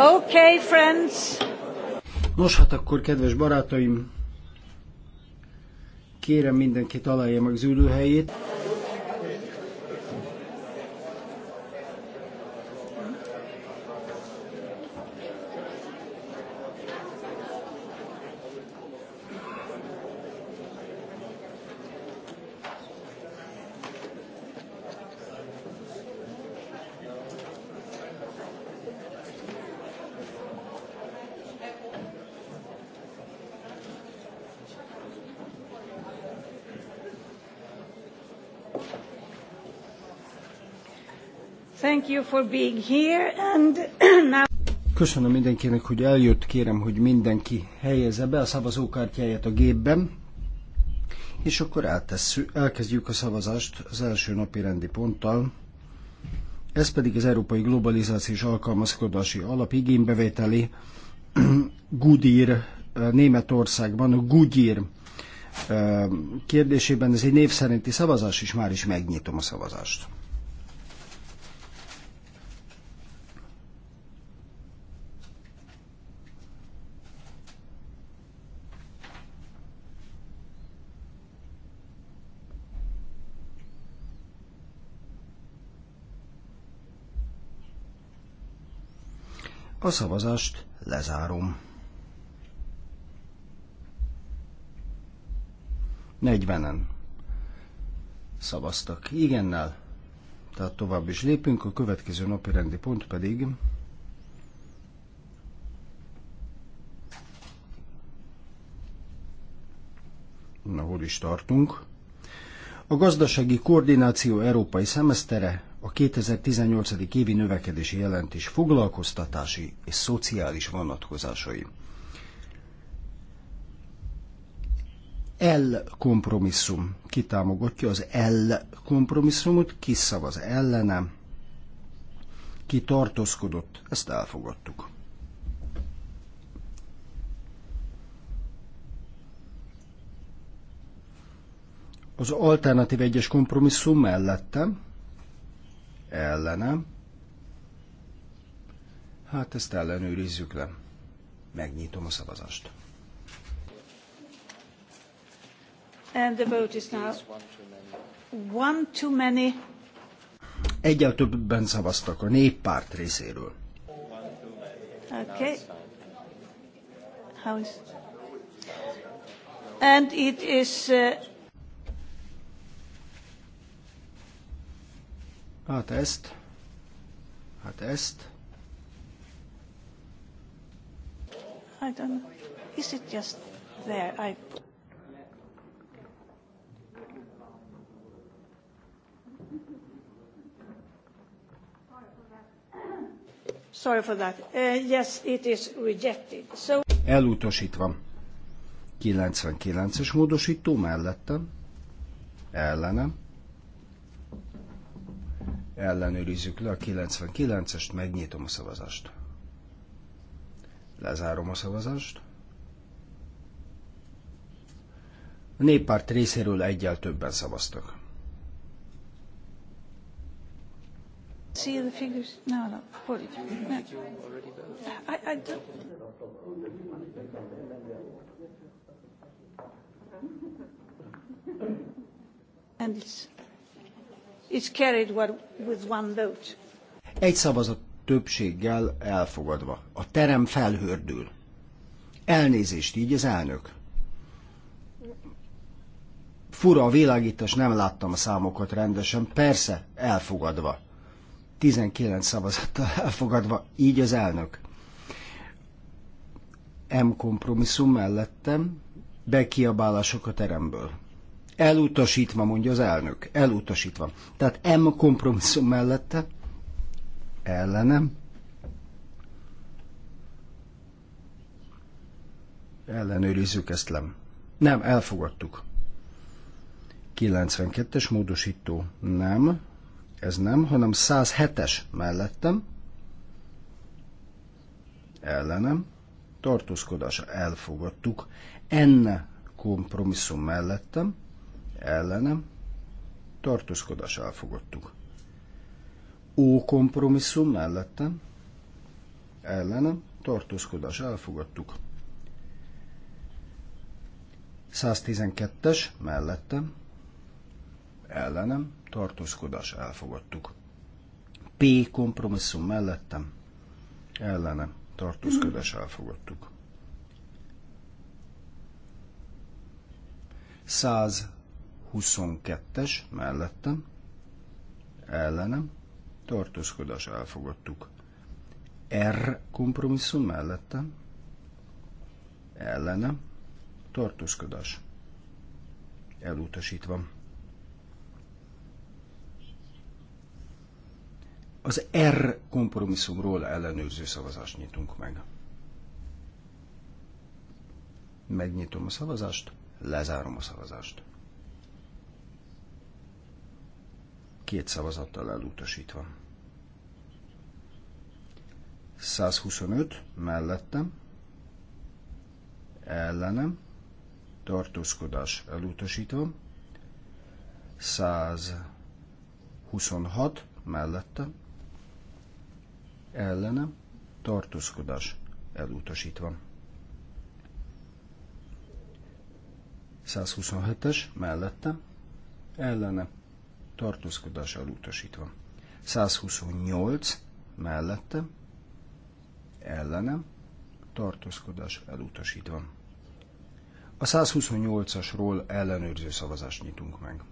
Okay, friends. Nos, hát akkor, kedves barátaim, kérem mindenkit találja meg zülőhelyét. for being here, and now... Köszönöm mindenkinek, hogy eljött. Kérem, hogy mindenki helyezze be a szavazókártyáját a gépben. És akkor eltesszük, elkezdjük a szavazást az első napi rendi ponttal. Ez pedig az Európai Globalizációs Alkalmazkodási Alap igénybevételi Gudir eh, Németországban, a Gudir eh, kérdésében ez egy név szerinti szavazás, és már is megnyitom a szavazást. A szavazást lezárom. 40-en szavaztak igennel, tehát tovább is lépünk, a következő napi rendi pont pedig Na, hol is tartunk? A gazdasági koordináció európai szemesztere a 2018. évi növekedési jelentés foglalkoztatási és szociális vonatkozásai. L kompromisszum kitámogatja az L kompromisszumot, kiszavaz ellene, ki tartózkodott, ezt elfogadtuk. Az alternatív egyes kompromisszum mellettem, ellenem. Hát ezt ellenőrizzük le. Megnyitom a szavazást. And the vote is now one too many. Egyel többen szavaztak a néppárt részéről. Okay. How is... And it is uh, Hát ezt, hát ezt. I don't know. Is it just there? I... Sorry for that. Uh, yes, it is rejected. So... Elutasítva. 99-es módosító mellettem, ellenem, ellenőrizzük le a 99-est, megnyitom a szavazást. Lezárom a szavazást. A néppárt részéről egyel többen szavaztak. And it's is carried with one vote. Egy szavazat többséggel elfogadva. A terem felhördül. Elnézést így az elnök. Fura a világítás, nem láttam a számokat rendesen. Persze, elfogadva. 19 szavazattal elfogadva, így az elnök. M kompromisszum mellettem, bekiabálások a teremből. Elutasítva, mondja az elnök. Elutasítva. Tehát M kompromisszum mellette. Ellenem. Ellenőrizzük ezt le. Nem, elfogadtuk. 92-es módosító. Nem. Ez nem, hanem 107-es mellettem. Ellenem. tartózkodása elfogadtuk. Enne kompromisszum mellettem ellenem, tartózkodás elfogadtuk. Ó kompromisszum mellettem, ellenem, tartózkodás elfogadtuk. 112-es mellettem, ellenem, tartózkodás elfogadtuk. P kompromisszum mellettem, ellenem, tartózkodás elfogadtuk. 100 22-es mellettem, ellenem, tartózkodás elfogadtuk. R kompromisszum mellettem, ellenem, tartózkodás elutasítva. Az R kompromisszumról ellenőrző szavazást nyitunk meg. Megnyitom a szavazást, lezárom a szavazást. két szavazattal elutasítva. 125 mellettem, ellenem, tartózkodás elutasítva, 126 mellettem, ellenem, tartózkodás elutasítva. 127-es mellettem, ellenem tartózkodással elutasítva. 128 mellette, ellenem, tartózkodás elutasítva. A 128-asról ellenőrző szavazást nyitunk meg.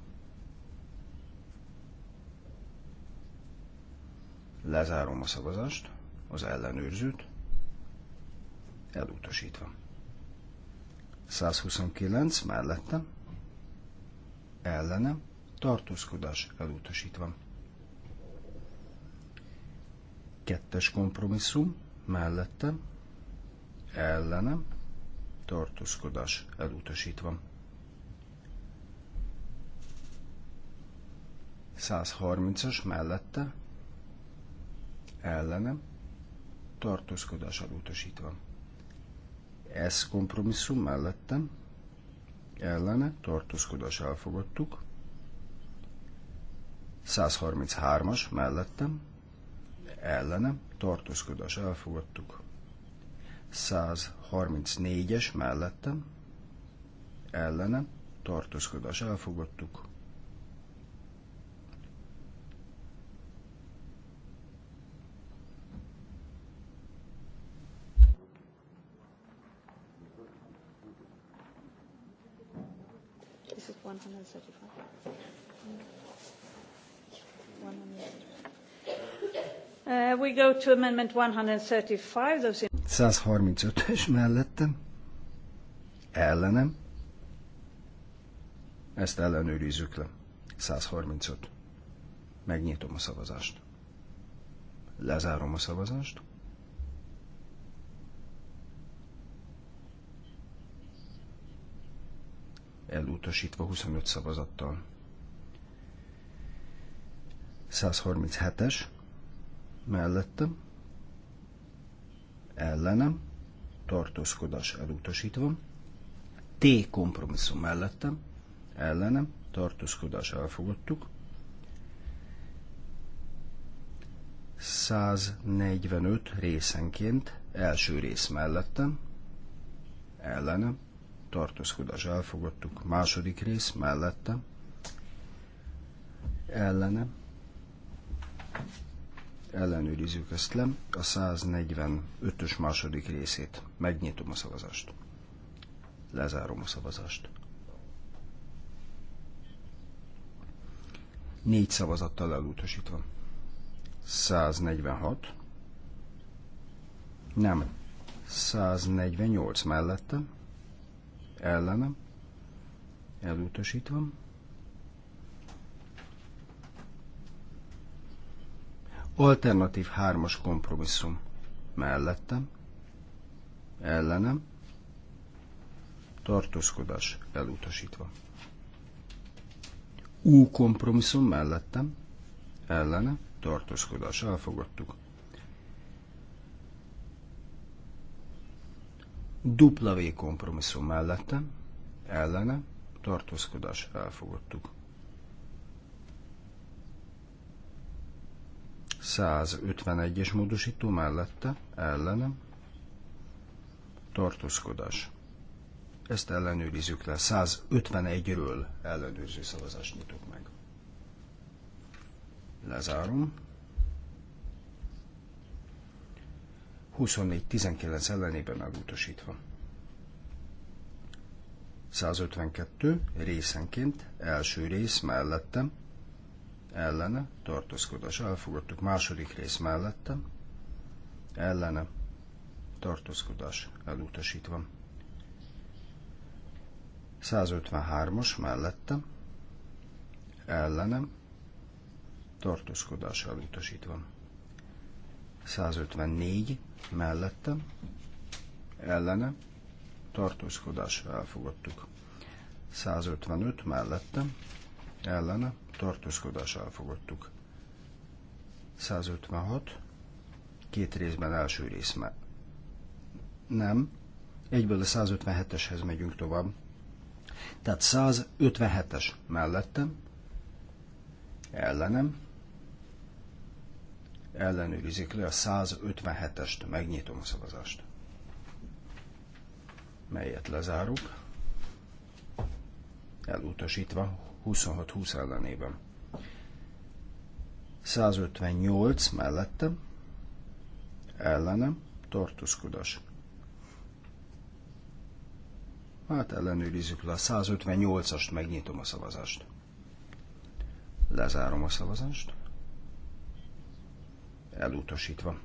Lezárom a szavazást, az ellenőrzőt, elutasítva. 129 mellette, ellenem, tartózkodás elutasítva. Kettes kompromisszum mellettem, ellenem, tartózkodás elutasítva. 130-as mellette, ellenem, tartózkodás elutasítva. Ez kompromisszum mellettem, ellene, tartózkodás elfogadtuk. 133-as mellettem, ellenem, tartózkodás elfogadtuk. 134-es mellettem, ellenem, tartózkodás elfogadtuk. 135. Uh, we go to amendment 135. 135-ös mellettem. Ellenem. Ezt ellenőrizzük le. 135. Megnyitom a szavazást. Lezárom a szavazást. Elutasítva 25 szavazattal. 137-es mellettem, ellenem, tartózkodás elutasítva, T kompromisszum mellettem, ellenem, tartózkodás elfogadtuk, 145 részenként, első rész mellettem, ellenem, tartózkodás elfogadtuk, második rész mellettem, ellenem, ellenőrizzük ezt le, a 145-ös második részét. Megnyitom a szavazást. Lezárom a szavazást. Négy szavazattal elutasítva. 146. Nem. 148 mellette Ellenem. Elutasítva. Alternatív hármas kompromisszum. Mellettem. Ellenem. Tartózkodás elutasítva. U kompromisszum mellettem. Ellene. Tartózkodás elfogadtuk. W kompromisszum mellettem. Ellene. Tartózkodás elfogadtuk. 151-es módosító mellette ellenem tartózkodás. Ezt ellenőrizzük le. 151-ről ellenőrző szavazást nyitok meg. Lezárom. 24-19 ellenében megutasítva. 152 részenként első rész mellettem ellene, tartózkodás elfogadtuk. Második rész mellette, ellene, tartózkodás elutasítva. 153-as mellette, ellene, tartózkodás elutasítva. 154 mellette, ellene, tartózkodás elfogadtuk. 155 mellette, ellene tartózkodás elfogadtuk. 156, két részben első rész már. Nem, egyből a 157-eshez megyünk tovább. Tehát 157-es mellettem, ellenem, ellenőrizik le a 157-est, megnyitom a szavazást, melyet lezárok, elutasítva 26-20 ellenében. 158 mellettem, ellenem, tartózkodás. Hát ellenőrizzük le a 158-ast, megnyitom a szavazást. Lezárom a szavazást. Elutasítva.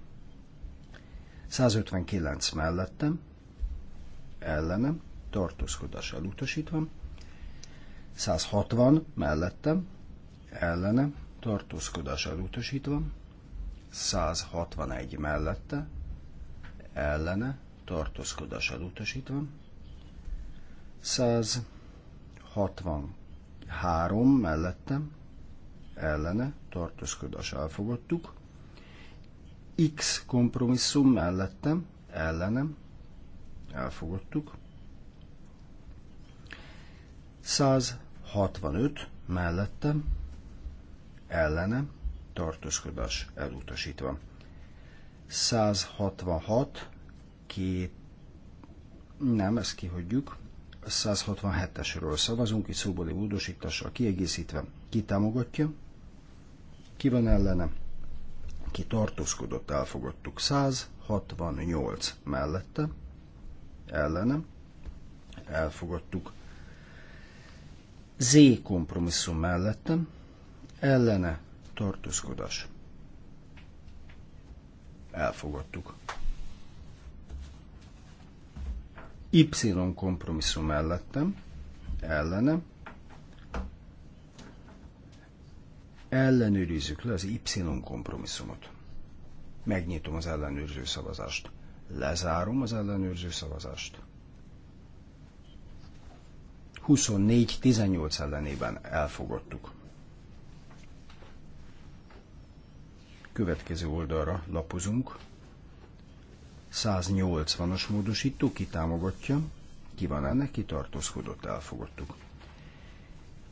159 mellettem, ellenem, tartózkodás elutasítva. 160 mellettem, ellene, tartózkodás elutasítva, 161 mellette, ellene, tartózkodás elutasítva, 163 mellettem, ellene, tartózkodás elfogadtuk, X kompromisszum mellettem, ellenem, elfogadtuk, 65 mellettem, ellenem, tartózkodás elutasítva. 166, két, nem, ezt kihagyjuk, 167-esről szavazunk, itt szóbeli módosítással kiegészítve. Ki támogatja? Ki van ellene? Ki tartózkodott, elfogadtuk. 168 mellette, ellenem, elfogadtuk. Z kompromisszum mellettem, ellene tartózkodás. Elfogadtuk. Y kompromisszum mellettem, ellene. Ellenőrizzük le az Y kompromisszumot. Megnyitom az ellenőrző szavazást. Lezárom az ellenőrző szavazást. 24-18 ellenében elfogadtuk. Következő oldalra lapozunk. 180-as módosító kitámogatja, ki van ennek, ki tartózkodott, elfogadtuk.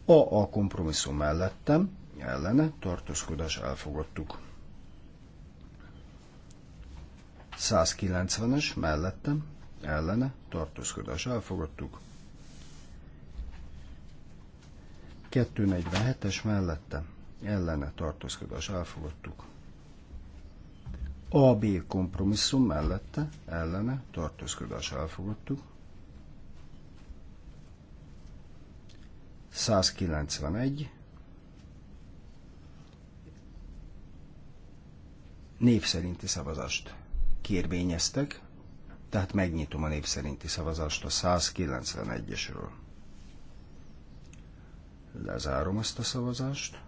A a kompromisszum mellettem, ellene tartózkodás elfogadtuk. 190-es mellettem, ellene tartózkodás elfogadtuk. 247-es mellette ellene tartózkodás elfogadtuk. AB kompromisszum mellette ellene tartózkodás elfogadtuk. 191 népszerinti szavazást kérvényeztek, tehát megnyitom a népszerinti szavazást a 191-esről. Lezárom ezt a szavazást.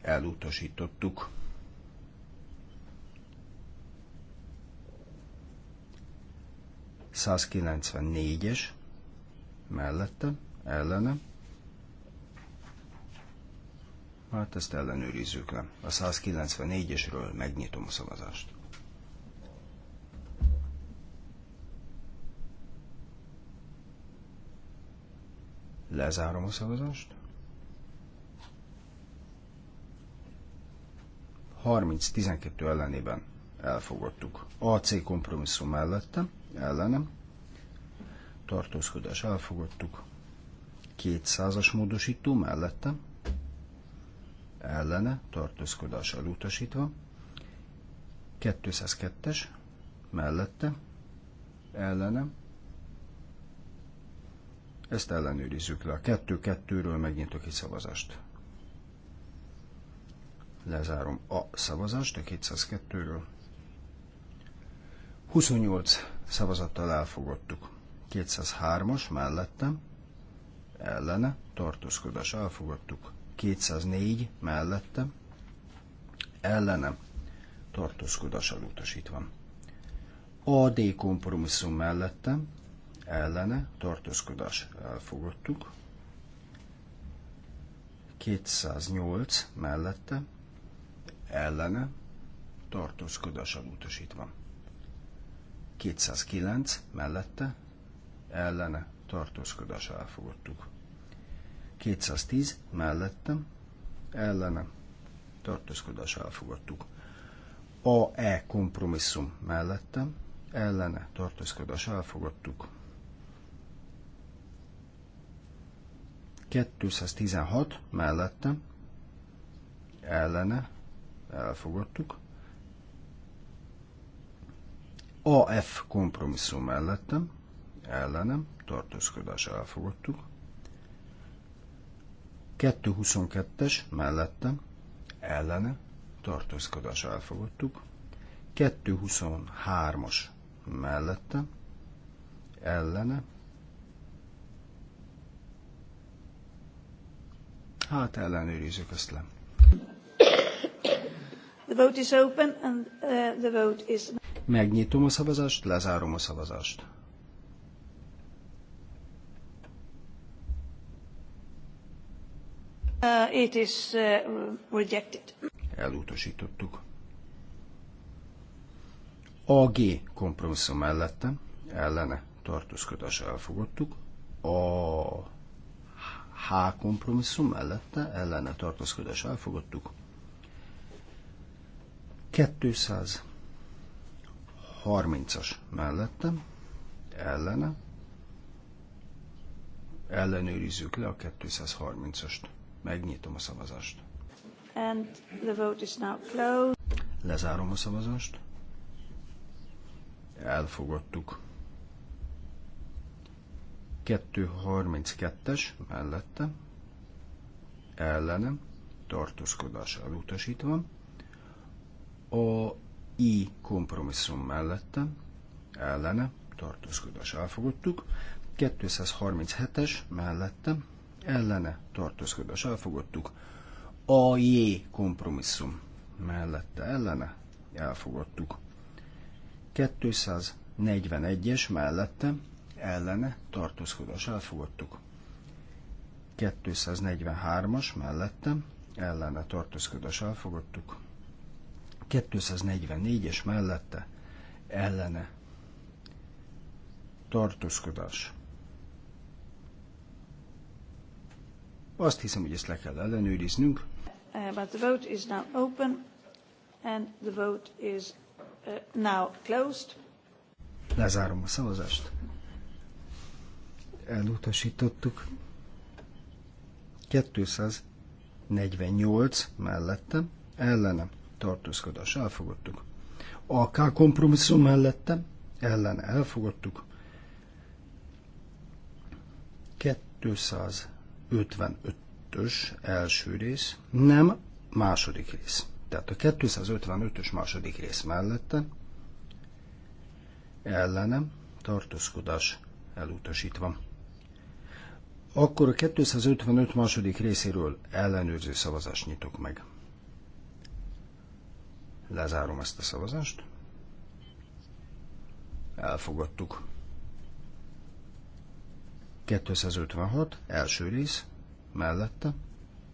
Elutasítottuk. es mellette, ellene. Hát ezt ellenőrizzük le. A 194-esről megnyitom a szavazást. Lezárom a szavazást. 30-12 ellenében elfogadtuk. AC kompromisszum mellettem, ellenem. Tartózkodás elfogadtuk. 200-as módosító mellettem. Ellene, tartózkodás elutasítva. 202-es mellette, ellenem, ezt ellenőrizzük le. A kettő kettőről ről megnyitok a szavazást. Lezárom a szavazást a 202-ről. 28 szavazattal elfogadtuk. 203-as mellettem, ellene, tartózkodás elfogadtuk. 204 mellettem, ellene, tartózkodás elutasítva. AD kompromisszum mellettem, ellene tartózkodás elfogadtuk. 208 mellette ellene tartózkodás utasítva. 209 mellette ellene tartózkodás elfogadtuk. 210 mellette ellene tartózkodás elfogadtuk. AE kompromisszum mellette ellene tartózkodás elfogadtuk. 216 mellette ellene elfogadtuk. AF kompromisszum mellettem, ellenem, tartózkodás elfogadtuk. 222-es mellettem, ellene, tartózkodás elfogadtuk. 223-as mellettem, ellene, Hát ellenőrizzük ezt le. The vote is open and uh, the vote is... Megnyitom a szavazást, lezárom a szavazást. Uh, it is uh, rejected. Elutasítottuk. AG kompromisszum mellette, ellene tartózkodás elfogadtuk. A H kompromisszum mellette ellene tartózkodás elfogadtuk. 230-as mellette ellene ellenőrizzük le a 230-ast. Megnyitom a szavazást. And the vote is now closed. Lezárom a szavazást. Elfogadtuk. 232-es mellette ellenem tartózkodás elutasítva, a I kompromisszum mellette ellene tartózkodás elfogadtuk, 237-es mellette ellene tartózkodás elfogadtuk, a J kompromisszum mellette ellene elfogadtuk, 241-es mellette ellene tartózkodás fogadtuk. 243-as mellettem ellene tartózkodás fogadtuk. 244-es mellette ellene tartózkodás. Azt hiszem, hogy ezt le kell ellenőriznünk. Uh, but the vote is now open and the vote is uh, now closed. Lezárom a szavazást elutasítottuk. 248 mellettem, ellenem tartózkodás elfogadtuk. A K kompromisszum mellettem, ellene elfogadtuk. 255-ös első rész, nem második rész. Tehát a 255-ös második rész mellette ellenem tartózkodás elutasítva. Akkor a 255 második részéről ellenőrző szavazást nyitok meg. Lezárom ezt a szavazást. Elfogadtuk. 256, első rész, mellette,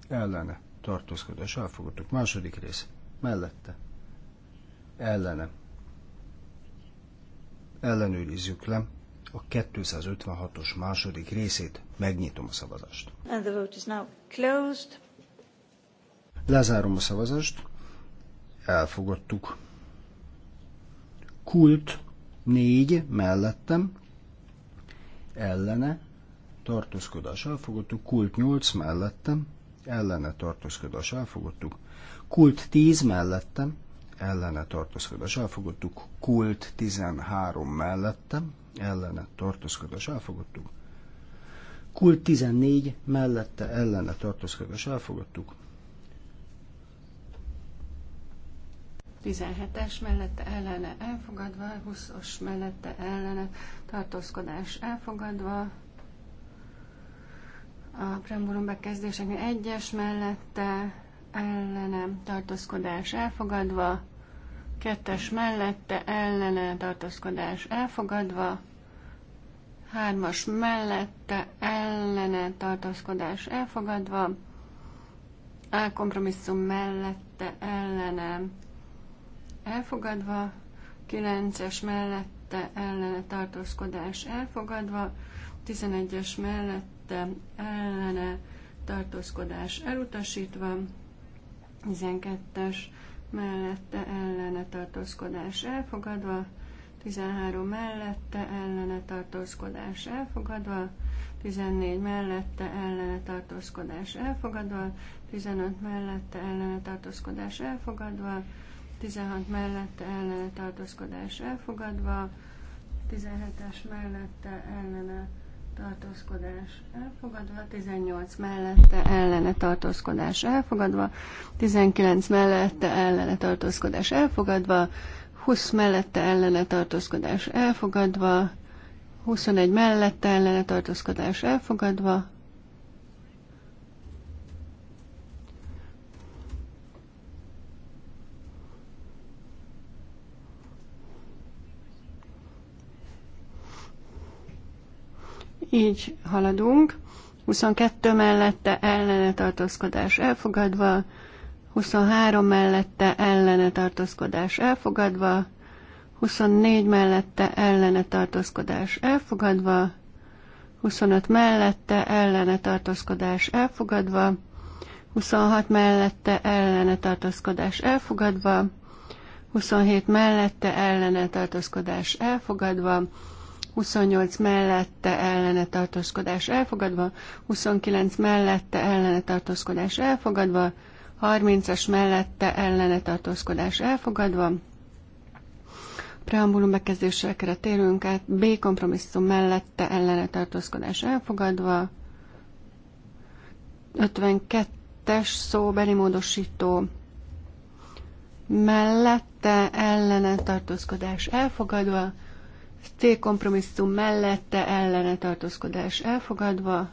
ellene, tartózkodás, elfogadtuk. Második rész, mellette, ellene. Ellenőrizzük le a 256-os második részét. Megnyitom a szavazást. And the vote is now closed. Lezárom a szavazást. Elfogadtuk. Kult 4 mellettem, ellene, tartózkodás elfogadtuk, kult 8 mellettem, ellene tartózkodás elfogadtuk, kult 10 mellettem, ellene tartózkodás elfogadtuk, kult 13 mellettem, ellene tartózkodás elfogadtuk. Kult 14 mellette ellene tartózkodás elfogadtuk. 17-es mellette ellene elfogadva, 20-os mellette ellene tartózkodás elfogadva, a Premburum bekezdéseknél 1-es mellette ellene tartózkodás elfogadva, kettes mellette ellene tartózkodás elfogadva, hármas mellette ellene tartózkodás elfogadva, A kompromisszum mellette ellene elfogadva, kilences mellette ellene tartózkodás elfogadva, tizenegyes mellette ellene tartózkodás elutasítva, 12-es mellette ellene tartózkodás elfogadva, 13 mellette ellene tartózkodás elfogadva, 14 mellette ellene tartózkodás elfogadva, 15 mellette ellene tartózkodás elfogadva, 16 mellette ellene tartózkodás elfogadva, 17-es mellette ellene tartózkodás elfogadva, 18 mellette ellene tartózkodás elfogadva, 19 mellette ellene tartózkodás elfogadva, 20 mellette ellene tartózkodás elfogadva, 21 mellette ellene tartózkodás elfogadva, Így haladunk. 22 mellette ellene tartózkodás elfogadva, 23 mellette ellene tartózkodás elfogadva, 24 mellette ellene tartózkodás elfogadva, 25 mellette ellene tartózkodás elfogadva, 26 mellette ellene tartózkodás elfogadva, 27 mellette ellene tartózkodás elfogadva, 28 mellette ellene tartózkodás elfogadva, 29 mellette ellene tartózkodás elfogadva, 30-as mellette ellene tartózkodás elfogadva, preambulum bekezdésekre térünk át, B kompromisszum mellette ellene tartózkodás elfogadva, 52-es szóbeli módosító mellette ellene tartózkodás elfogadva, C kompromisszum mellette ellene tartózkodás elfogadva,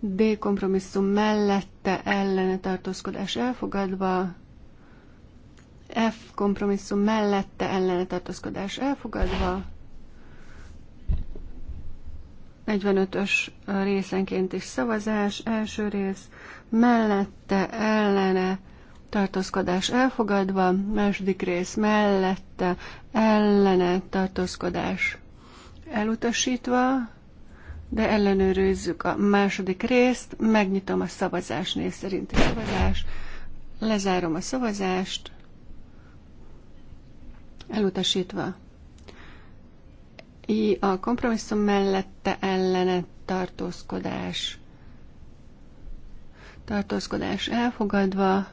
D kompromisszum mellette ellene tartózkodás elfogadva, F kompromisszum mellette ellene tartózkodás elfogadva, 45-ös részenként is szavazás, első rész mellette ellene tartózkodás elfogadva, második rész mellette, ellene tartózkodás elutasítva, de ellenőrizzük a második részt, megnyitom a szavazás név szerinti szavazás, lezárom a szavazást, elutasítva. I a kompromisszum mellette ellene tartózkodás. Tartózkodás elfogadva,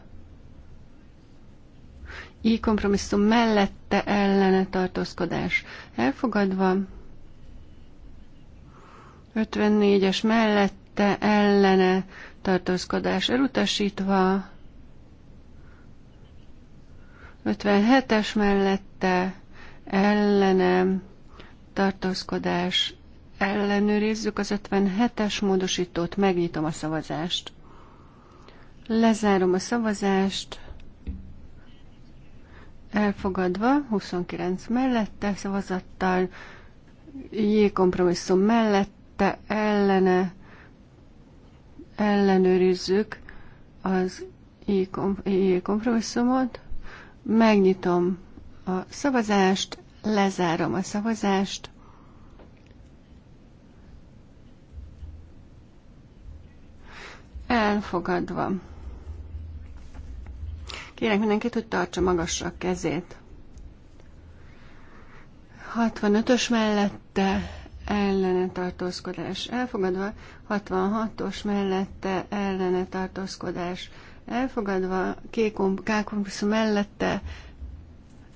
I kompromisszum mellette ellene tartózkodás elfogadva, 54-es mellette ellene tartózkodás elutasítva, 57-es mellette ellenem tartózkodás ellenőrizzük az 57-es módosítót, megnyitom a szavazást. Lezárom a szavazást elfogadva, 29 mellette szavazattal, J kompromisszum mellette, ellene ellenőrizzük az J kompromisszumot, megnyitom a szavazást, lezárom a szavazást, elfogadva. Kérek mindenkit, hogy tartsa magasra a kezét. 65-ös mellette ellene tartózkodás elfogadva, 66-os mellette ellene tartózkodás elfogadva, K kompromisszum mellette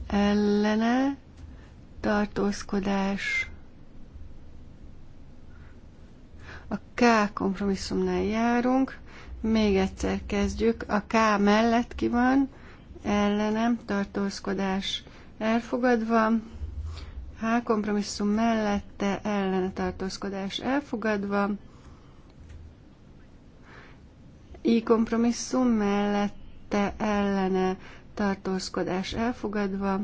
ellene tartózkodás a K kompromisszumnál járunk, még egyszer kezdjük. A K mellett ki van, ellenem, tartózkodás elfogadva. H kompromisszum mellette, ellene tartózkodás elfogadva. I kompromisszum mellette, ellene tartózkodás elfogadva.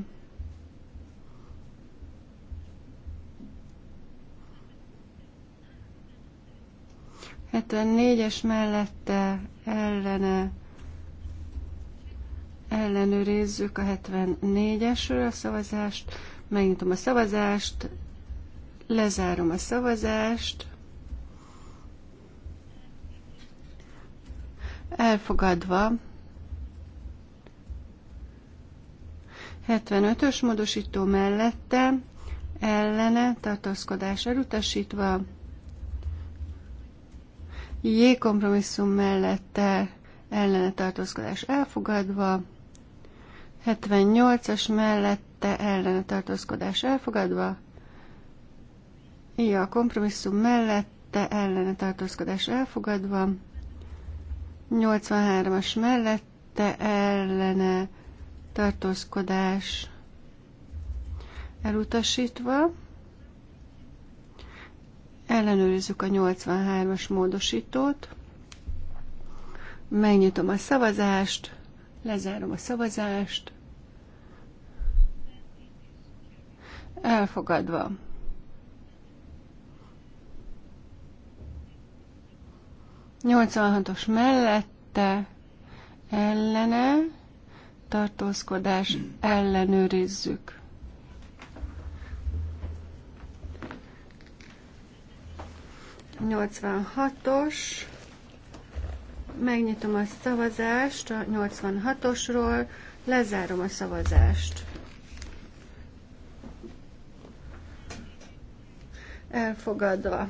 74-es mellette ellene ellenőrizzük a 74-esről a szavazást. Megnyitom a szavazást, lezárom a szavazást. Elfogadva 75-ös módosító mellette ellene tartózkodás elutasítva J kompromisszum mellette ellene tartózkodás elfogadva, 78-as mellette ellene tartózkodás elfogadva, I a kompromisszum mellette ellene tartózkodás elfogadva, 83-as mellette ellene tartózkodás elutasítva, Ellenőrizzük a 83-as módosítót. Megnyitom a szavazást, lezárom a szavazást. Elfogadva. Nyolcvanhatos mellette ellene tartózkodás ellenőrizzük. 86-os. Megnyitom a szavazást a 86-osról, lezárom a szavazást. Elfogadva.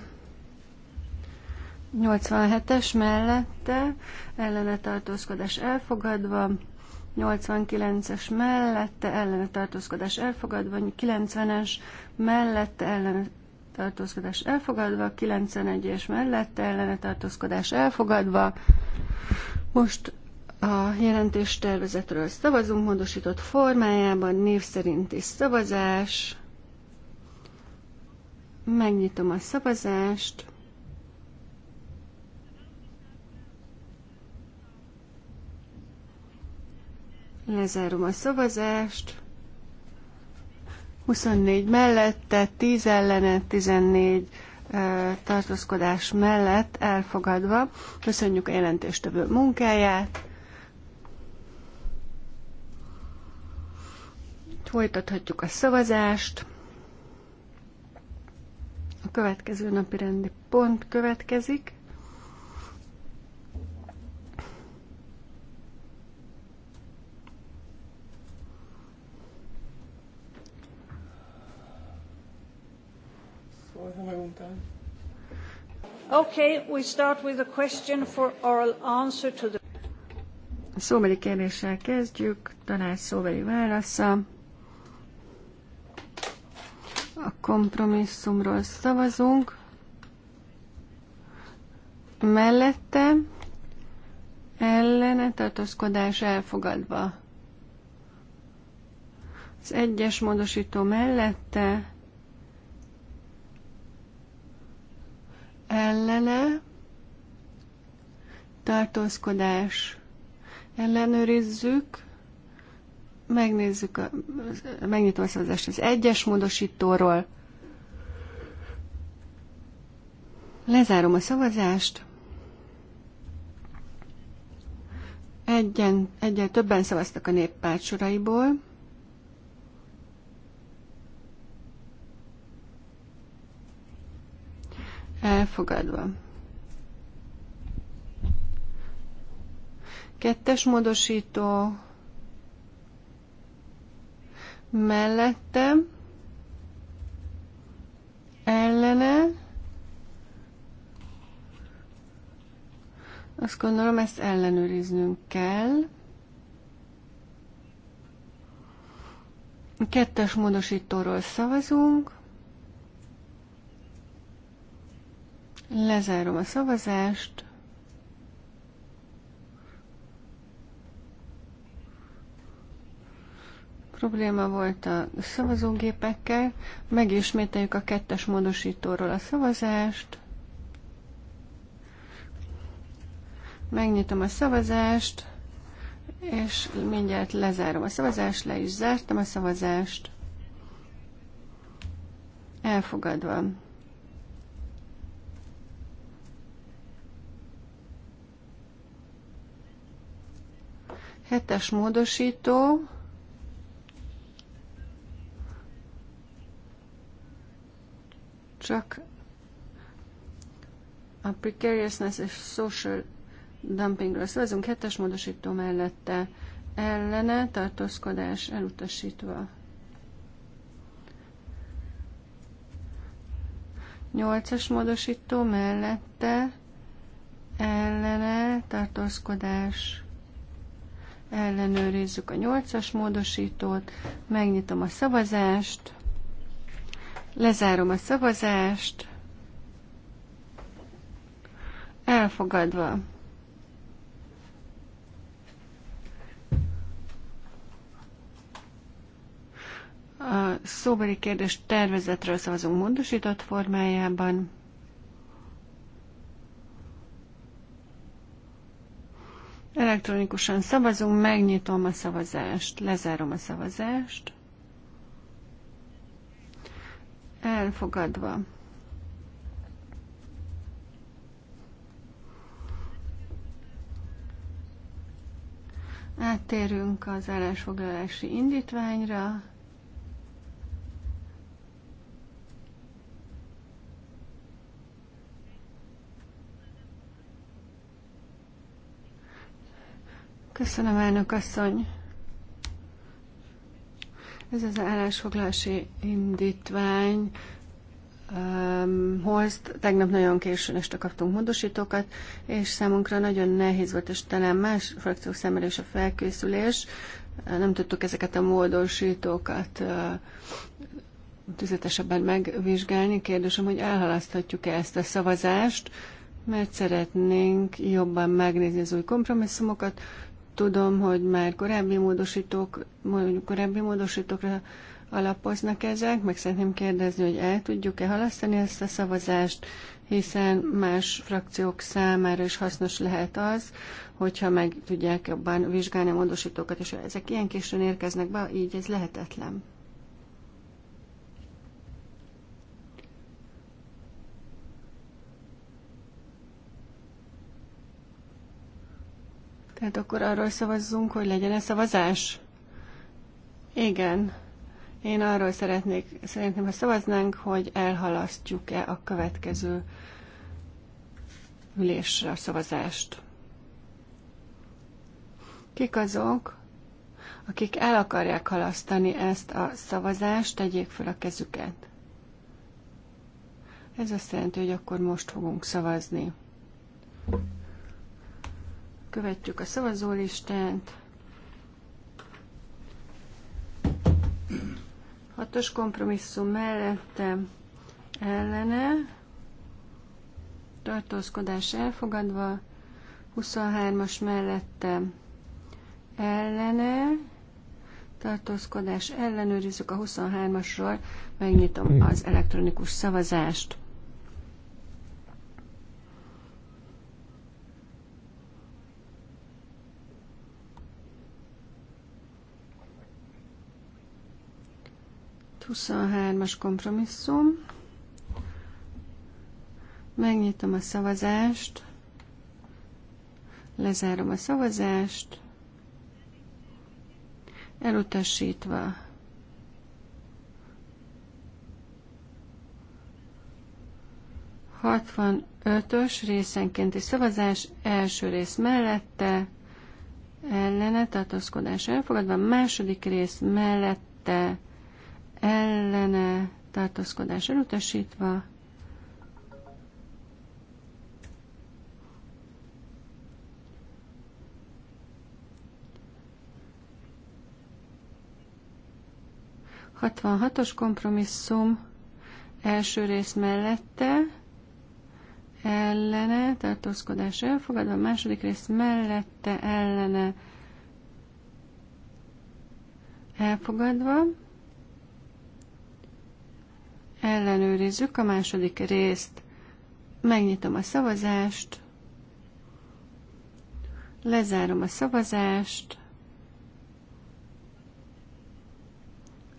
87-es mellette, ellene tartózkodás elfogadva, 89-es mellette, ellene tartózkodás elfogadva, 90-es mellette, ellene tartózkodás elfogadva, 91-es mellette ellene tartózkodás elfogadva. Most a jelentés tervezetről szavazunk módosított formájában, név szerint is szavazás. Megnyitom a szavazást. Lezárom a szavazást. 24 mellette, 10 ellene, 14 tartózkodás mellett elfogadva. Köszönjük a jelentéstevő munkáját. Folytathatjuk a szavazást. A következő napi rendi pont következik. magunkkal. Okay, we start with a question for oral answer to the... A szóbeli kérdéssel kezdjük, tanács szóbeli válasza. A kompromisszumról szavazunk. Mellette ellene tartózkodás elfogadva. Az egyes módosító mellette ellene, tartózkodás ellenőrizzük, megnézzük, a, megnyitom a szavazást az egyes módosítóról, lezárom a szavazást, Egyen, egyen többen szavaztak a néppárt soraiból. Elfogadva. Kettes módosító mellette ellene azt gondolom ezt ellenőriznünk kell. Kettes módosítóról szavazunk. Lezárom a szavazást. Probléma volt a szavazógépekkel. Megismételjük a kettes módosítóról a szavazást. Megnyitom a szavazást, és mindjárt lezárom a szavazást, le is zártam a szavazást. Elfogadva. Hetes módosító. Csak a precariousness és social dumpingról szavazunk. Hetes módosító mellette ellene tartózkodás elutasítva. Nyolcas módosító mellette ellene tartózkodás ellenőrizzük a 8-as módosítót, megnyitom a szavazást, lezárom a szavazást, elfogadva. A szóbeli kérdés tervezetről szavazunk módosított formájában. Elektronikusan szavazunk, megnyitom a szavazást, lezárom a szavazást. Elfogadva. Áttérünk az állásfoglalási indítványra. Köszönöm, elnök asszony. Ez az állásfoglalási indítvány um, hoz. Tegnap nagyon későn este kaptunk módosítókat, és számunkra nagyon nehéz volt, és talán más frakciók számára is a felkészülés. Nem tudtuk ezeket a módosítókat uh, tüzetesebben megvizsgálni. Kérdésem, hogy elhalaszthatjuk-e ezt a szavazást, mert szeretnénk jobban megnézni az új kompromisszumokat, Tudom, hogy már korábbi módosítók, korábbi módosítókra alapoznak ezek, meg szeretném kérdezni, hogy el tudjuk-e halasztani ezt a szavazást, hiszen más frakciók számára is hasznos lehet az, hogyha meg tudják jobban vizsgálni a módosítókat, és ezek ilyen későn érkeznek be, így ez lehetetlen. Tehát akkor arról szavazzunk, hogy legyen a szavazás? Igen. Én arról szeretnék, szeretném, ha szavaznánk, hogy elhalasztjuk-e a következő ülésre a szavazást. Kik azok, akik el akarják halasztani ezt a szavazást, tegyék fel a kezüket. Ez azt jelenti, hogy akkor most fogunk szavazni követjük a szavazólistát. Hatos kompromisszum mellette ellene, tartózkodás elfogadva, 23-as mellette ellene, tartózkodás ellenőrizzük a 23-asról, megnyitom az elektronikus szavazást. 23-as kompromisszum. Megnyitom a szavazást. Lezárom a szavazást. Elutasítva. Hatvan ötös részenkénti szavazás első rész mellette, ellene tartózkodás elfogadva, második rész mellette, ellene tartózkodás elutasítva, Hatvanhatos kompromisszum első rész mellette, ellene, tartózkodás elfogadva, a második rész mellette, ellene, elfogadva. Ellenőrizzük a második részt. Megnyitom a szavazást. Lezárom a szavazást.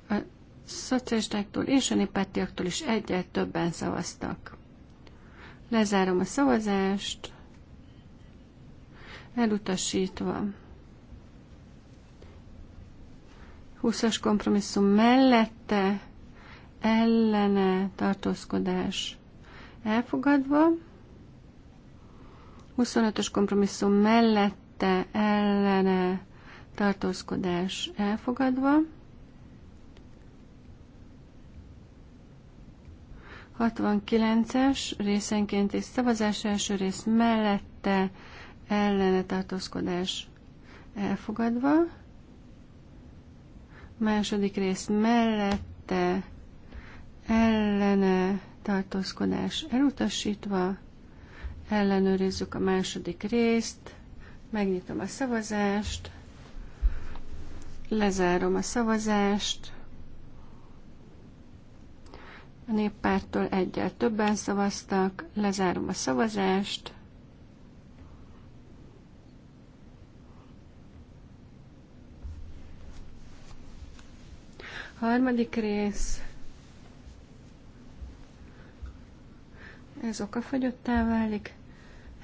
A szocialistáktól és a néppártiaktól is egyet többen szavaztak. Lezárom a szavazást. Elutasítva. 20-as kompromisszum mellette ellene tartózkodás elfogadva, 25-ös kompromisszum mellette ellene tartózkodás elfogadva, 69-es és szavazás első rész mellette ellene tartózkodás elfogadva, második rész mellette ellene tartózkodás elutasítva, ellenőrizzük a második részt, megnyitom a szavazást, lezárom a szavazást, a néppártól egyel többen szavaztak, lezárom a szavazást, Harmadik rész, Ez okafogyottá válik.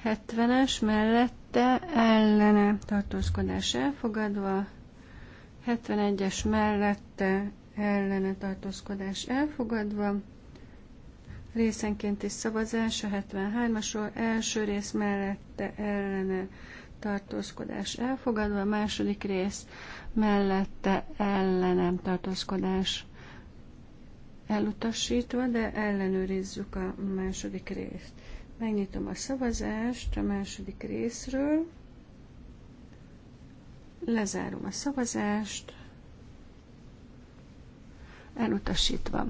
70-es mellette ellene tartózkodás elfogadva. 71-es mellette ellene tartózkodás elfogadva. Részenkénti szavazás a 73-asról első rész mellette ellene tartózkodás elfogadva, a második rész mellette ellenem tartózkodás elutasítva, de ellenőrizzük a második részt. Megnyitom a szavazást a második részről, lezárom a szavazást, elutasítva.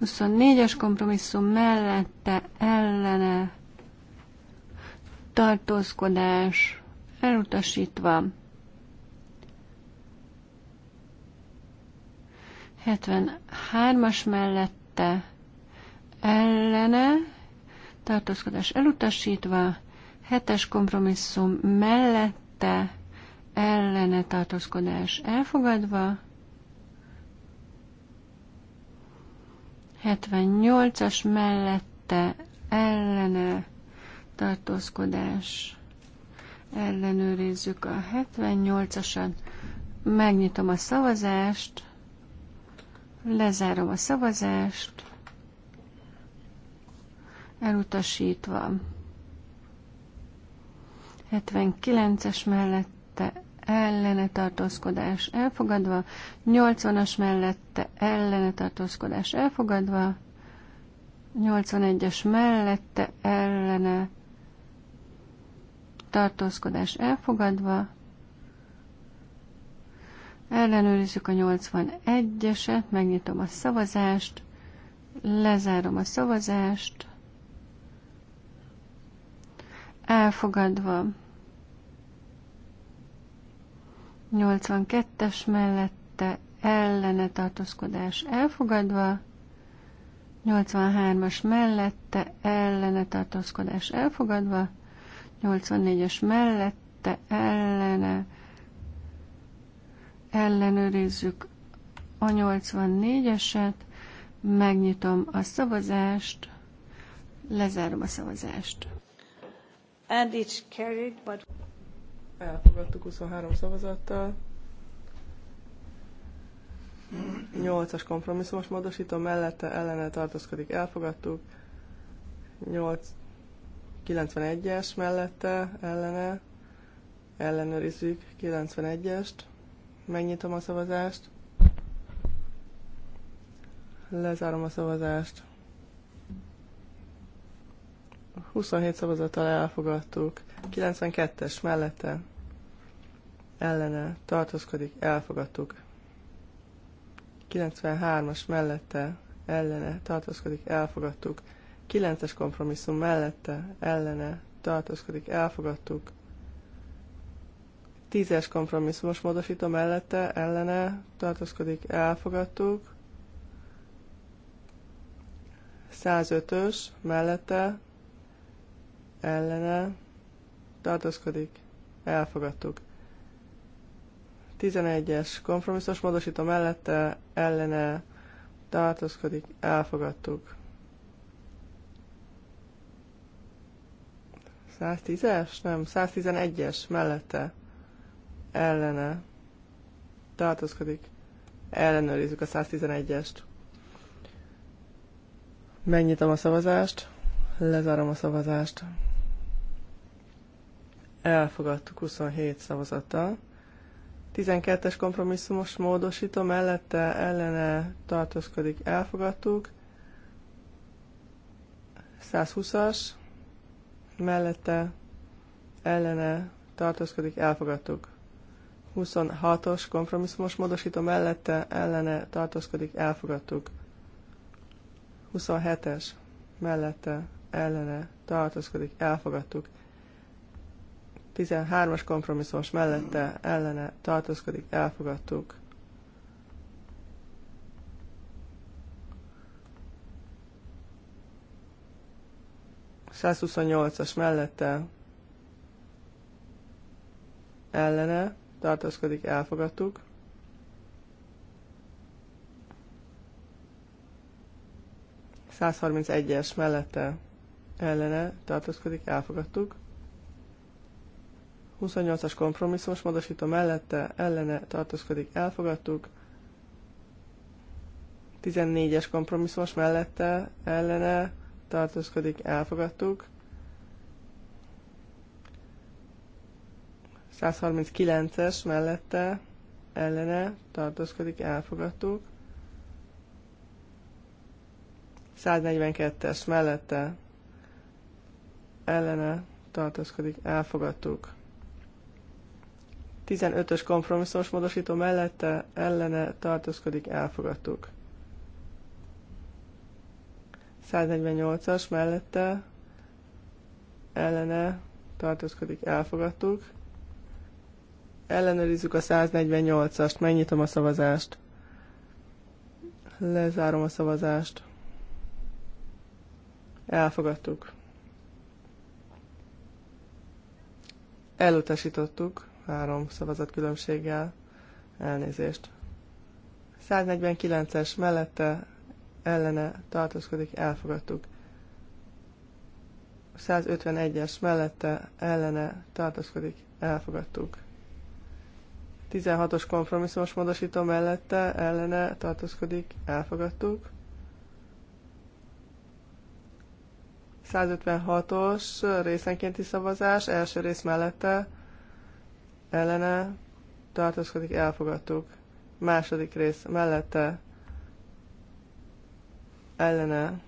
24-es kompromisszum mellette ellene tartózkodás elutasítva. 73-as mellette ellene, tartózkodás elutasítva, 7-es kompromisszum mellette ellene tartózkodás elfogadva, 78-as mellette ellene tartózkodás. Ellenőrizzük a 78-asat. Megnyitom a szavazást. Lezárom a szavazást. Elutasítva. 79-es mellette ellene tartózkodás elfogadva, 80-as mellette ellene tartózkodás elfogadva, 81-es mellette ellene tartózkodás elfogadva, Ellenőrizzük a 81-eset, megnyitom a szavazást, lezárom a szavazást, elfogadva 82-es mellette ellene tartózkodás elfogadva, 83-as mellette ellene tartózkodás elfogadva, 84-es mellette ellene ellenőrizzük a 84-eset, megnyitom a szavazást, lezárom a szavazást. And it's carried, but... Elfogadtuk 23 szavazattal. 8-as kompromisszumos módosító mellette ellene tartózkodik, elfogadtuk. 8 91-es mellette ellene ellenőrizzük 91-est. Megnyitom a szavazást. Lezárom a szavazást. 27 szavazattal elfogadtuk. 92-es mellette ellene tartózkodik, elfogadtuk. 93-as mellette ellene tartózkodik, elfogadtuk. 9-es kompromisszum mellette ellene tartózkodik, elfogadtuk. Tízes kompromisszumos módosító mellette ellene tartózkodik, elfogadtuk. 105-ös mellette ellene tartózkodik, elfogadtuk. 11-es kompromisszos módosító mellette ellene tartózkodik, elfogadtuk. 110-es? Nem, 111-es mellette ellene tartózkodik. Ellenőrizzük a 111-est. Megnyitom a szavazást, lezárom a szavazást. Elfogadtuk 27 szavazattal. 12-es kompromisszumos módosító mellette ellene tartózkodik, elfogadtuk. 120-as mellette ellene tartózkodik, elfogadtuk. 26-os kompromisszumos módosító mellette ellene tartózkodik, elfogadtuk. 27-es mellette ellene tartózkodik, elfogadtuk. 13-as kompromisszumos mellette ellene tartózkodik, elfogadtuk. 128-as mellette ellene tartózkodik, elfogadtuk. es mellette ellene tartózkodik, elfogadtuk. 28-as kompromisszumos módosító mellette ellene tartózkodik, elfogadtuk. 14-es kompromisszumos mellette ellene tartózkodik, elfogadtuk. 139-es mellette ellene tartózkodik, elfogadtuk. 142-es mellette ellene tartózkodik, elfogadtuk. 15-ös kompromisszumos módosító mellette ellene tartózkodik, elfogadtuk. 148-as mellette ellene tartózkodik, elfogadtuk. Ellenőrizzük a 148-ast. Megnyitom a szavazást. Lezárom a szavazást. Elfogadtuk. Elutasítottuk három szavazat különbséggel. Elnézést. 149-es mellette ellene tartózkodik, elfogadtuk. 151-es mellette ellene tartózkodik, elfogadtuk. 16-os kompromisszumos módosító mellette ellene tartózkodik, elfogadtuk. 156-os részenkénti szavazás, első rész mellette ellene tartózkodik, elfogadtuk. Második rész mellette ellene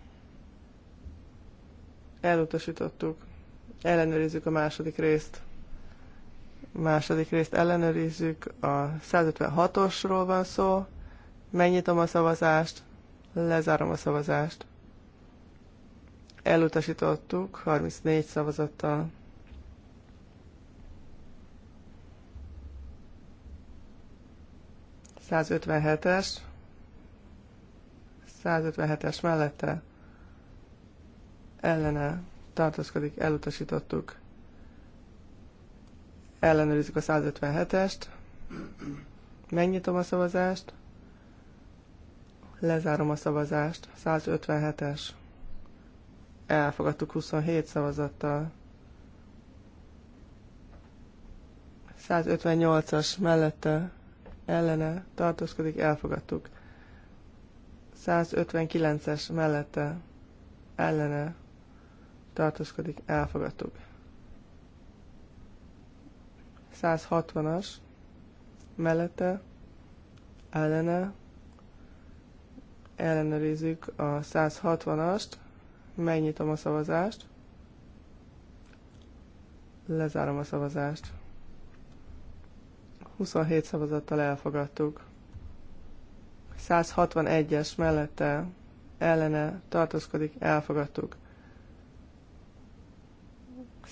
elutasítottuk. Ellenőrizzük a második részt. Második részt ellenőrizzük, a 156-osról van szó. Megnyitom a szavazást, lezárom a szavazást. Elutasítottuk 34 szavazattal. es 157-es mellette ellene tartózkodik, elutasítottuk ellenőrizzük a 157-est, megnyitom a szavazást, lezárom a szavazást, 157-es, elfogadtuk 27 szavazattal, 158-as mellette ellene tartózkodik, elfogadtuk. 159-es mellette ellene tartózkodik, elfogadtuk. 160-as mellette ellene ellenőrizzük a 160-ast, megnyitom a szavazást, lezárom a szavazást. 27 szavazattal elfogadtuk. 161-es mellette ellene tartózkodik, elfogadtuk.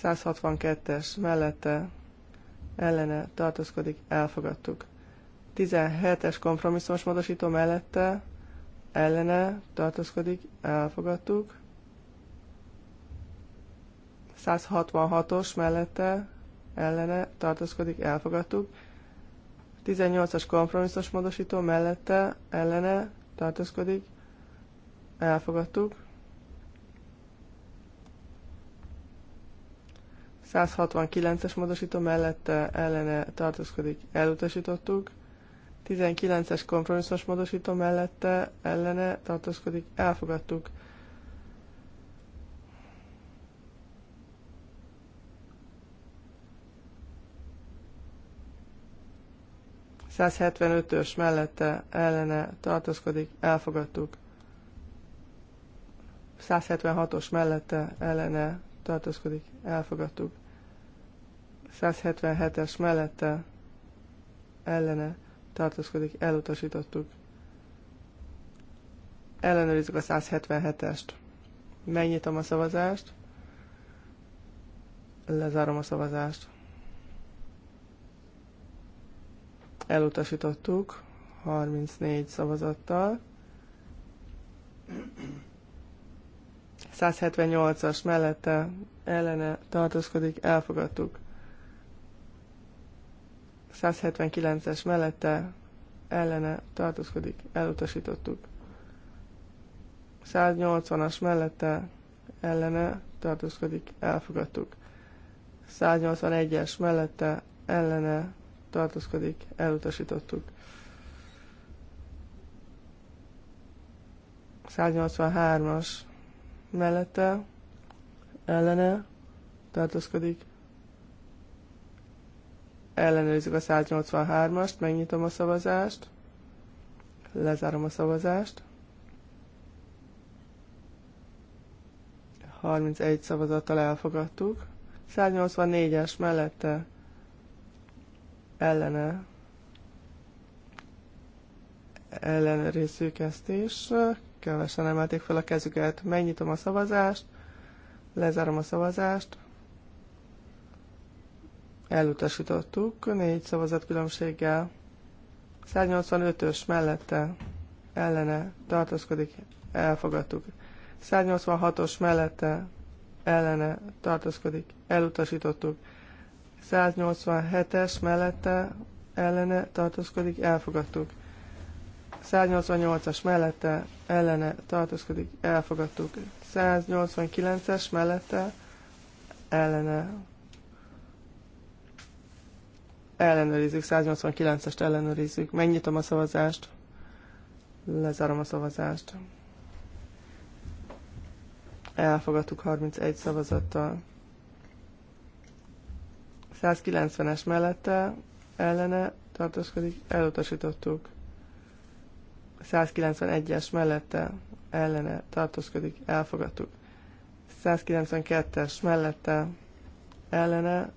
162-es mellette ellene tartózkodik, elfogadtuk. 17-es kompromisszumos módosító mellette ellene tartózkodik, elfogadtuk. 166-os mellette ellene tartózkodik, elfogadtuk. 18-as kompromisszumos módosító mellette ellene tartózkodik, elfogadtuk. 169-es módosító mellette ellene tartózkodik, elutasítottuk. 19-es kompromisszos módosító mellette ellene tartózkodik, elfogadtuk. 175-ös mellette ellene tartózkodik, elfogadtuk. 176-os mellette ellene tartózkodik, elfogadtuk. 177-es mellette ellene tartózkodik, elutasítottuk. Ellenőrizzük a 177-est. Megnyitom a szavazást. Lezárom a szavazást. Elutasítottuk 34 szavazattal. 178-as mellette ellene tartózkodik, elfogadtuk. 179-es mellette ellene tartózkodik, elutasítottuk. 180-as mellette ellene tartózkodik, elfogadtuk. 181-es mellette ellene tartózkodik, elutasítottuk. 183-as mellette ellene tartózkodik, ellenőrizzük a 183-ast, megnyitom a szavazást, lezárom a szavazást. 31 szavazattal elfogadtuk. 184-es mellette ellene ellenőrizzük ezt is. Kevesen emelték fel a kezüket. Megnyitom a szavazást, lezárom a szavazást elutasítottuk, négy szavazat különbséggel. 185-ös mellette ellene tartózkodik, elfogadtuk. 186-os mellette ellene tartózkodik, elutasítottuk. 187-es mellette ellene tartózkodik, elfogadtuk. 188-as mellette ellene tartózkodik, elfogadtuk. 189-es mellette ellene Ellenőrizzük, 189-est ellenőrizzük. Megnyitom a szavazást. Lezárom a szavazást. Elfogadtuk 31 szavazattal. 190-es mellette ellene tartózkodik, elutasítottuk. 191-es mellette ellene tartózkodik, elfogadtuk. 192-es mellette ellene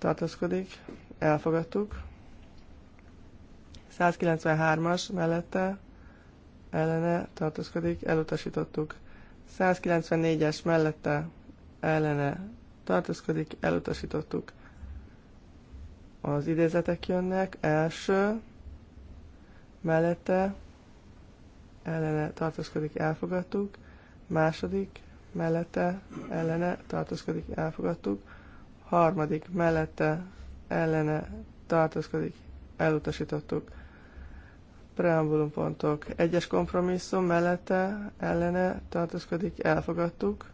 tartózkodik, elfogadtuk. 193-as mellette ellene tartózkodik, elutasítottuk. 194-es mellette ellene tartózkodik, elutasítottuk. Az idézetek jönnek, első, mellette ellene tartózkodik, elfogadtuk, második, mellette ellene tartózkodik, elfogadtuk, harmadik mellette ellene tartózkodik, elutasítottuk. Preambulum pontok. Egyes kompromisszum mellette ellene tartózkodik, elfogadtuk.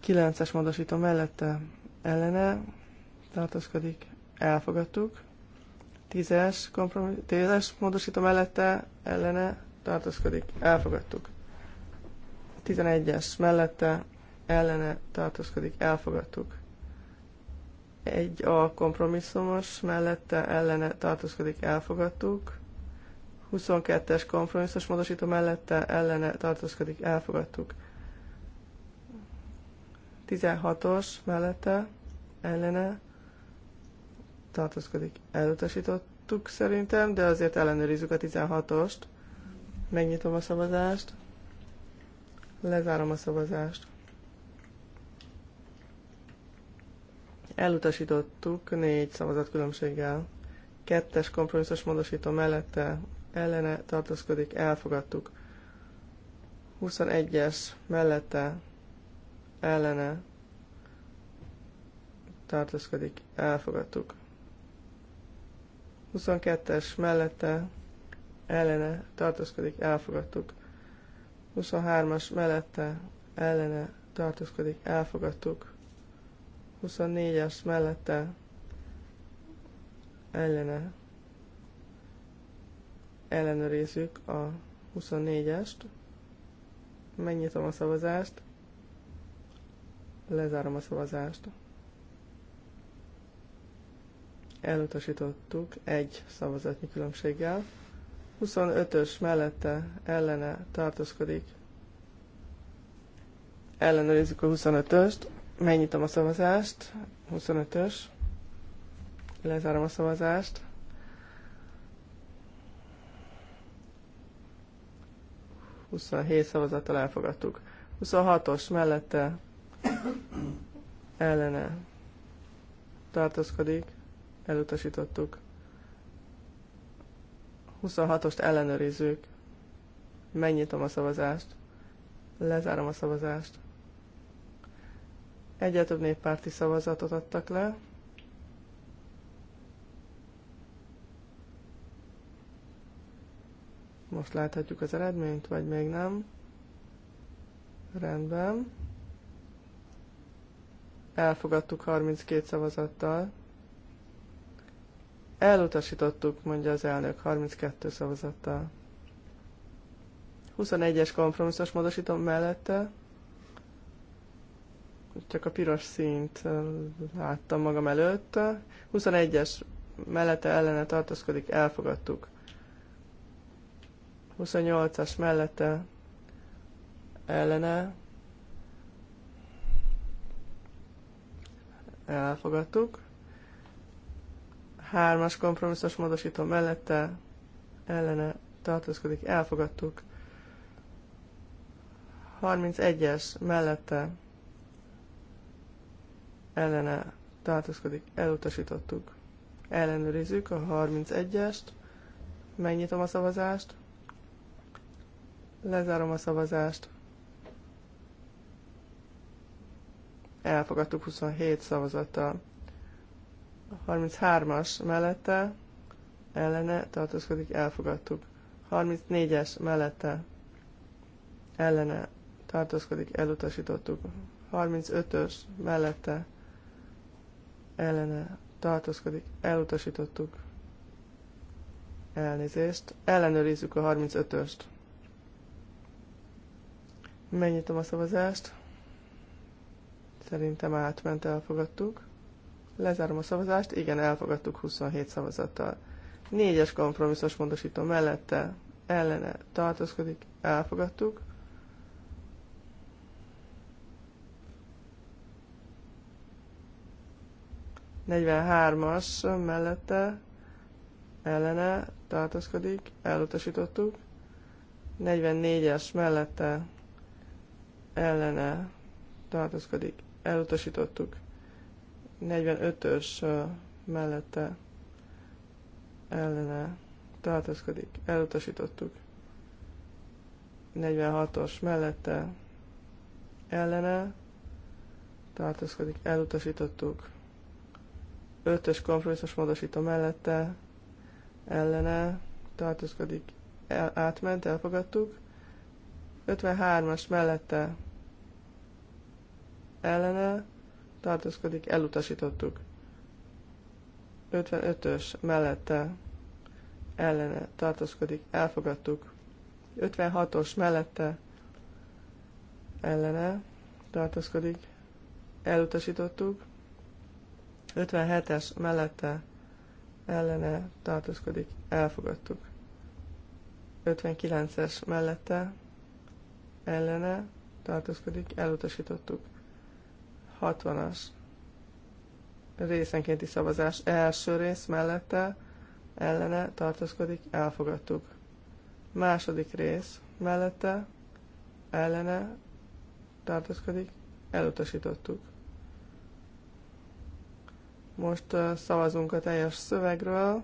Kilences módosító mellette ellene tartózkodik, elfogadtuk. Tízes, tízes módosító mellette ellene tartózkodik, elfogadtuk. 11-es mellette ellene tartózkodik, elfogadtuk. Egy a kompromisszumos mellette ellene tartózkodik, elfogadtuk. 22-es kompromisszos módosító mellette ellene tartózkodik, elfogadtuk. 16-os mellette ellene tartózkodik, elutasítottuk szerintem, de azért ellenőrizzük a 16-ost. Megnyitom a szavazást. Lezárom a szavazást. Elutasítottuk négy szavazat különbséggel. Kettes kompromisszus módosító mellette ellene tartózkodik, elfogadtuk. 21-es mellette ellene tartózkodik, elfogadtuk. 22-es mellette ellene tartózkodik, elfogadtuk. 23-as mellette ellene tartózkodik, elfogadtuk. 24-es mellette ellene ellenőrizzük a 24-est. Megnyitom a szavazást. Lezárom a szavazást. Elutasítottuk egy szavazatnyi különbséggel. 25-ös mellette ellene tartózkodik. Ellenőrizzük a 25-öst. Megnyitom a szavazást. 25-ös. Lezárom a szavazást. Huszonhét szavazattal elfogadtuk. 26-os mellette ellene tartózkodik, elutasítottuk. 26-ost ellenőrizzük. Megnyitom a szavazást. Lezárom a szavazást. Egyre több néppárti szavazatot adtak le. Most láthatjuk az eredményt, vagy még nem. Rendben. Elfogadtuk 32 szavazattal. Elutasítottuk, mondja az elnök, 32 szavazattal. 21-es kompromisszos módosítom mellette csak a piros színt láttam magam előtt. 21-es mellette ellene tartózkodik, elfogadtuk. 28-as mellette ellene elfogadtuk. 3-as kompromisszos módosító mellette ellene tartózkodik, elfogadtuk. 31-es mellette ellene tartózkodik, elutasítottuk. Ellenőrizzük a 31-est, megnyitom a szavazást, lezárom a szavazást, elfogadtuk 27 szavazattal. A 33-as mellette ellene tartózkodik, elfogadtuk. 34-es mellette ellene tartózkodik, elutasítottuk. 35-ös mellette ellene tartózkodik, elutasítottuk. Elnézést. Ellenőrizzük a 35-öst. Megnyitom a szavazást. Szerintem átment, elfogadtuk. Lezárom a szavazást. Igen, elfogadtuk 27 szavazattal. Négyes kompromisszos módosító mellette ellene tartózkodik, elfogadtuk. 43-as mellette ellene tartózkodik, elutasítottuk. 44-es mellette ellene tartózkodik, elutasítottuk. 45-ös mellette ellene tartózkodik, elutasítottuk. 46-os mellette ellene tartózkodik, elutasítottuk. Ötös kompromisszos módosító mellette ellene tartózkodik, el, átment, elfogadtuk. 53-as mellette ellene tartózkodik, elutasítottuk. 55-ös mellette ellene tartózkodik, elfogadtuk. 56-os mellette ellene tartózkodik, elutasítottuk. 57-es mellette ellene tartózkodik, elfogadtuk. 59-es mellette ellene tartózkodik, elutasítottuk. 60-as részenkénti szavazás első rész mellette ellene tartózkodik, elfogadtuk. Második rész mellette ellene tartózkodik, elutasítottuk. Most szavazunk a teljes szövegről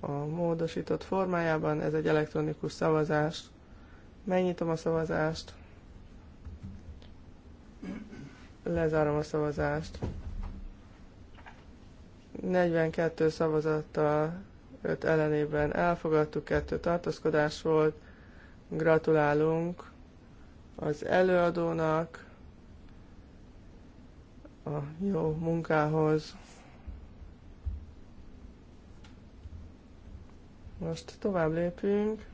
a módosított formájában. Ez egy elektronikus szavazás. Megnyitom a szavazást. Lezárom a szavazást. 42 szavazattal, 5 ellenében elfogadtuk, 2 tartózkodás volt. Gratulálunk az előadónak, a jó munkához. Most tovább lépünk.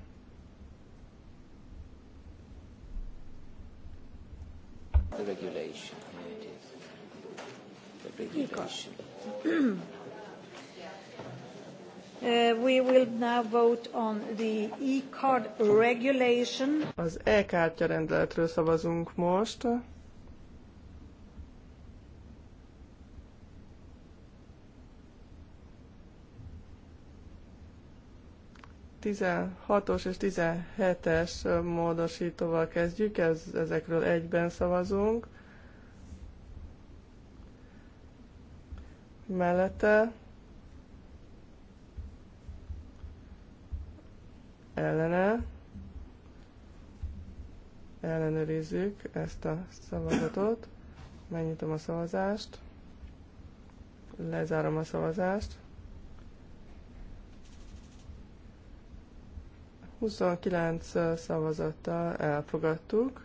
The regulation. Here it is. The regulation. Uh, we will now vote on the e-card regulation. Az e-kártya rendeletről szavazunk most. 16-os és 17-es módosítóval kezdjük, ez, ezekről egyben szavazunk. Mellette ellene ellenőrizzük ezt a szavazatot. Megnyitom a szavazást. Lezárom a szavazást. 29 szavazattal elfogadtuk.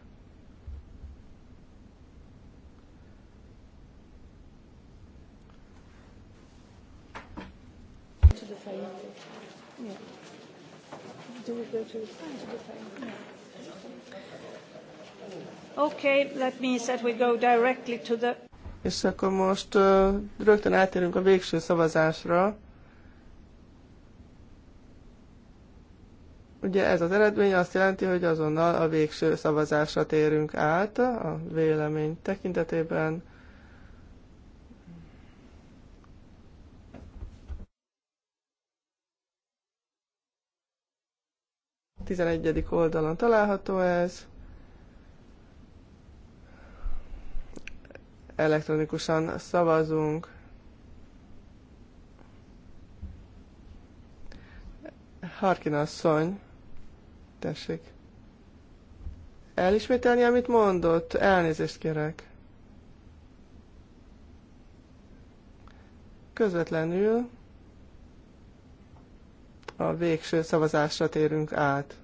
Okay, that means that we go directly to the... És akkor most uh, rögtön átérünk a végső szavazásra. Ugye ez az eredmény azt jelenti, hogy azonnal a végső szavazásra térünk át a vélemény tekintetében. A 11. oldalon található ez. Elektronikusan szavazunk. Harkin asszony. Tessék. Elismételni, amit mondott? Elnézést kérek. Közvetlenül a végső szavazásra térünk át.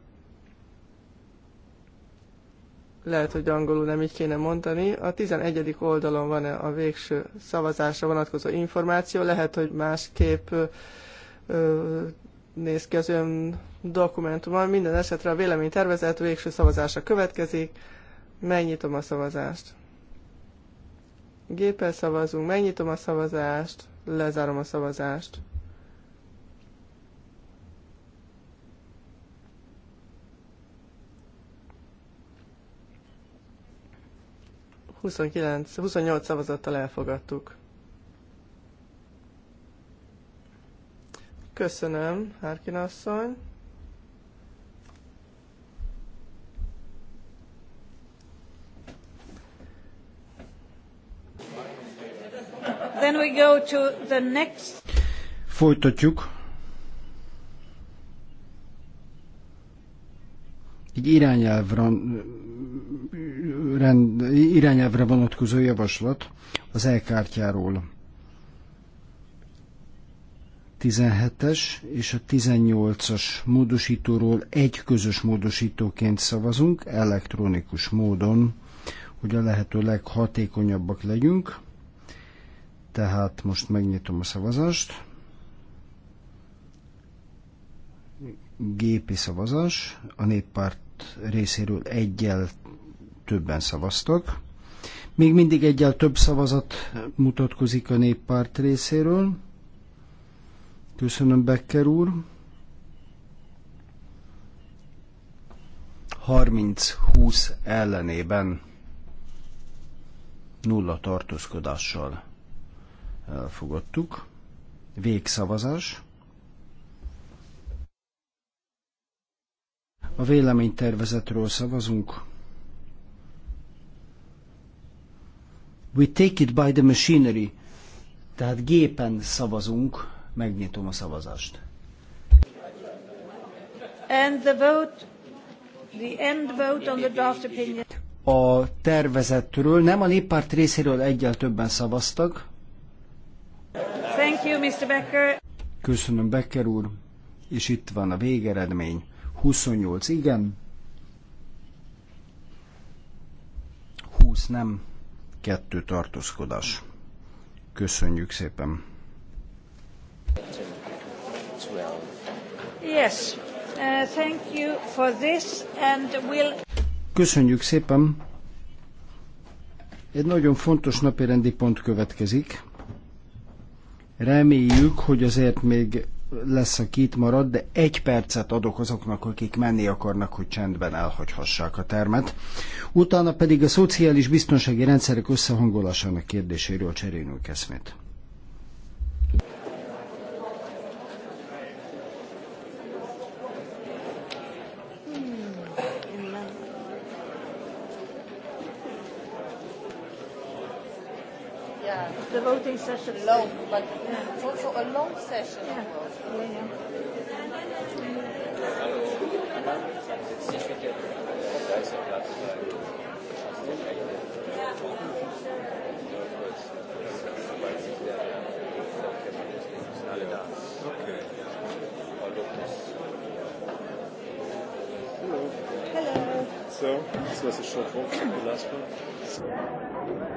Lehet, hogy angolul nem így kéne mondani. A 11. oldalon van a végső szavazásra vonatkozó információ. Lehet, hogy másképp néz ki az ön dokumentumon. Minden esetre a tervezett végső szavazása következik. Megnyitom a szavazást. Géppel szavazunk, megnyitom a szavazást, lezárom a szavazást. Huszonkilenc, 28 szavazattal elfogadtuk. Köszönöm, Harkin asszony. Then we go to the next. Folytatjuk. Egy irányelvre, rend, irányelvre vonatkozó javaslat az e-kártyáról 17-es és a 18-as módosítóról egy közös módosítóként szavazunk elektronikus módon, hogy a lehető leghatékonyabbak legyünk. Tehát most megnyitom a szavazást. Gépi szavazás. A néppárt részéről egyel többen szavaztak. Még mindig egyel több szavazat mutatkozik a néppárt részéről. Köszönöm, Becker úr. 30-20 ellenében nulla tartózkodással elfogadtuk. Végszavazás. A véleménytervezetről szavazunk. We take it by the machinery, tehát gépen szavazunk, Megnyitom a szavazást. And the vote, the end vote on the draft opinion. A tervezetről nem a néppárt részéről egyel többen szavaztak. Thank you, Mr. Becker. Köszönöm, Becker úr. És itt van a végeredmény. 28 igen, 20 nem, 2 tartózkodás. Köszönjük szépen! Yes. Uh, thank you for this and we'll... Köszönjük szépen! Egy nagyon fontos napirendi pont következik. Reméljük, hogy azért még lesz, aki itt marad, de egy percet adok azoknak, akik menni akarnak, hogy csendben elhagyhassák a termet. Utána pedig a szociális biztonsági rendszerek összehangolásának kérdéséről cserélünk eszmét. the voting session. Long, but yeah. it's also a long session. Yeah. Hello. Hello. So, this was a short walk the last one.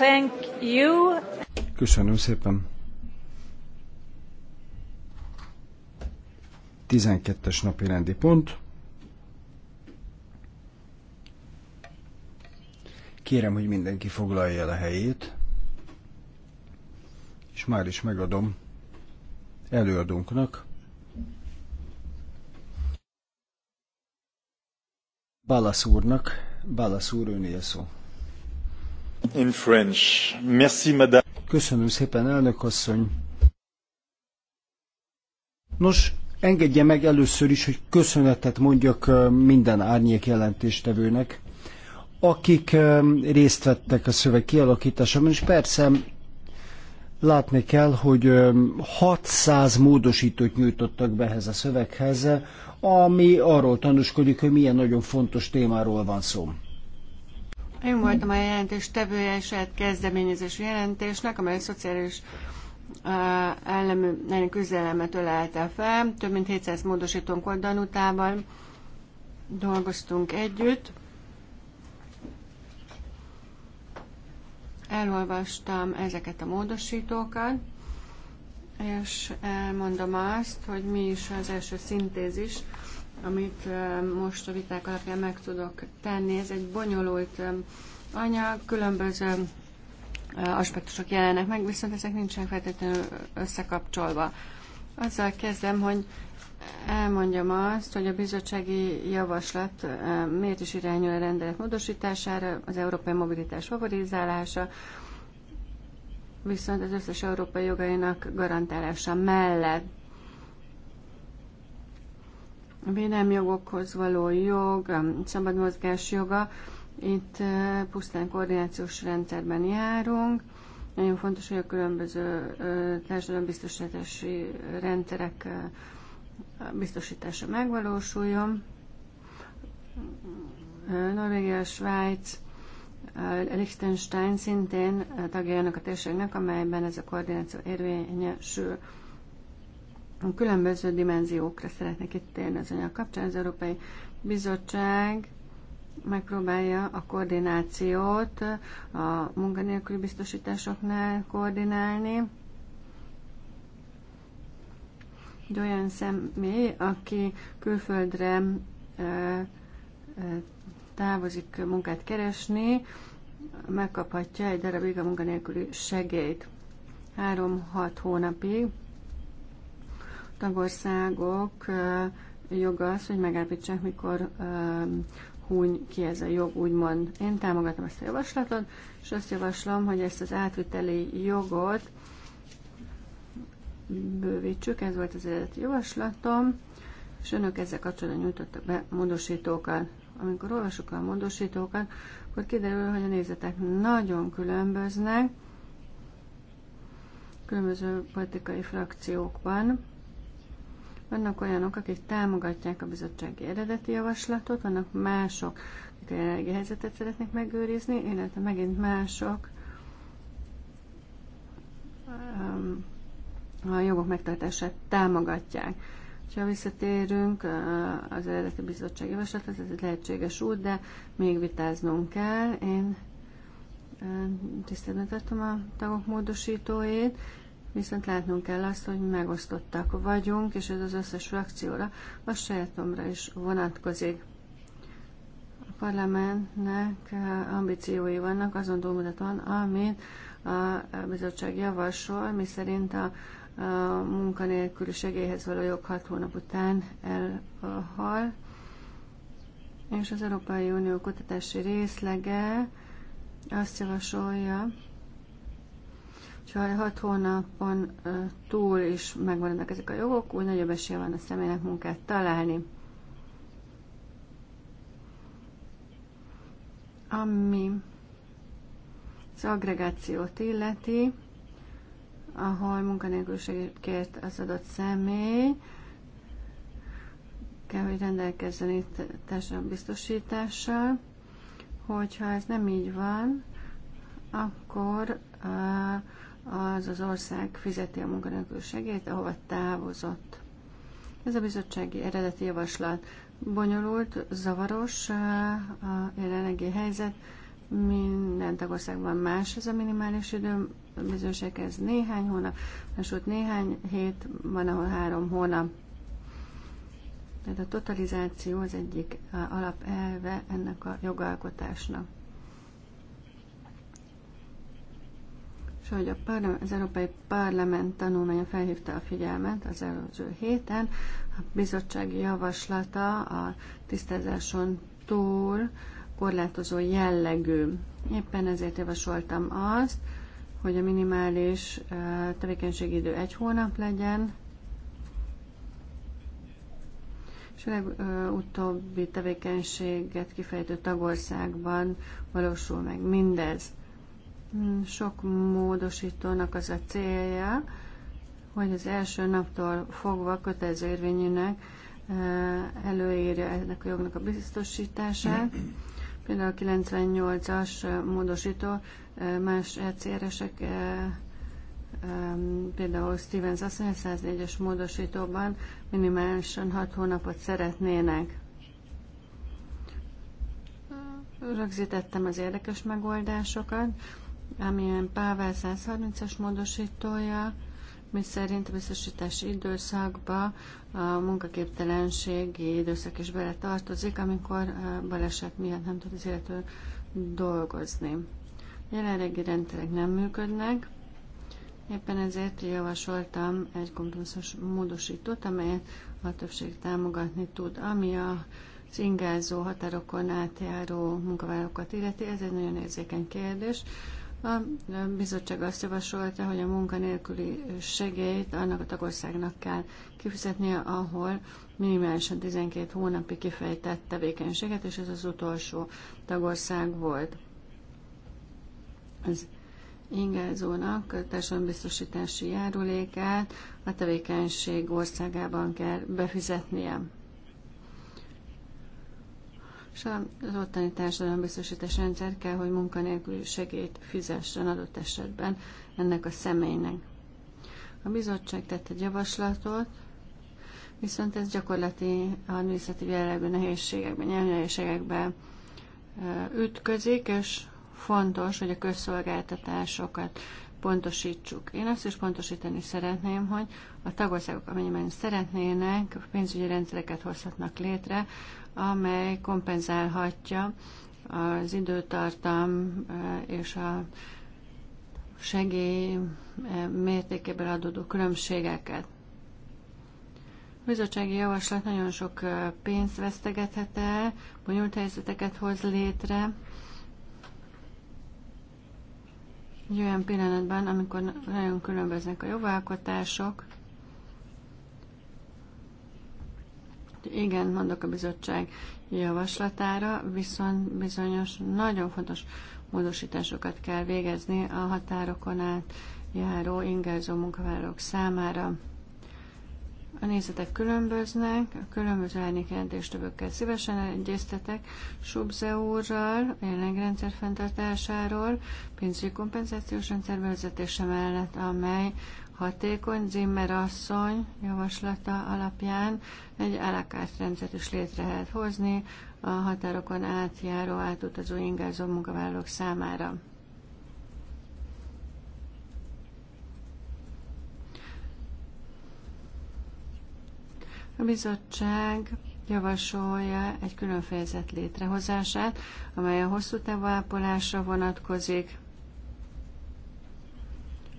Thank you. Köszönöm szépen. 12-es napi rendi pont. Kérem, hogy mindenki foglalja el a helyét, és már is megadom előadónknak. Balasz úrnak, Balasz úr önél szó in French. Merci, madame. Köszönöm szépen, elnök asszony. Nos, engedje meg először is, hogy köszönetet mondjak minden árnyék jelentéstevőnek, akik részt vettek a szöveg kialakításában, és persze látni kell, hogy 600 módosítót nyújtottak be ehhez a szöveghez, ami arról tanúskodik, hogy milyen nagyon fontos témáról van szó. Én voltam a jelentés tevője a saját kezdeményezésű jelentésnek, amely a szociális ellenek küzdelemet ölelte fel. Több mint 700 módosítónk volt Danutával, dolgoztunk együtt. Elolvastam ezeket a módosítókat, és elmondom azt, hogy mi is az első szintézis, amit most a viták alapján meg tudok tenni. Ez egy bonyolult anyag, különböző aspektusok jelennek meg, viszont ezek nincsenek feltétlenül összekapcsolva. Azzal kezdem, hogy elmondjam azt, hogy a bizottsági javaslat miért is irányul a rendelet módosítására, az európai mobilitás favorizálása, viszont az összes európai jogainak garantálása mellett a védelmjogokhoz való jog, a szabad mozgás joga, itt pusztán koordinációs rendszerben járunk. Nagyon fontos, hogy a különböző társadalombiztosítási rendszerek biztosítása megvalósuljon. Norvégia, Svájc, Liechtenstein szintén tagjának a térségnek, amelyben ez a koordináció érvényesül. A különböző dimenziókra szeretnék itt térni az anyag kapcsán. Az Európai Bizottság megpróbálja a koordinációt a munkanélküli biztosításoknál koordinálni. Egy olyan személy, aki külföldre távozik munkát keresni, megkaphatja egy darabig a munkanélküli segélyt. 3-6 hónapig tagországok joga az, hogy megállapítsák, mikor húny ki ez a jog, úgymond. Én támogatom ezt a javaslatot, és azt javaslom, hogy ezt az átviteli jogot bővítsük, ez volt az eredeti javaslatom, és önök ezzel kapcsolatban nyújtottak be módosítókat. Amikor olvasok a módosítókat, akkor kiderül, hogy a nézetek nagyon különböznek, különböző politikai frakciókban. Vannak olyanok, akik támogatják a bizottsági eredeti javaslatot, vannak mások, akik a jelenlegi helyzetet szeretnék megőrizni, illetve megint mások um, a jogok megtartását támogatják. Ha visszatérünk uh, az eredeti bizottsági javaslathoz, ez egy lehetséges út, de még vitáznunk kell. Én uh, tiszteletben tartom a tagok módosítóét, Viszont látnunk kell azt, hogy megosztottak vagyunk, és ez az összes frakcióra, a sajátomra is vonatkozik. A parlamentnek ambíciói vannak azon túlmutatóan, amit a bizottság javasol, mi szerint a, a munkanélküli segélyhez való jog hat hónap után elhal, és az Európai Unió kutatási részlege azt javasolja, egy hat hónapon túl is megvannak ezek a jogok, úgy nagyobb esélye van a személynek munkát találni. Ami az agregációt illeti, ahol munkanélküliségét kért az adott személy, kell, hogy rendelkezzen itt biztosítással. hogyha ez nem így van, akkor uh, az az ország fizeti a munkanélkül segélyt, ahova távozott. Ez a bizottsági eredeti javaslat bonyolult, zavaros eh, a jelenlegi helyzet, minden tagországban más ez a minimális idő, bizonyosak ez néhány hónap, másút néhány hét, van ahol három hónap. Tehát a totalizáció az egyik eh, alapelve ennek a jogalkotásnak. és hogy a parlament, az Európai Parlament tanulmánya felhívta a figyelmet az előző héten, a bizottsági javaslata a tisztázáson túl korlátozó jellegű. Éppen ezért javasoltam azt, hogy a minimális tevékenységi idő egy hónap legyen, és a legutóbbi tevékenységet kifejtő tagországban valósul meg mindez. Sok módosítónak az a célja, hogy az első naptól fogva kötelező érvényűnek előírja ennek a jognak a biztosítását. Például a 98-as módosító más ecr például Stevens mondja, 104-es módosítóban minimálisan 6 hónapot szeretnének. Rögzítettem az érdekes megoldásokat amilyen Pável 130-as módosítója, mi szerint a biztosítási időszakba a munkaképtelenségi időszak is bele tartozik, amikor baleset miatt nem tud az illető dolgozni. Jelenlegi rendszerek nem működnek, éppen ezért javasoltam egy kompromisszus módosítót, amelyet a többség támogatni tud, ami a ingázó határokon átjáró munkavállalókat illeti, ez egy nagyon érzékeny kérdés. A bizottság azt javasolta, hogy a munkanélküli segélyt annak a tagországnak kell kifizetnie, ahol minimálisan 12 hónapig kifejtett tevékenységet, és ez az utolsó tagország volt. Az ingázónak társadalombiztosítási járulékát a tevékenység országában kell befizetnie és az ottani társadalombiztosítás rendszer kell, hogy munkanélküli segélyt fizessen adott esetben ennek a személynek. A bizottság tett egy javaslatot, viszont ez gyakorlati administratív jellegű nehézségekben, nyelvnyereségekben ütközik, és fontos, hogy a közszolgáltatásokat pontosítsuk. Én azt is pontosítani szeretném, hogy a tagországok amennyiben szeretnének, pénzügyi rendszereket hozhatnak létre, amely kompenzálhatja az időtartam eh, és a segély eh, mértékéből adódó különbségeket. A bizottsági javaslat nagyon sok eh, pénzt vesztegethet el, bonyolult helyzeteket hoz létre, egy olyan pillanatban, amikor nagyon különböznek a jogalkotások, igen, mondok a bizottság javaslatára, viszont bizonyos nagyon fontos módosításokat kell végezni a határokon át járó ingázó munkavállalók számára. A nézetek különböznek, a különböző árnyékjelentéstövőkkel szívesen egyeztetek Subze úrral, a jelenleg rendszer fenntartásáról, pénzügyi kompenzációs rendszer mellett, amely hatékony Zimmer asszony javaslata alapján egy alakárt rendszert is létre lehet hozni a határokon átjáró, átutazó, ingázó munkavállalók számára. A bizottság javasolja egy külön fejezet létrehozását, amely a hosszú távú ápolásra vonatkozik.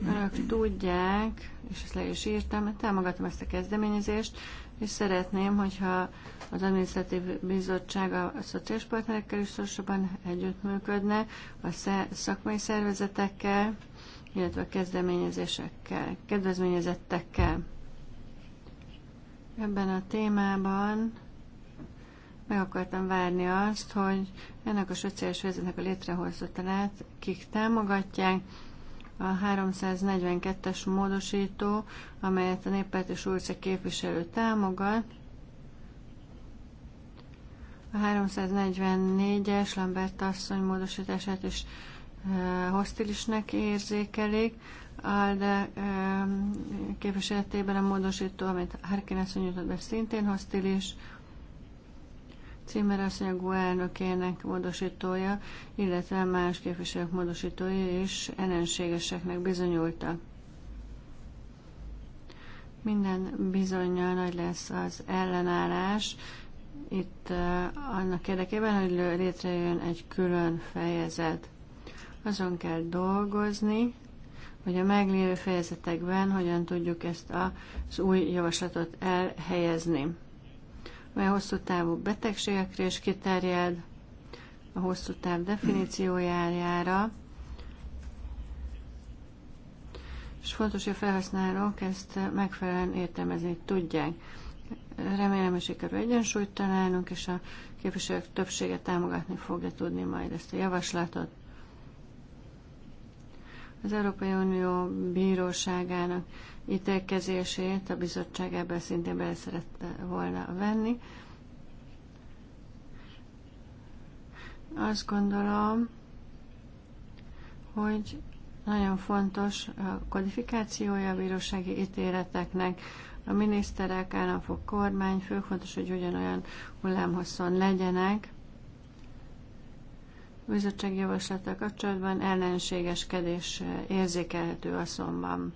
Önök tudják, és ezt le is írtam, támogatom ezt a kezdeményezést, és szeretném, hogyha az Adminisztratív Bizottság a szociális partnerekkel is szorosabban együttműködne, a szakmai szervezetekkel, illetve a kezdeményezésekkel, kedvezményezettekkel. Ebben a témában meg akartam várni azt, hogy ennek a sociális vezetnek a létrehozatalát kik támogatják. A 342-es módosító, amelyet a néppárt és Ulce képviselő támogat, a 344-es Lambert asszony módosítását is eh, hostilisnek érzékelik. ALDE ehm, képviseletében a módosító, amit Harkin asszony jutott be, szintén hasztilis. Címer asszony a elnökének módosítója, illetve más képviselők módosítója is ellenségeseknek bizonyultak. Minden bizonyal nagy lesz az ellenállás itt eh, annak érdekében, hogy létrejön egy külön fejezet. Azon kell dolgozni, hogy a meglévő fejezetekben hogyan tudjuk ezt az új javaslatot elhelyezni, mely hosszú távú betegségekre is kiterjed, a hosszú táv definíciójára, és fontos, hogy a felhasználók ezt megfelelően értelmezni tudják. Remélem, hogy sikerül egyensúlyt találnunk, és a képviselők többsége támogatni fogja tudni majd ezt a javaslatot az Európai Unió bíróságának ítélkezését a bizottság ebben szintén bele szerette volna venni. Azt gondolom, hogy nagyon fontos a kodifikációja a bírósági ítéleteknek, a miniszterek, államfog kormány, főfontos, fontos, hogy ugyanolyan hullámhosszon legyenek, bizottság javaslattal kapcsolatban ellenségeskedés érzékelhető azonban.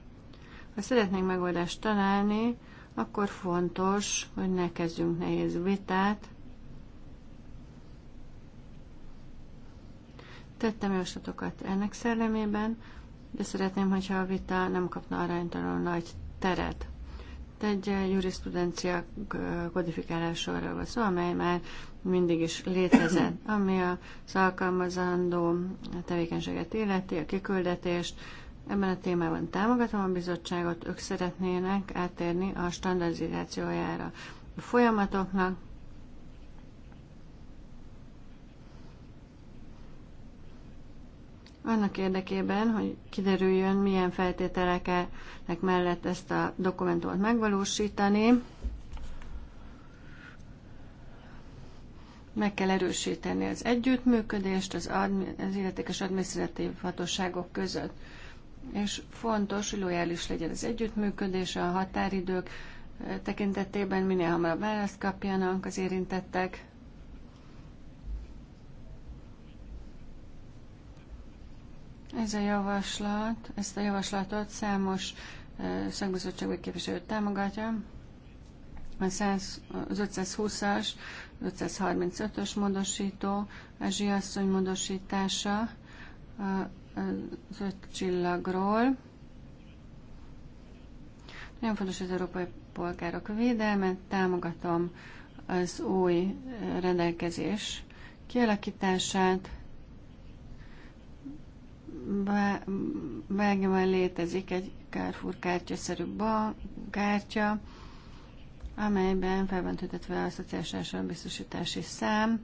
Ha szeretnénk megoldást találni, akkor fontos, hogy ne kezdjünk nehéz vitát. Tettem javaslatokat ennek szellemében, de szeretném, hogyha a vita nem kapna aránytalanul nagy teret egy jurisprudencia kodifikálásról van szó, amely már mindig is létezett, ami a szalkalmazandó tevékenységet illeti, a kiküldetést. Ebben a témában támogatom a bizottságot, ők szeretnének átérni a standardizációjára a folyamatoknak, annak érdekében, hogy kiderüljön, milyen feltételeknek mellett ezt a dokumentumot megvalósítani, meg kell erősíteni az együttműködést az, admi- az illetékes adminisztratív hatóságok között. És fontos, hogy lojális legyen az együttműködés, a határidők eh, tekintetében minél hamarabb választ kapjanak az érintettek, Ez a javaslat, ezt a javaslatot számos szakbizottsági képviselő támogatja. A 100, az 520-as, 535-ös módosító, Ázsia asszony módosítása az öt csillagról. Nagyon fontos az európai polgárok védelmet, támogatom az új rendelkezés kialakítását, Belgiumban létezik egy Carrefour kártyaszerű kártya, amelyben fel van tüntetve a szociális biztosítási szám.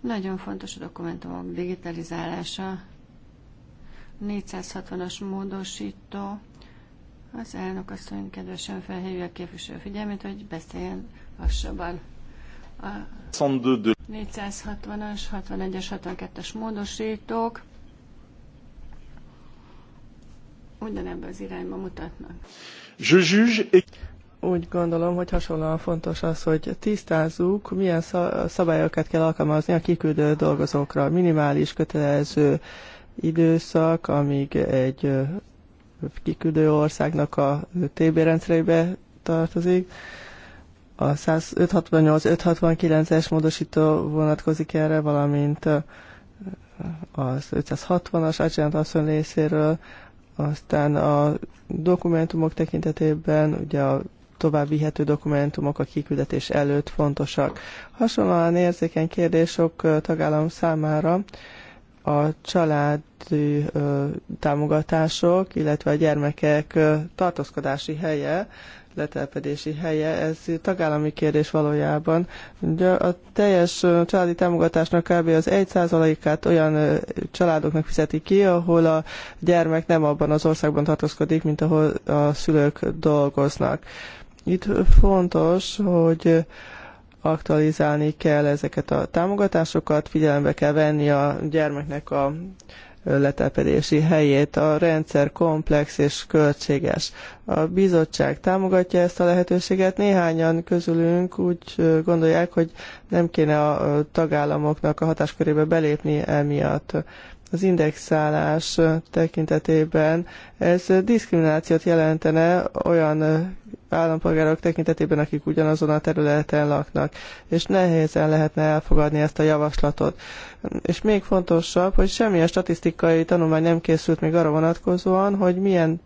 Nagyon fontos a dokumentumok digitalizálása. 460-as módosító. Az elnök asszony kedvesen felhívja a képviselő figyelmét, hogy beszéljen lassabban. A 460-as, 61-es, 62-es módosítók ugyanebbe az irányba mutatnak. Je juge úgy gondolom, hogy hasonlóan fontos az, hogy tisztázzuk, milyen szabályokat kell alkalmazni a kiküldő dolgozókra. Minimális kötelező időszak, amíg egy kiküldő országnak a TB rendszerébe tartozik. A 568-569-es módosító vonatkozik erre, valamint az 560-as agyent asszony részéről aztán a dokumentumok tekintetében ugye a további vihető dokumentumok a kiküldetés előtt fontosak. Hasonlóan érzékeny kérdés sok tagállam számára a családi támogatások, illetve a gyermekek tartózkodási helye letelepedési helye. Ez tagállami kérdés valójában. Ugye a teljes családi támogatásnak kb. az 1%-át olyan családoknak fizeti ki, ahol a gyermek nem abban az országban tartózkodik, mint ahol a szülők dolgoznak. Itt fontos, hogy aktualizálni kell ezeket a támogatásokat, figyelembe kell venni a gyermeknek a letelepedési helyét. A rendszer komplex és költséges. A bizottság támogatja ezt a lehetőséget. Néhányan közülünk úgy gondolják, hogy nem kéne a tagállamoknak a hatáskörébe belépni emiatt az indexálás tekintetében. Ez diszkriminációt jelentene olyan állampolgárok tekintetében, akik ugyanazon a területen laknak, és nehézen lehetne elfogadni ezt a javaslatot. És még fontosabb, hogy semmilyen statisztikai tanulmány nem készült még arra vonatkozóan, hogy milyen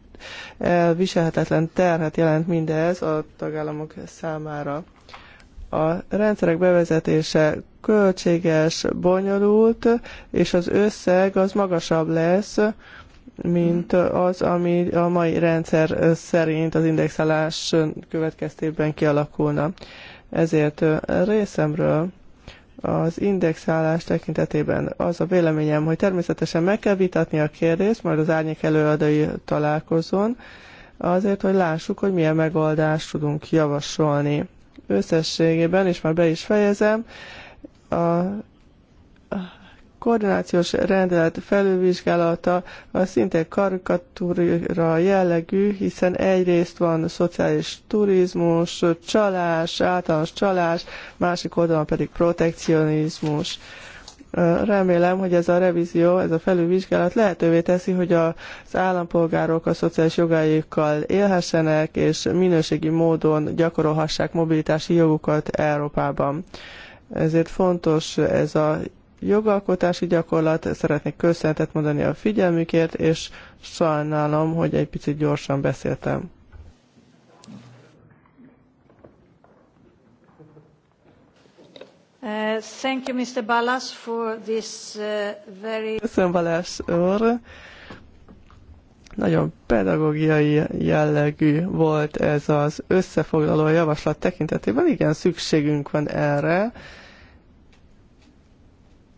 elviselhetetlen terhet jelent mindez a tagállamok számára. A rendszerek bevezetése költséges, bonyolult, és az összeg az magasabb lesz, mint az, ami a mai rendszer szerint az indexálás következtében kialakulna. Ezért részemről az indexálás tekintetében az a véleményem, hogy természetesen meg kell vitatni a kérdést, majd az árnyék előadói találkozón, azért, hogy lássuk, hogy milyen megoldást tudunk javasolni. Összességében, és már be is fejezem, a koordinációs rendelet felülvizsgálata a szinte karikatúra jellegű, hiszen egyrészt van szociális turizmus, csalás, általános csalás, másik oldalon pedig protekcionizmus. Remélem, hogy ez a revízió, ez a felülvizsgálat lehetővé teszi, hogy az állampolgárok a szociális jogaikkal élhessenek, és minőségi módon gyakorolhassák mobilitási jogukat Európában. Ezért fontos ez a jogalkotási gyakorlat. Szeretnék köszönetet mondani a figyelmükért, és sajnálom, hogy egy picit gyorsan beszéltem. Uh, thank you, Mr. Ballas, for this uh, very... Köszönöm, Balázs úr. Nagyon pedagógiai jellegű volt ez az összefoglaló javaslat tekintetében. Igen, szükségünk van erre. Uh,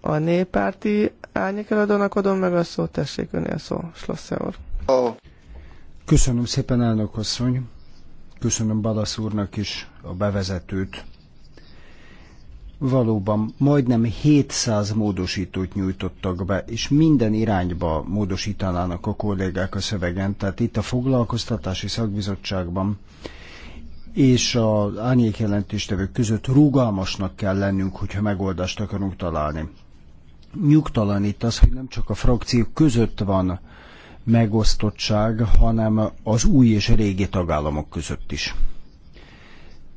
a néppárti árnyék adom meg a szót, tessék önél szó, Slossze úr. Oh. Köszönöm szépen, elnök asszony. Köszönöm Balasz úrnak is a bevezetőt. Valóban majdnem 700 módosítót nyújtottak be, és minden irányba módosítanának a kollégák a szövegen. Tehát itt a foglalkoztatási szakbizottságban és az árnyék jelentéstevők között rugalmasnak kell lennünk, hogyha megoldást akarunk találni nyugtalanít az, hogy nem csak a frakciók között van megosztottság, hanem az új és régi tagállamok között is.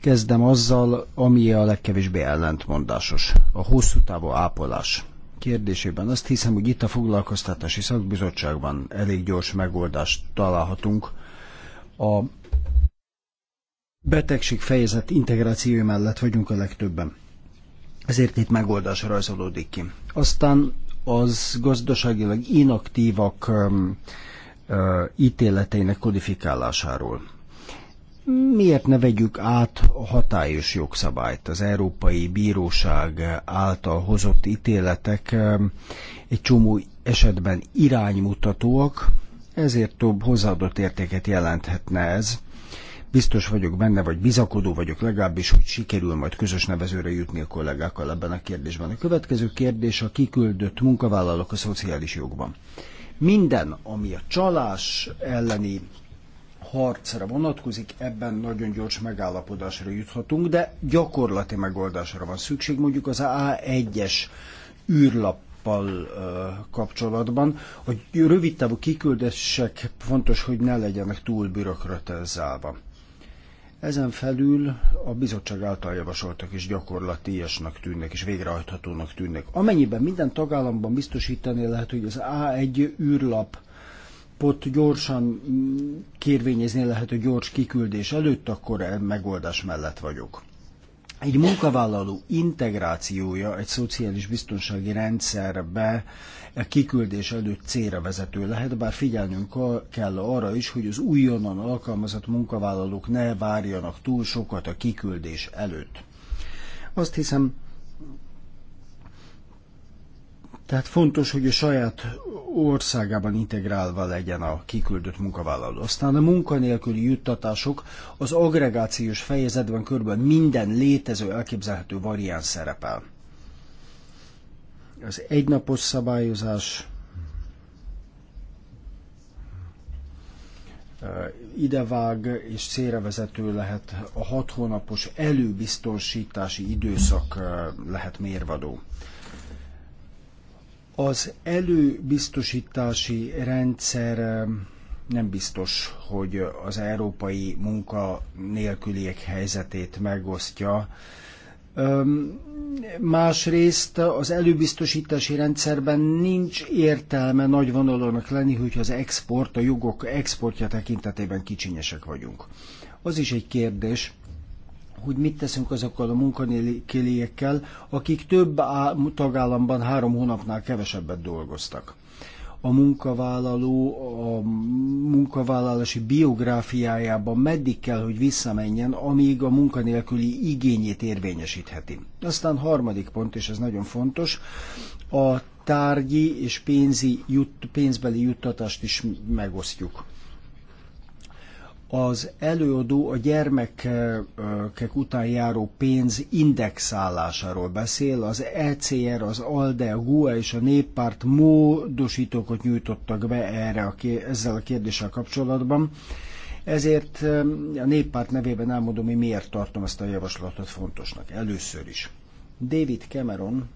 Kezdem azzal, ami a legkevésbé ellentmondásos, a hosszú távú ápolás kérdésében. Azt hiszem, hogy itt a foglalkoztatási szakbizottságban elég gyors megoldást találhatunk a betegség fejezet integrációja mellett vagyunk a legtöbben. Ezért itt megoldás rajzolódik ki. Aztán az gazdaságilag inaktívak ítéleteinek kodifikálásáról. Miért ne vegyük át a hatályos jogszabályt? Az Európai Bíróság által hozott ítéletek egy csomó esetben iránymutatóak, ezért több hozzáadott értéket jelenthetne ez Biztos vagyok benne, vagy bizakodó vagyok legalábbis, hogy sikerül majd közös nevezőre jutni a kollégákkal ebben a kérdésben. A következő kérdés a kiküldött munkavállalók a szociális jogban. Minden, ami a csalás elleni harcra vonatkozik, ebben nagyon gyors megállapodásra juthatunk, de gyakorlati megoldásra van szükség, mondjuk az A1-es űrlap kapcsolatban, A rövid távú kiküldések fontos, hogy ne legyenek túl bürokratizálva. Ezen felül a bizottság által javasoltak is gyakorlatiasnak tűnnek és végrehajthatónak tűnnek. Amennyiben minden tagállamban biztosítani lehet, hogy az A1 űrlap pot gyorsan mm, kérvényezni lehet a gyors kiküldés előtt, akkor e megoldás mellett vagyok. Egy munkavállaló integrációja egy szociális biztonsági rendszerbe a kiküldés előtt célra vezető lehet, bár figyelnünk kell arra is, hogy az újonnan alkalmazott munkavállalók ne várjanak túl sokat a kiküldés előtt. Azt hiszem, tehát fontos, hogy a saját országában integrálva legyen a kiküldött munkavállaló. Aztán a munkanélküli juttatások az agregációs fejezetben körülbelül minden létező elképzelhető variáns szerepel. Az egynapos szabályozás idevág és szérevezető lehet, a hat hónapos előbiztonsítási időszak lehet mérvadó. Az előbiztosítási rendszer nem biztos, hogy az európai munka nélküliek helyzetét megosztja. Másrészt az előbiztosítási rendszerben nincs értelme nagy vonalonak lenni, hogy az export, a jogok exportja tekintetében kicsinyesek vagyunk. Az is egy kérdés, hogy mit teszünk azokkal a munkanélküliekkel, akik több tagállamban három hónapnál kevesebbet dolgoztak. A munkavállaló a munkavállalási biográfiájában meddig kell, hogy visszamenjen, amíg a munkanélküli igényét érvényesítheti. Aztán harmadik pont, és ez nagyon fontos, a tárgyi és pénzi jut, pénzbeli juttatást is megosztjuk az előadó a gyermekek után járó pénz indexálásáról beszél, az ECR, az ALDE, a GUA e és a Néppárt módosítókat nyújtottak be erre a, ezzel a kérdéssel kapcsolatban. Ezért um, a néppárt nevében elmondom, hogy miért tartom ezt a javaslatot fontosnak. Először is. David Cameron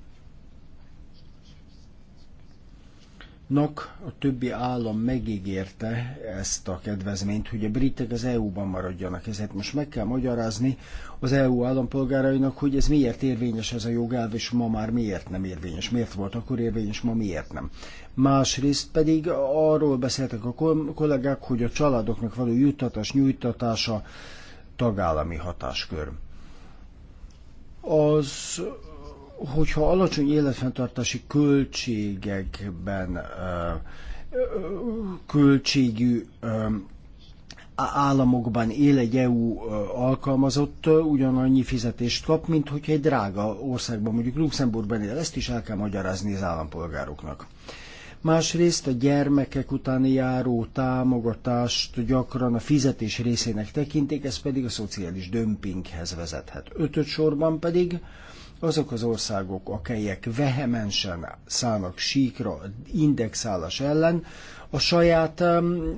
Nok, a többi állam megígérte ezt a kedvezményt, hogy a britek az EU-ban maradjanak. Ezért most meg kell magyarázni az EU állampolgárainak, hogy ez miért érvényes ez a jogelv, és ma már miért nem érvényes. Miért volt akkor érvényes, ma miért nem. Másrészt pedig arról beszéltek a kollégák, hogy a családoknak való juttatás, nyújtatása tagállami hatáskör. Az hogyha alacsony életfenntartási költségekben költségű államokban él egy EU alkalmazott, ugyanannyi fizetést kap, mint hogyha egy drága országban, mondjuk Luxemburgban él. Ezt is el kell magyarázni az állampolgároknak. Másrészt a gyermekek utáni járó támogatást gyakran a fizetés részének tekintik, ez pedig a szociális dömpinghez vezethet. Ötöt sorban pedig azok az országok, akelyek vehemensen szállnak síkra indexálás ellen, a saját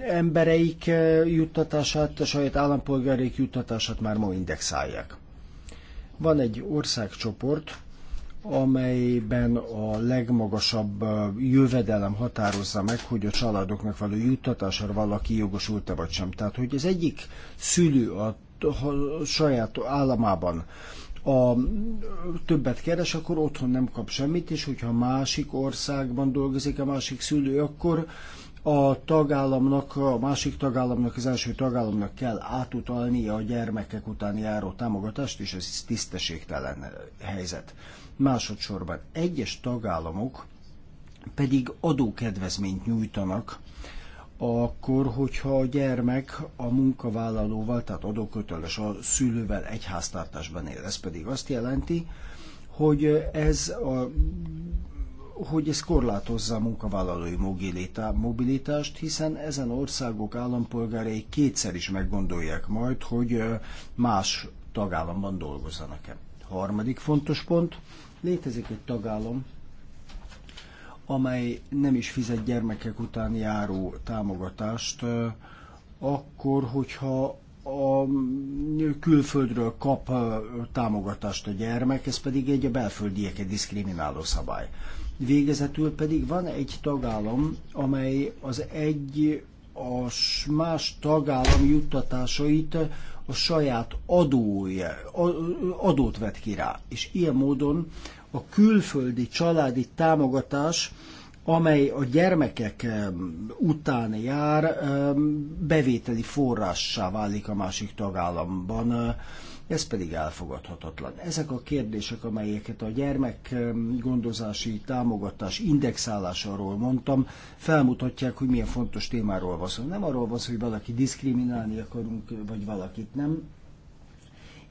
embereik eh, juttatását, a saját állampolgáraik juttatását már ma indexálják. Van egy országcsoport, amelyben a legmagasabb eh, jövedelem határozza meg, hogy a családoknak való juttatásra valaki jogosult-e vagy sem. Tehát, hogy az egyik szülő a saját államában a többet keres, akkor otthon nem kap semmit, és hogyha másik országban dolgozik a másik szülő, akkor a tagállamnak, a másik tagállamnak, az első tagállamnak kell átutalnia a gyermekek után járó támogatást, és ez tisztességtelen helyzet. Másodszorban egyes tagállamok pedig adókedvezményt nyújtanak akkor, hogyha a gyermek a munkavállalóval, tehát adóköteles a szülővel egy háztartásban él. Ez pedig azt jelenti, hogy ez a hogy ez korlátozza a munkavállalói mobilitást, hiszen ezen országok állampolgárai kétszer is meggondolják majd, hogy más tagállamban dolgozzanak-e. Harmadik fontos pont, létezik egy tagállam, amely nem is fizet gyermekek után járó támogatást, akkor, hogyha a külföldről kap támogatást a gyermek, ez pedig egy a belföldieket diszkrimináló szabály. Végezetül pedig van egy tagállam, amely az egy a más tagállam juttatásait a saját adója, adót vet ki rá. És ilyen módon a külföldi családi támogatás, amely a gyermekek után jár, bevételi forrássá válik a másik tagállamban. Ez pedig elfogadhatatlan. Ezek a kérdések, amelyeket a gyermekgondozási támogatás indexálásáról mondtam, felmutatják, hogy milyen fontos témáról van szó. Nem arról van szó, hogy valaki diszkriminálni akarunk, vagy valakit nem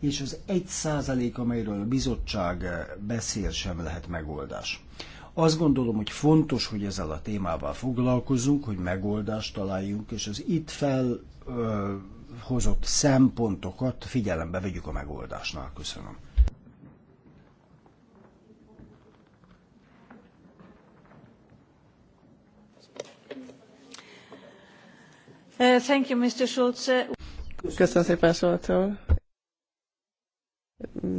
és az egy százalék, amelyről a bizottság eh, beszél, sem lehet megoldás. Azt gondolom, hogy fontos, hogy ezzel a témával foglalkozunk, hogy megoldást találjunk, és az itt felhozott eh, szempontokat figyelembe vegyük a megoldásnál. Köszönöm. Uh, thank you, Mr. Schulze. Köszönöm szépen, Soltól.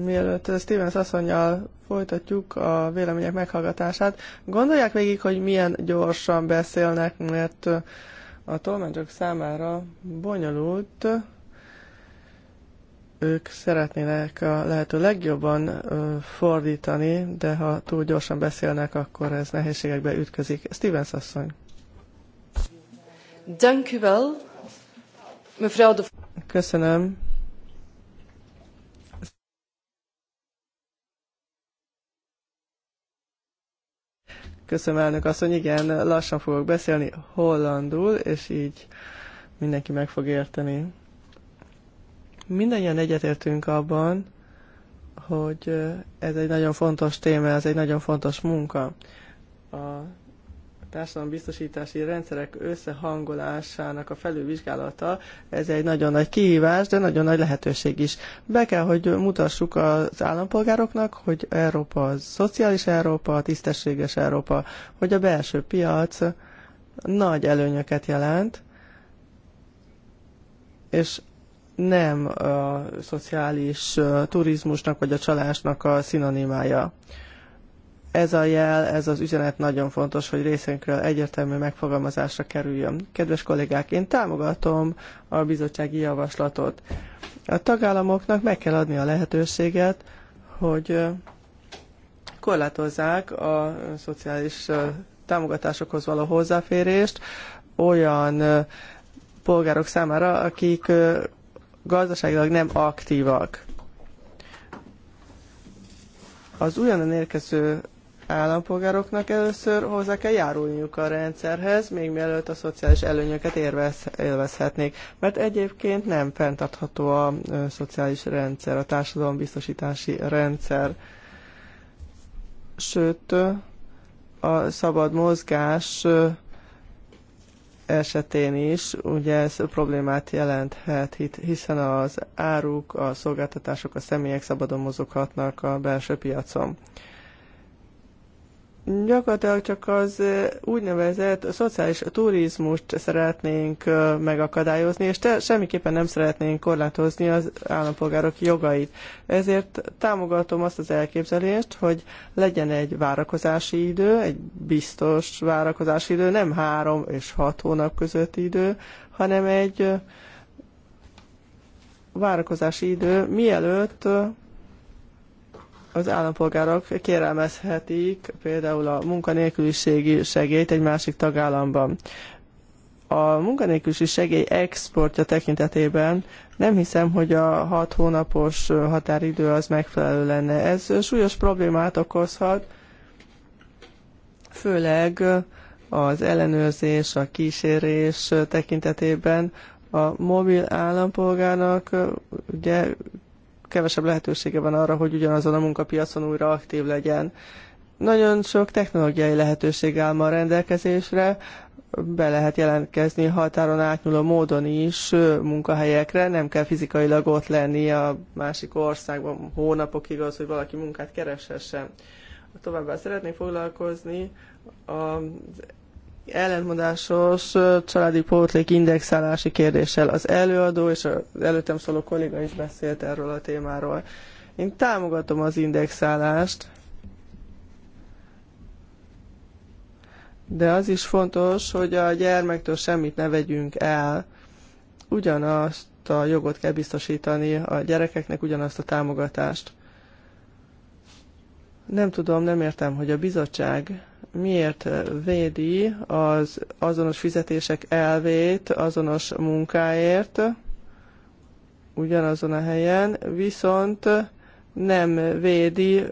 Mielőtt Stevens asszonynal folytatjuk a vélemények meghallgatását, gondolják végig, hogy milyen gyorsan beszélnek, mert a tolmácsok számára bonyolult, ők szeretnének a lehető legjobban fordítani, de ha túl gyorsan beszélnek, akkor ez nehézségekbe ütközik. Stevens asszony. Köszönöm, Köszönöm, elnök hogy Igen, lassan fogok beszélni hollandul, és így mindenki meg fog érteni. Mindennyian egyetértünk abban, hogy ez egy nagyon fontos téma, ez egy nagyon fontos munka. A társadalombiztosítási rendszerek összehangolásának a felülvizsgálata, ez egy nagyon nagy kihívás, de nagyon nagy lehetőség is. Be kell, hogy mutassuk az állampolgároknak, hogy Európa a szociális Európa, a tisztességes Európa, hogy a belső piac nagy előnyöket jelent, és nem a szociális turizmusnak vagy a csalásnak a szinonimája ez a jel, ez az üzenet nagyon fontos, hogy részünkről egyértelmű megfogalmazásra kerüljön. Kedves kollégák, én támogatom a bizottsági javaslatot. A tagállamoknak meg kell adni a lehetőséget, hogy korlátozzák a szociális támogatásokhoz való hozzáférést olyan polgárok számára, akik gazdaságilag nem aktívak. Az újonnan érkező állampolgároknak először hozzá kell járulniuk a rendszerhez, még mielőtt a szociális előnyöket élvezhetnék, mert egyébként nem fenntartható a szociális rendszer, a társadalombiztosítási rendszer. Sőt, a szabad mozgás esetén is, ugye ez problémát jelenthet, hiszen az áruk, a szolgáltatások, a személyek szabadon mozoghatnak a belső piacon gyakorlatilag csak az úgynevezett szociális turizmust szeretnénk megakadályozni, és te, semmiképpen nem szeretnénk korlátozni az állampolgárok jogait. Ezért támogatom azt az elképzelést, hogy legyen egy várakozási idő, egy biztos várakozási idő, nem három és hat hónap közötti idő, hanem egy várakozási idő, mielőtt az állampolgárok kérelmezhetik például a munkanélküliségi segélyt egy másik tagállamban. A munkanélküliségi segély exportja tekintetében nem hiszem, hogy a hat hónapos határidő az megfelelő lenne. Ez súlyos problémát okozhat, főleg az ellenőrzés, a kísérés tekintetében a mobil állampolgárnak ugye kevesebb lehetősége van arra, hogy ugyanazon a munkapiacon újra aktív legyen. Nagyon sok technológiai lehetőség áll ma a rendelkezésre, be lehet jelentkezni határon átnyúló módon is munkahelyekre, nem kell fizikailag ott lenni a másik országban hónapokig az, hogy valaki munkát kereshesse. Továbbá szeretnék foglalkozni az ellentmondásos családi pótlék indexálási kérdéssel. Az előadó és az előttem szóló kolléga is beszélt erről a témáról. Én támogatom az indexálást, de az is fontos, hogy a gyermektől semmit ne vegyünk el. Ugyanazt a jogot kell biztosítani a gyerekeknek, ugyanazt a támogatást. Nem tudom, nem értem, hogy a bizottság miért eh, védi az azonos fizetések elvét azonos munkáért ugyanazon a helyen, viszont nem védi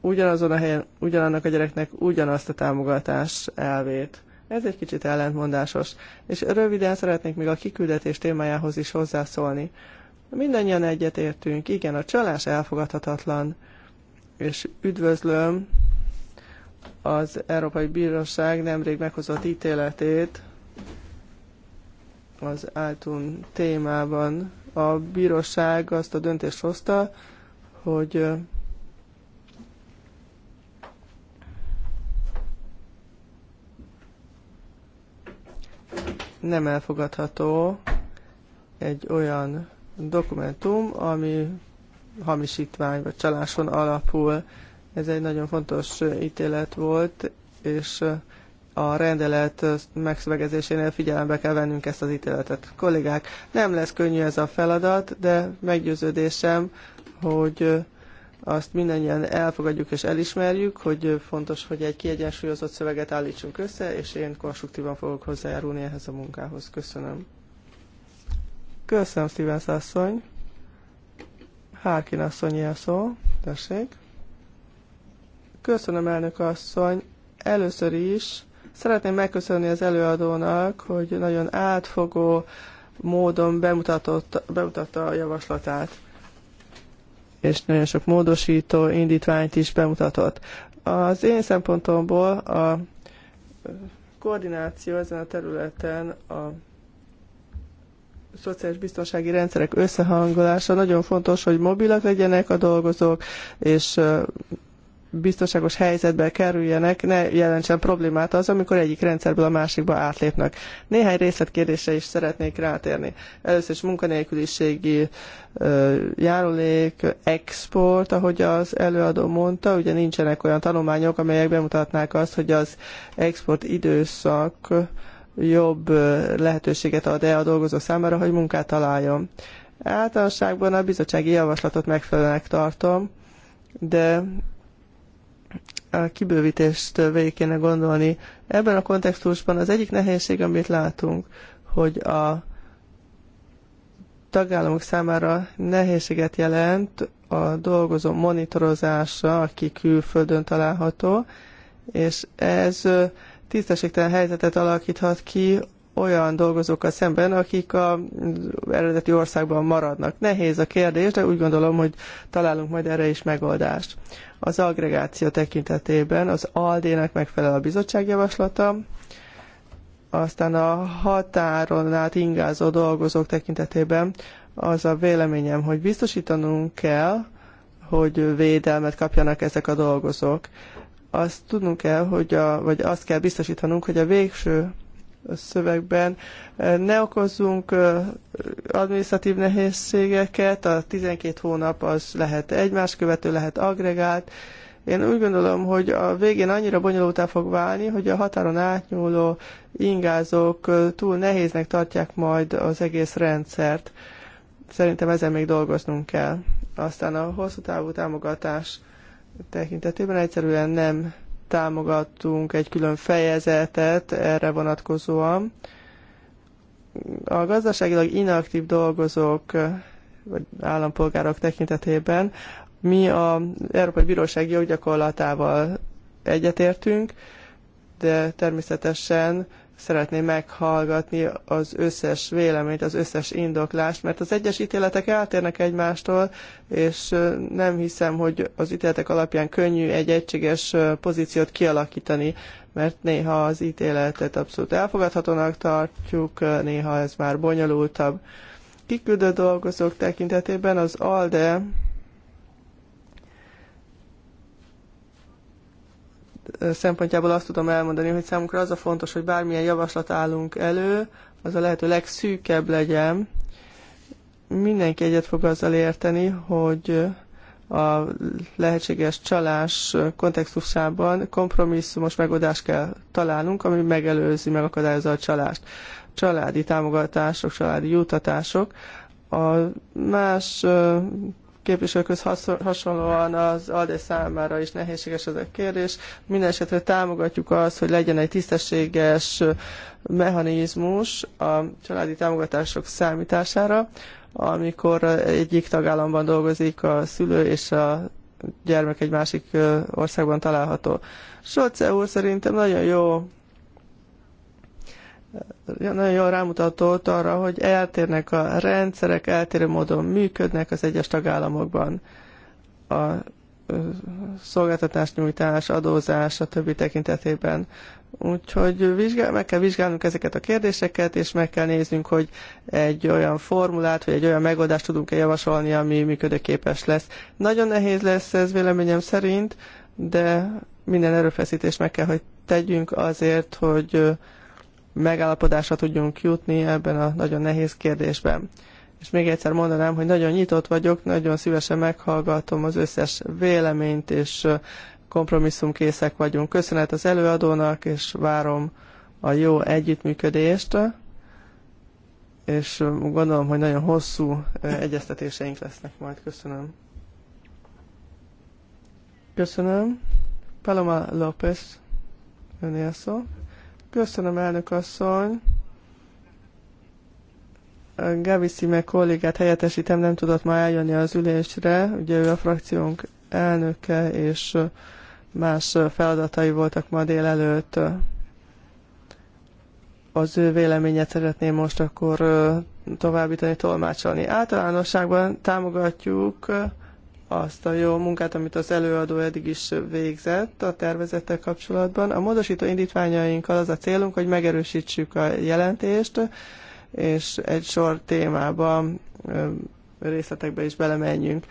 ugyanazon a helyen ugyanannak a gyereknek ugyanazt a támogatás elvét. Ez egy kicsit ellentmondásos. És röviden szeretnék még a kiküldetés témájához is hozzászólni. Mindannyian egyetértünk, igen, a csalás elfogadhatatlan, és üdvözlöm az Európai Bíróság nemrég meghozott ítéletét az áltun témában. A bíróság azt a döntést hozta, hogy nem elfogadható egy olyan dokumentum, ami hamisítvány vagy csaláson alapul. Ez egy nagyon fontos ítélet volt, és a rendelet megszövegezésénél figyelembe kell vennünk ezt az ítéletet. Kollégák, nem lesz könnyű ez a feladat, de meggyőződésem, hogy azt mindannyian elfogadjuk és elismerjük, hogy fontos, hogy egy kiegyensúlyozott szöveget állítsunk össze, és én konstruktívan fogok hozzájárulni ehhez a munkához. Köszönöm. Köszönöm, Stevens asszony. Hárkin asszony ilyen szó. Tessék. Köszönöm, elnök asszony. Először is szeretném megköszönni az előadónak, hogy nagyon átfogó módon bemutatta a javaslatát és nagyon sok módosító indítványt is bemutatott. Az én szempontomból a koordináció ezen a területen a szociális biztonsági rendszerek összehangolása. Nagyon fontos, hogy mobilak legyenek a dolgozók, és biztonságos helyzetbe kerüljenek, ne jelentsen problémát az, amikor egyik rendszerből a másikba átlépnek. Néhány részletkérdésre is szeretnék rátérni. Először is munkanélküliségi járulék, export, ahogy az előadó mondta, ugye nincsenek olyan tanulmányok, amelyek bemutatnák azt, hogy az export időszak jobb lehetőséget ad-e a dolgozó számára, hogy munkát találjon. Általánosságban a bizottsági javaslatot megfelelőnek tartom, de a kibővítést végig kéne gondolni. Ebben a kontextusban az egyik nehézség, amit látunk, hogy a tagállamok számára nehézséget jelent a dolgozó monitorozása, aki külföldön található, és ez tisztességtelen helyzetet alakíthat ki olyan dolgozókkal szemben, akik az eredeti országban maradnak. Nehéz a kérdés, de úgy gondolom, hogy találunk majd erre is megoldást. Az agregáció tekintetében az ALDE-nek megfelel a bizottság javaslata, aztán a határon át ingázó dolgozók tekintetében az a véleményem, hogy biztosítanunk kell, hogy védelmet kapjanak ezek a dolgozók. Azt tudnunk kell, hogy a, vagy azt kell biztosítanunk, hogy a végső szövegben. Ne okozzunk administratív nehézségeket, a 12 hónap az lehet egymás követő, lehet agregált. Én úgy gondolom, hogy a végén annyira bonyolultá fog válni, hogy a határon átnyúló ingázók túl nehéznek tartják majd az egész rendszert. Szerintem ezen még dolgoznunk kell. Aztán a hosszú távú támogatás tekintetében egyszerűen nem támogattunk egy külön fejezetet erre vonatkozóan. A gazdaságilag inaktív dolgozók vagy állampolgárok tekintetében mi az Európai Bíróság joggyakorlatával egyetértünk, de természetesen szeretném meghallgatni az összes véleményt, az összes indoklást, mert az egyes ítéletek eltérnek egymástól, és nem hiszem, hogy az ítéletek alapján könnyű egy egységes pozíciót kialakítani, mert néha az ítéletet abszolút elfogadhatónak tartjuk, néha ez már bonyolultabb. Kiküldő dolgozók tekintetében az ALDE szempontjából azt tudom elmondani, hogy számunkra az a fontos, hogy bármilyen javaslat állunk elő, az a lehető legszűkebb legyen. Mindenki egyet fog azzal érteni, hogy a lehetséges csalás kontextusában kompromisszumos megoldást kell találnunk, ami megelőzi, megakadályozza a csalást. Családi támogatások, családi jutatások, a más képviselőköz hasonlóan az ALDE számára is nehézséges ez a kérdés. Mindenesetre támogatjuk azt, hogy legyen egy tisztességes mechanizmus a családi támogatások számítására, amikor egyik tagállamban dolgozik a szülő és a gyermek egy másik országban található. Soce úr szerintem nagyon jó nagyon jól rámutatott arra, hogy eltérnek a rendszerek, eltérő módon működnek az egyes tagállamokban. A nyújtás, adózás, a többi tekintetében. Úgyhogy vizsgál, meg kell vizsgálnunk ezeket a kérdéseket, és meg kell néznünk, hogy egy olyan formulát, vagy egy olyan megoldást tudunk-e javasolni, ami működőképes lesz. Nagyon nehéz lesz ez véleményem szerint, de minden erőfeszítést meg kell, hogy tegyünk azért, hogy megállapodásra tudjunk jutni ebben a nagyon nehéz kérdésben. És még egyszer mondanám, hogy nagyon nyitott vagyok, nagyon szívesen meghallgatom az összes véleményt, és kompromisszumkészek vagyunk. Köszönet az előadónak, és várom a jó együttműködést, és gondolom, hogy nagyon hosszú egyeztetéseink lesznek majd. Köszönöm. Köszönöm. Paloma López, önél szó. Köszönöm, elnök asszony. Gaviszi meg kollégát helyettesítem, nem tudott ma eljönni az ülésre. Ugye ő a frakciónk elnöke, és más feladatai voltak ma délelőtt. Az ő véleményet szeretném most akkor továbbítani, tolmácsolni. Általánosságban támogatjuk azt a jó munkát, amit az előadó eddig is végzett a tervezettel kapcsolatban. A módosító indítványainkkal az a célunk, hogy megerősítsük a jelentést, és egy sor témában részletekbe is belemenjünk.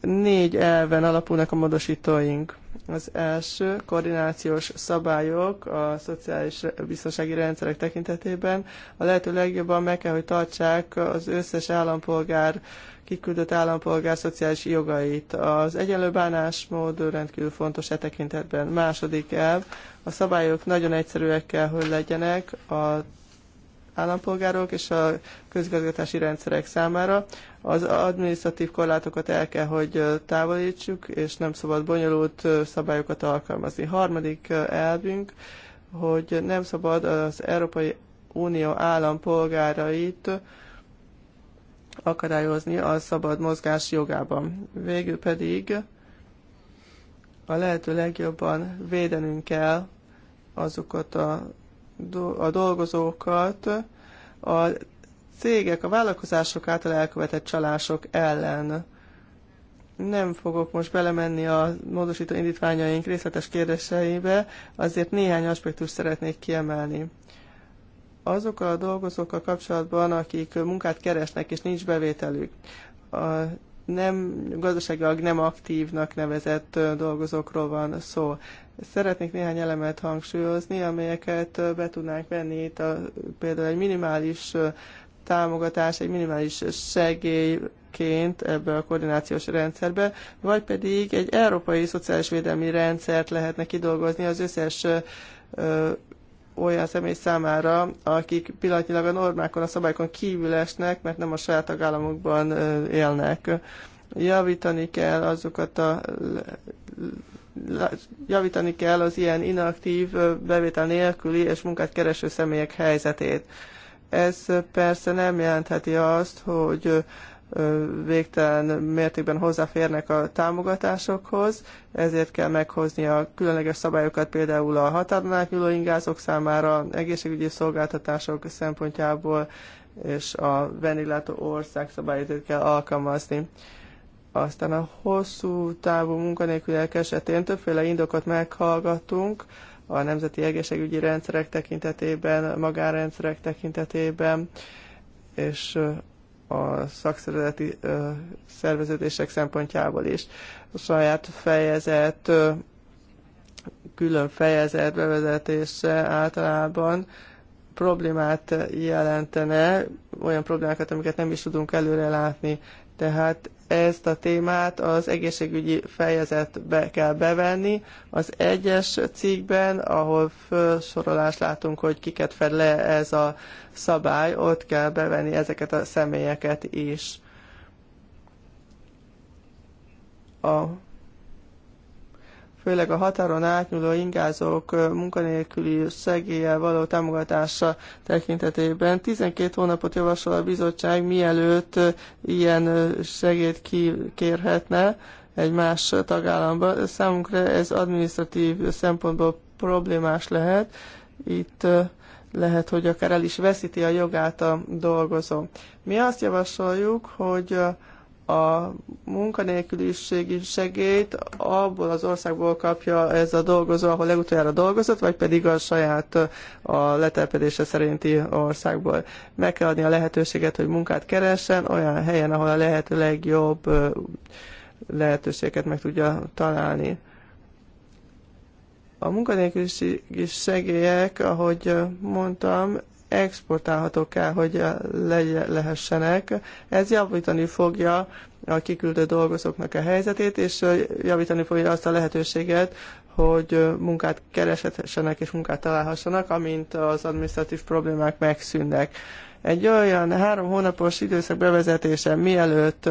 Négy elven alapulnak a módosítóink. Az első koordinációs szabályok a szociális biztonsági rendszerek tekintetében a lehető legjobban meg kell, hogy tartsák az összes állampolgár kiküldött állampolgár szociális jogait. Az egyenlő bánásmód rendkívül fontos e tekintetben. Második elv, a szabályok nagyon egyszerűek kell, hogy legyenek a állampolgárok és a közgazgatási rendszerek számára. Az adminisztratív korlátokat el kell, hogy távolítsuk, és nem szabad bonyolult szabályokat alkalmazni. Harmadik elvünk, hogy nem szabad az Európai Unió állampolgárait akadályozni a szabad mozgás jogában. Végül pedig a lehető legjobban védenünk kell azokat a, do a dolgozókat, a cégek, a vállalkozások által elkövetett csalások ellen. Nem fogok most belemenni a módosító indítványaink részletes kérdéseibe, azért néhány aspektust szeretnék kiemelni azokkal a dolgozókkal kapcsolatban, akik munkát keresnek és nincs bevételük, a nem, gazdaságilag nem aktívnak nevezett dolgozókról van szó. Szeretnék néhány elemet hangsúlyozni, amelyeket be tudnánk venni itt, a, például egy minimális támogatás, egy minimális segélyként ebbe a koordinációs rendszerbe, vagy pedig egy európai szociális védelmi rendszert lehetne kidolgozni az összes olyan személy számára, akik pillanatnyilag a normákon, a szabályokon kívül esnek, mert nem a saját tagállamokban élnek. Javítani kell azokat a javítani kell az ilyen inaktív, bevétel nélküli és munkát kereső személyek helyzetét. Ez persze nem jelentheti azt, hogy végtelen mértékben hozzáférnek a támogatásokhoz, ezért kell meghozni a különleges szabályokat például a határon átnyúló ingázók számára, egészségügyi szolgáltatások szempontjából, és a vendéglátó ország szabályait kell alkalmazni. Aztán a hosszú távú munkanélküliek esetén többféle indokot meghallgattunk, a nemzeti egészségügyi rendszerek tekintetében, magánrendszerek tekintetében, és a szakszervezeti szerveződések szempontjából is. A saját fejezet, külön fejezet bevezetése általában problémát jelentene, olyan problémákat, amiket nem is tudunk előre látni. Tehát ezt a témát az egészségügyi fejezetbe kell bevenni. Az egyes cikkben, ahol felsorolást látunk, hogy kiket fed le ez a szabály, ott kell bevenni ezeket a személyeket is. A főleg a határon átnyúló ingázók munkanélküli segéllyel való támogatása tekintetében. 12 hónapot javasol a bizottság, mielőtt ilyen segélyt kérhetne egy más tagállamba. Számunkra ez administratív szempontból problémás lehet. Itt lehet, hogy akár el is veszíti a jogát a dolgozó. Mi azt javasoljuk, hogy a munkanélküliségi segélyt abból az országból kapja ez a dolgozó, ahol legutoljára dolgozott, vagy pedig a saját a letelpedése szerinti országból. Meg kell adni a lehetőséget, hogy munkát keressen olyan helyen, ahol a lehető legjobb lehetőséget meg tudja találni. A munkanélküliségi segélyek, ahogy mondtam, exportálhatók kell, hogy lehessenek. Ez javítani fogja a kiküldő dolgozóknak a helyzetét, és javítani fogja azt a lehetőséget, hogy munkát kereshessenek és munkát találhassanak, amint az administratív problémák megszűnnek. Egy olyan három hónapos időszak bevezetése mielőtt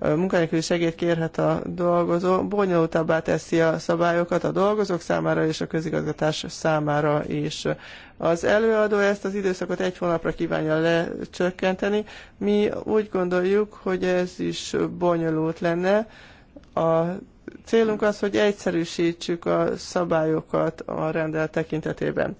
munkanélküli segélyt kérhet a dolgozó, bonyolultabbá teszi a szabályokat a dolgozók számára és a közigazgatás számára is. Az előadó ezt az időszakot egy hónapra kívánja lecsökkenteni. Mi úgy gondoljuk, hogy ez is bonyolult lenne. A célunk az, hogy egyszerűsítsük a szabályokat a rendelet tekintetében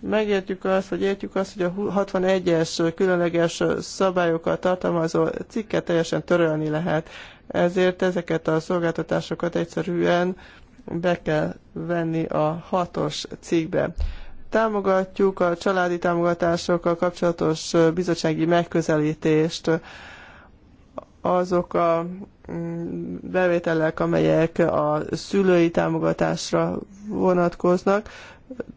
megértjük azt, vagy értjük azt, hogy a 61-es különleges szabályokat tartalmazó cikket teljesen törölni lehet. Ezért ezeket a szolgáltatásokat egyszerűen be kell venni a hatos cikkbe. Támogatjuk a családi támogatásokkal kapcsolatos bizottsági megközelítést, azok a mm, bevételek, amelyek a szülői támogatásra vonatkoznak,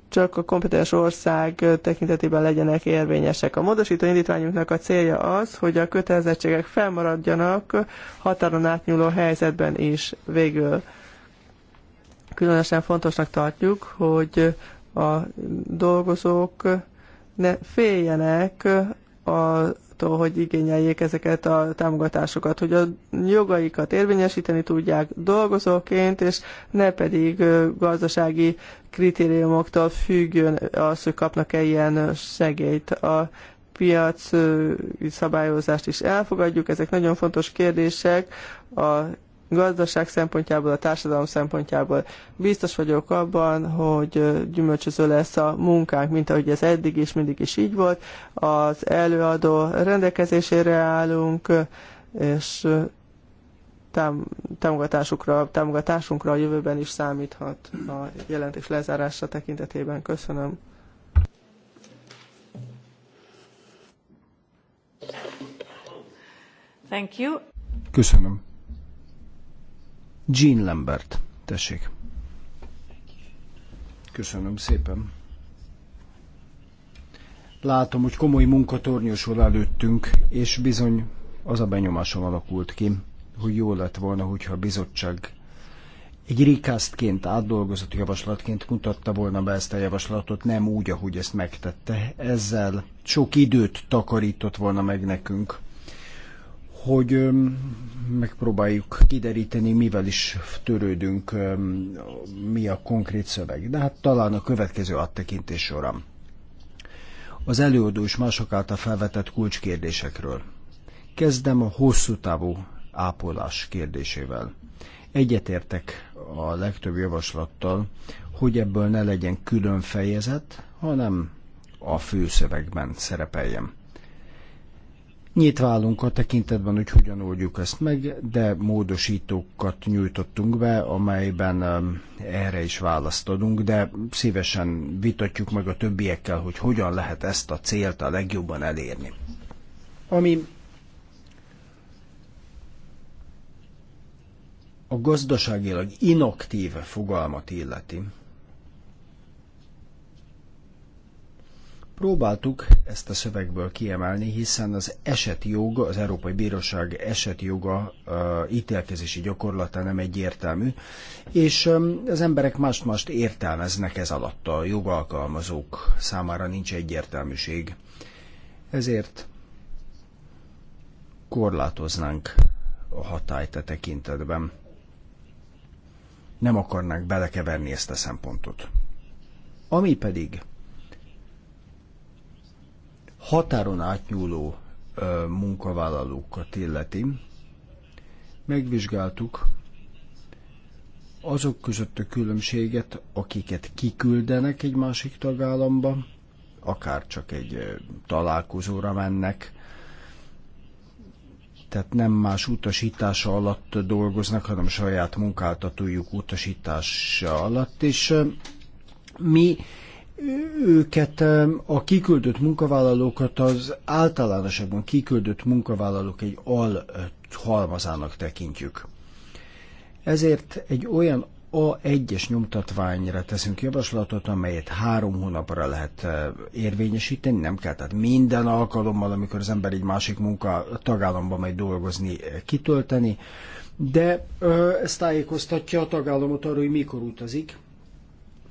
csak a kompetens ország tekintetében legyenek érvényesek. A módosító indítványunknak a célja az, hogy a kötelezettségek felmaradjanak határon átnyúló helyzetben is végül. Különösen fontosnak tartjuk, hogy a dolgozók ne féljenek a attól, hogy igényeljék ezeket a támogatásokat, hogy a jogaikat érvényesíteni tudják dolgozóként, és ne pedig gazdasági kritériumoktól függjön az, hogy kapnak-e ilyen segélyt. A piac szabályozást is elfogadjuk, ezek nagyon fontos kérdések a gazdaság szempontjából, a társadalom szempontjából. Biztos vagyok abban, hogy gyümölcsöző lesz a munkánk, mint ahogy ez eddig is, mindig is így volt. Az előadó rendelkezésére állunk, és tám támogatásukra, támogatásunkra a jövőben is számíthat a jelentés lezárása tekintetében. Köszönöm. Thank you. Köszönöm. Jean Lambert, tessék. Köszönöm szépen. Látom, hogy komoly munka tornyosul előttünk, és bizony az a benyomásom alakult ki, hogy jó lett volna, hogyha a bizottság egy rikasztként, átdolgozott javaslatként mutatta volna be ezt a javaslatot, nem úgy, ahogy ezt megtette. Ezzel sok időt takarított volna meg nekünk, hogy megpróbáljuk kideríteni, mivel is törődünk, mi a konkrét szöveg. De hát talán a következő áttekintés során. Az előadó és mások által felvetett kulcskérdésekről. Kezdem a hosszú távú ápolás kérdésével. Egyetértek a legtöbb javaslattal, hogy ebből ne legyen külön fejezet, hanem a főszövegben szerepeljem. Nyitva állunk a tekintetben, hogy hogyan oldjuk ezt meg, de módosítókat nyújtottunk be, amelyben erre is választ adunk, de szívesen vitatjuk meg a többiekkel, hogy hogyan lehet ezt a célt a legjobban elérni. Ami a gazdaságilag inaktív fogalmat illeti, Próbáltuk ezt a szövegből kiemelni, hiszen az eseti jog, az Európai Bíróság eseti joga ítélkezési gyakorlata nem egyértelmű, és az emberek mást-mást értelmeznek ez alatt a jogalkalmazók számára nincs egyértelműség. Ezért korlátoznánk a hatályt a e tekintetben. Nem akarnánk belekeverni ezt a szempontot. Ami pedig határon átnyúló munkavállalókat illeti, megvizsgáltuk azok között a különbséget, akiket kiküldenek egy másik tagállamba, akár csak egy találkozóra mennek, tehát nem más utasítása alatt dolgoznak, hanem saját munkáltatójuk utasítása alatt, és mi őket, a kiküldött munkavállalókat az általánosabban kiküldött munkavállalók egy al eh, halmazának tekintjük. Ezért egy olyan A1-es nyomtatványra teszünk javaslatot, amelyet három hónapra lehet eh, érvényesíteni, nem kell, tehát minden alkalommal, amikor az ember egy másik munka tagállamba megy dolgozni, eh, kitölteni, de ö, ez tájékoztatja a tagállamot arról, hogy mikor utazik,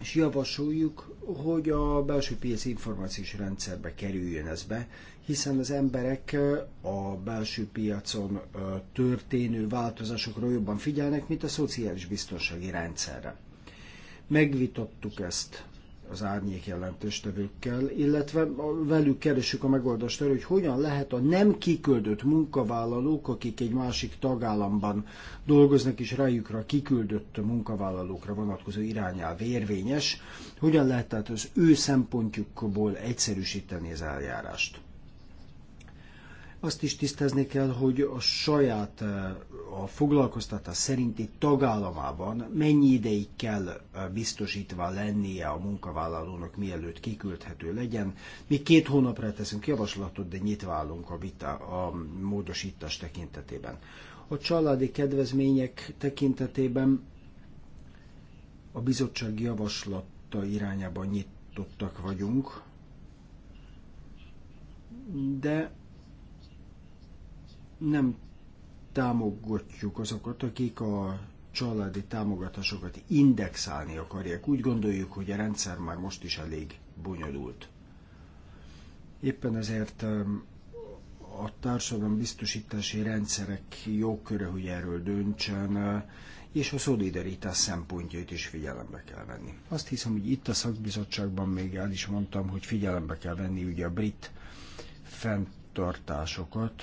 és javasoljuk hogy a belső piaci információs rendszerbe kerüljön ez be, hiszen az emberek a belső piacon történő változásokra jobban figyelnek, mint a szociális biztonsági rendszerre. Megvitattuk ezt az árnyék tevőkkel, illetve velük keresünk a megoldást arra, hogy hogyan lehet a nem kiküldött munkavállalók, akik egy másik tagállamban dolgoznak, és rájukra kiküldött munkavállalókra vonatkozó irányelv érvényes, hogyan lehet tehát az ő szempontjukból egyszerűsíteni az eljárást. Azt is tisztázni kell, hogy a saját eh, a foglalkoztatás szerinti tagállamában mennyi ideig kell biztosítva lennie a munkavállalónak, mielőtt kiküldhető legyen. Mi két hónapra teszünk javaslatot, de nyitva állunk a, vita, a módosítás tekintetében. A családi kedvezmények tekintetében a bizottság javaslata irányában nyitottak vagyunk, de nem támogatjuk azokat, akik a családi támogatásokat indexálni akarják. Úgy gondoljuk, hogy a rendszer már most is elég bonyolult. Éppen ezért a társadalom biztosítási rendszerek jogköre, hogy erről döntsen, e, és a szolidaritás szempontjait is figyelembe kell venni. Azt hiszem, hogy itt a szakbizottságban még el is mondtam, hogy figyelembe kell venni ugye a brit fenntartásokat,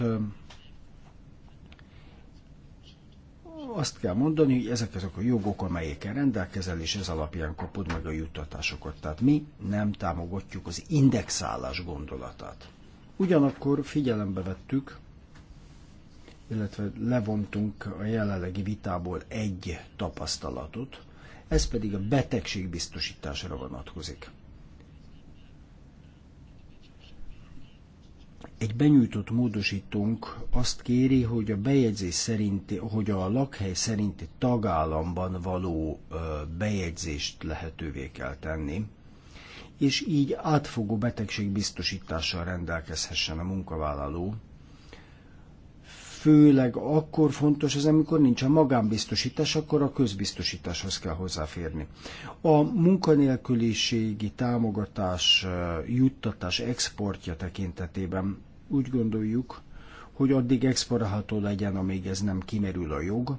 azt kell mondani, hogy ezek azok a jogok, amelyekkel rendelkezel, és ez alapján kapod meg a juttatásokat. Tehát mi nem támogatjuk az indexálás gondolatát. Ugyanakkor figyelembe vettük, illetve levontunk a jelenlegi vitából egy tapasztalatot, ez pedig a betegségbiztosításra vonatkozik. Egy benyújtott módosítónk azt kéri, hogy a bejegyzés szerinti, hogy a lakhely szerinti tagállamban való bejegyzést lehetővé kell tenni, és így átfogó betegség rendelkezhessen a munkavállaló, főleg akkor fontos ez, amikor nincs a magánbiztosítás, akkor a közbiztosításhoz kell hozzáférni. A munkanélküliségi támogatás, juttatás exportja tekintetében úgy gondoljuk, hogy addig exportálható legyen, amíg ez nem kimerül a jog,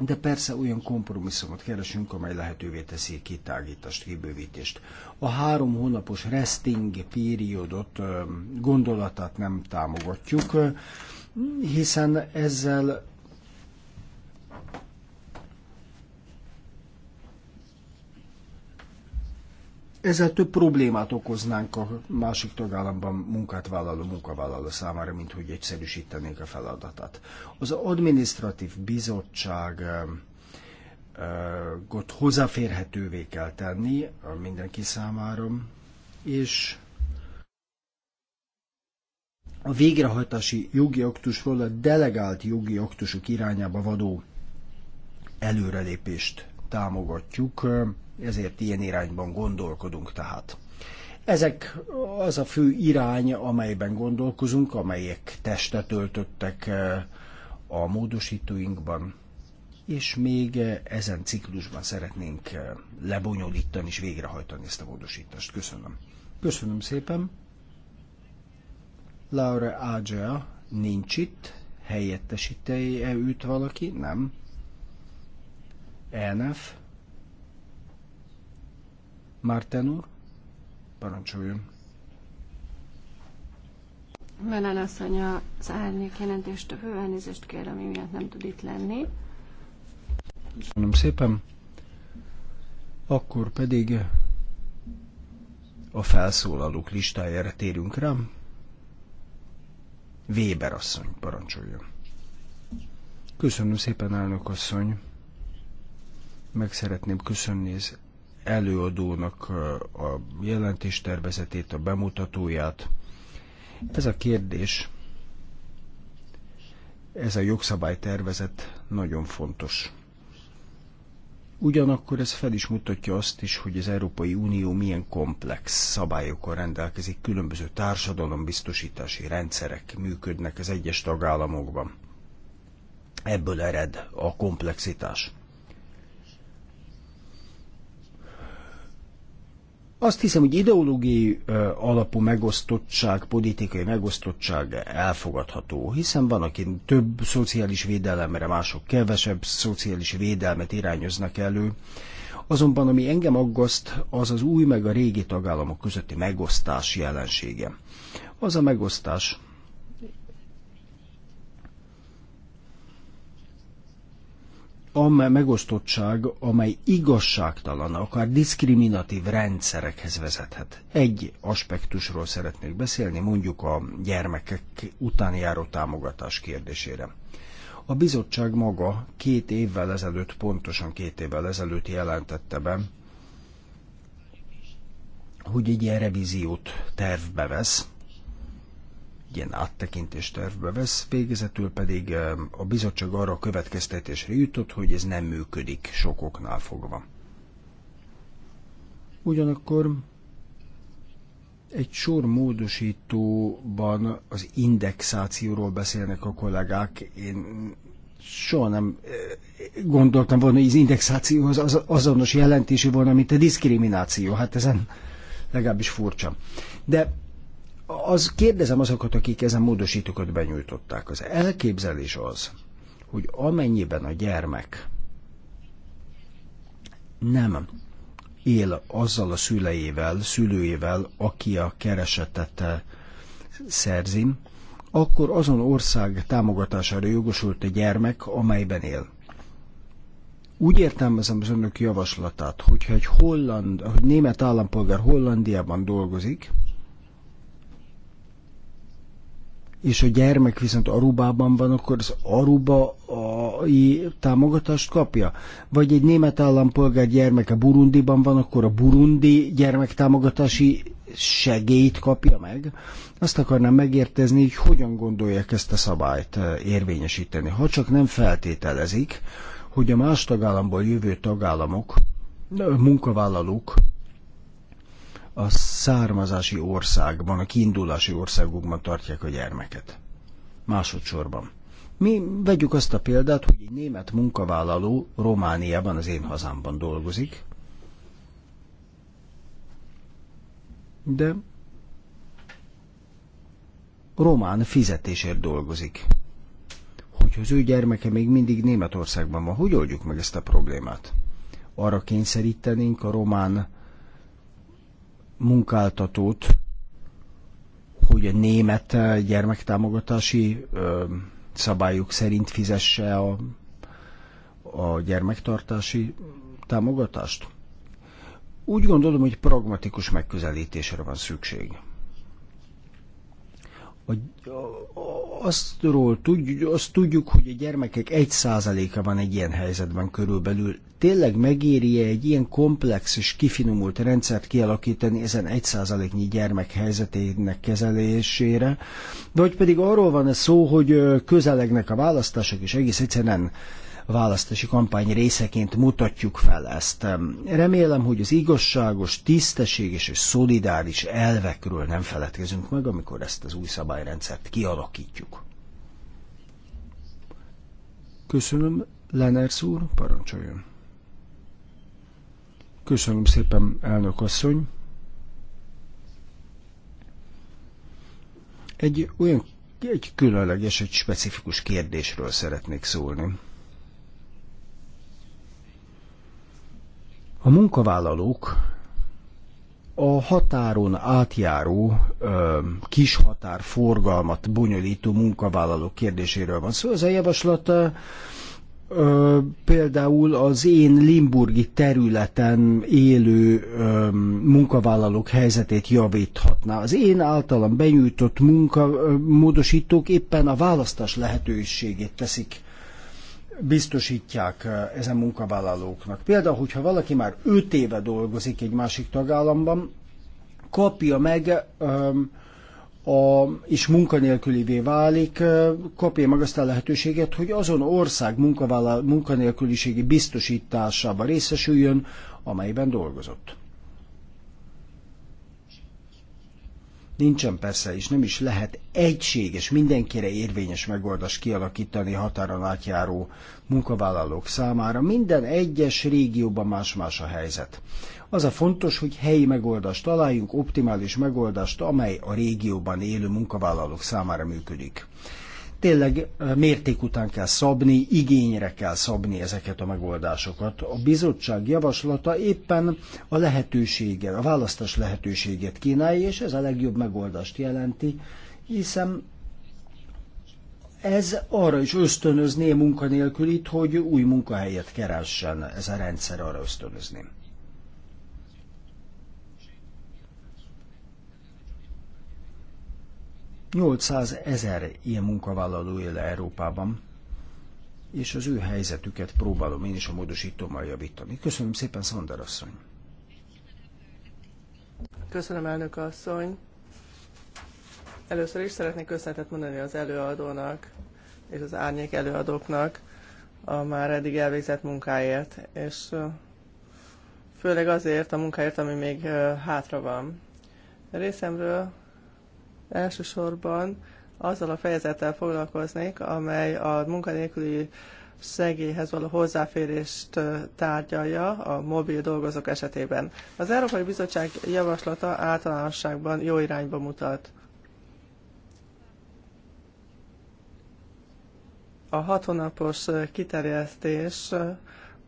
de persze olyan kompromisszumot keresünk, amely lehetővé teszi kitágítást, kibővítést. A három hónapos resting periodot, gondolatát nem támogatjuk hiszen ezzel ezzel több problémát okoznánk a másik tagállamban munkát vállaló munkavállaló számára, mint hogy egyszerűsítenénk a feladatát. Az adminisztratív bizottság eh, eh, ott hozzáférhetővé kell tenni mindenki számára, és a végrehajtási jogi aktusról a delegált jogi aktusok irányába vadó előrelépést támogatjuk, ezért ilyen irányban gondolkodunk tehát. Ezek az a fő irány, amelyben gondolkozunk, amelyek testet öltöttek eh, a módosítóinkban, és még eh, ezen ciklusban szeretnénk eh, lebonyolítani és végrehajtani ezt a módosítást. Köszönöm. Köszönöm szépen. Laura Ágyea nincs itt, helyettesítei-e őt valaki? Nem. Elnef? Márten úr? Parancsoljon. Melán asszony az árnyék jelentést, a elnézést kér, ami miatt nem tud itt lenni. Köszönöm szépen. Akkor pedig a felszólalók listájára térünk rá. Weber asszony, parancsoljon. Köszönöm szépen, elnök asszony. Meg szeretném köszönni az előadónak uh, a jelentéstervezetét, a bemutatóját. Ez a kérdés, ez a jogszabálytervezet nagyon fontos Ugyanakkor ez fel is mutatja azt is, hogy az Európai Unió milyen komplex szabályokkal rendelkezik, különböző társadalombiztosítási rendszerek működnek az egyes tagállamokban. Ebből ered a komplexitás. Azt hiszem, hogy ideológiai alapú megosztottság, politikai megosztottság elfogadható, hiszen van, aki több szociális védelemre, mások kevesebb szociális védelmet irányoznak elő. Azonban ami engem aggaszt, az az új meg a régi tagállamok közötti megosztás jelensége. Az a megosztás, amely megosztottság, amely igazságtalan, akár diszkriminatív rendszerekhez vezethet. Egy aspektusról szeretnék beszélni, mondjuk a gyermekek utáni járó támogatás kérdésére. A bizottság maga két évvel ezelőtt, pontosan két évvel ezelőtt jelentette be, hogy egy ilyen revíziót tervbe vesz, egy ilyen áttekintést tervbe vesz, végezetül pedig eh, a bizottság arra a következtetésre jutott, hogy ez nem működik sokoknál fogva. Ugyanakkor egy sor módosítóban az indexációról beszélnek a kollégák. Én soha nem eh, gondoltam volna, hogy az indexáció az, az azonos jelentésű volna, mint a diszkrimináció. Hát ezen legalábbis furcsa. De az kérdezem azokat, akik ezen módosítókat benyújtották. Az elképzelés az, hogy amennyiben a gyermek nem él azzal a szüleivel, szülőjével, aki a keresetet szerzi, akkor azon ország támogatására jogosult a gyermek, amelyben él. Úgy értelmezem az önök javaslatát, hogyha egy holland, hogy német állampolgár Hollandiában dolgozik, és a gyermek viszont Arubában van, akkor az arubai támogatást kapja? Vagy egy német állampolgár gyermeke Burundiban van, akkor a burundi gyermektámogatási segélyt kapja meg? Azt akarnám megértezni, hogy hogyan gondolják ezt a szabályt eh, érvényesíteni. Ha csak nem feltételezik, hogy a más tagállamból jövő tagállamok, eh, munkavállalók a származási országban, a kiindulási országukban tartják a gyermeket. Másodszorban. Mi vegyük azt a példát, hogy egy német munkavállaló Romániában, az én hazámban dolgozik, de román fizetésért dolgozik. Hogyha az ő gyermeke még mindig Németországban van, hogy oldjuk meg ezt a problémát? Arra kényszerítenénk a román munkáltatót, hogy a német eh, gyermektámogatási ö, eh, szabályok szerint fizesse a, a gyermektartási támogatást? Úgy gondolom, hogy pragmatikus megközelítésre van szükség aztról tudjuk, azt tudjuk, hogy a gyermekek egy százaléka van egy ilyen helyzetben körülbelül. Tényleg megéri -e egy ilyen komplex és kifinomult rendszert kialakítani ezen egy százaléknyi gyermek helyzetének kezelésére? Vagy pedig arról van -e szó, hogy közelegnek a választások, és egész egyszerűen választási kampány részeként mutatjuk fel ezt. Remélem, hogy az igazságos, tisztességes és szolidáris elvekről nem feledkezünk meg, amikor ezt az új szabályrendszert kialakítjuk. Köszönöm, Lenersz úr, parancsoljon. Köszönöm szépen, elnök asszony. Egy olyan egy különleges, egy specifikus kérdésről szeretnék szólni. A munkavállalók a határon átjáró ö, kis határ forgalmat bonyolító munkavállalók kérdéséről van szó. Szóval ez a javaslat ö, például az én Limburgi területen élő ö, munkavállalók helyzetét javíthatná. Az én általam benyújtott munka éppen a választás lehetőségét teszik biztosítják eh, ezen munkavállalóknak. Például, hogyha valaki már 5 éve dolgozik egy másik tagállamban, kapja meg ehm, a, és munkanélkülivé válik, eh, kapja meg azt a lehetőséget, hogy azon ország munkanélküliségi biztosításába részesüljön, amelyben dolgozott. Nincsen persze, és nem is lehet egységes, mindenkire érvényes megoldást kialakítani határon átjáró munkavállalók számára. Minden egyes régióban más-más a helyzet. Az a fontos, hogy helyi megoldást találjunk, optimális megoldást, amely a régióban élő munkavállalók számára működik. Tényleg mérték után kell szabni, igényre kell szabni ezeket a megoldásokat. A bizottság javaslata éppen a lehetőséget, a választás lehetőséget kínálja, és ez a legjobb megoldást jelenti, hiszen ez arra is ösztönözné a munkanélkülit, hogy új munkahelyet keressen, ez a rendszer arra ösztönözni. 800 ezer ilyen munkavállaló él Európában, és az ő helyzetüket próbálom én is a módosítómmal javítani. Köszönöm szépen, Szander asszony! Köszönöm, elnök asszony! Először is szeretnék köszönetet mondani az előadónak és az árnyék előadóknak a már eddig elvégzett munkáért, és főleg azért a munkáért, ami még hátra van. Részemről Elsősorban azzal a fejezettel foglalkoznék, amely a munkanélküli szegélyhez való hozzáférést tárgyalja a mobil dolgozók esetében. Az Európai Bizottság javaslata általánosságban jó irányba mutat. A hat hónapos kiterjesztés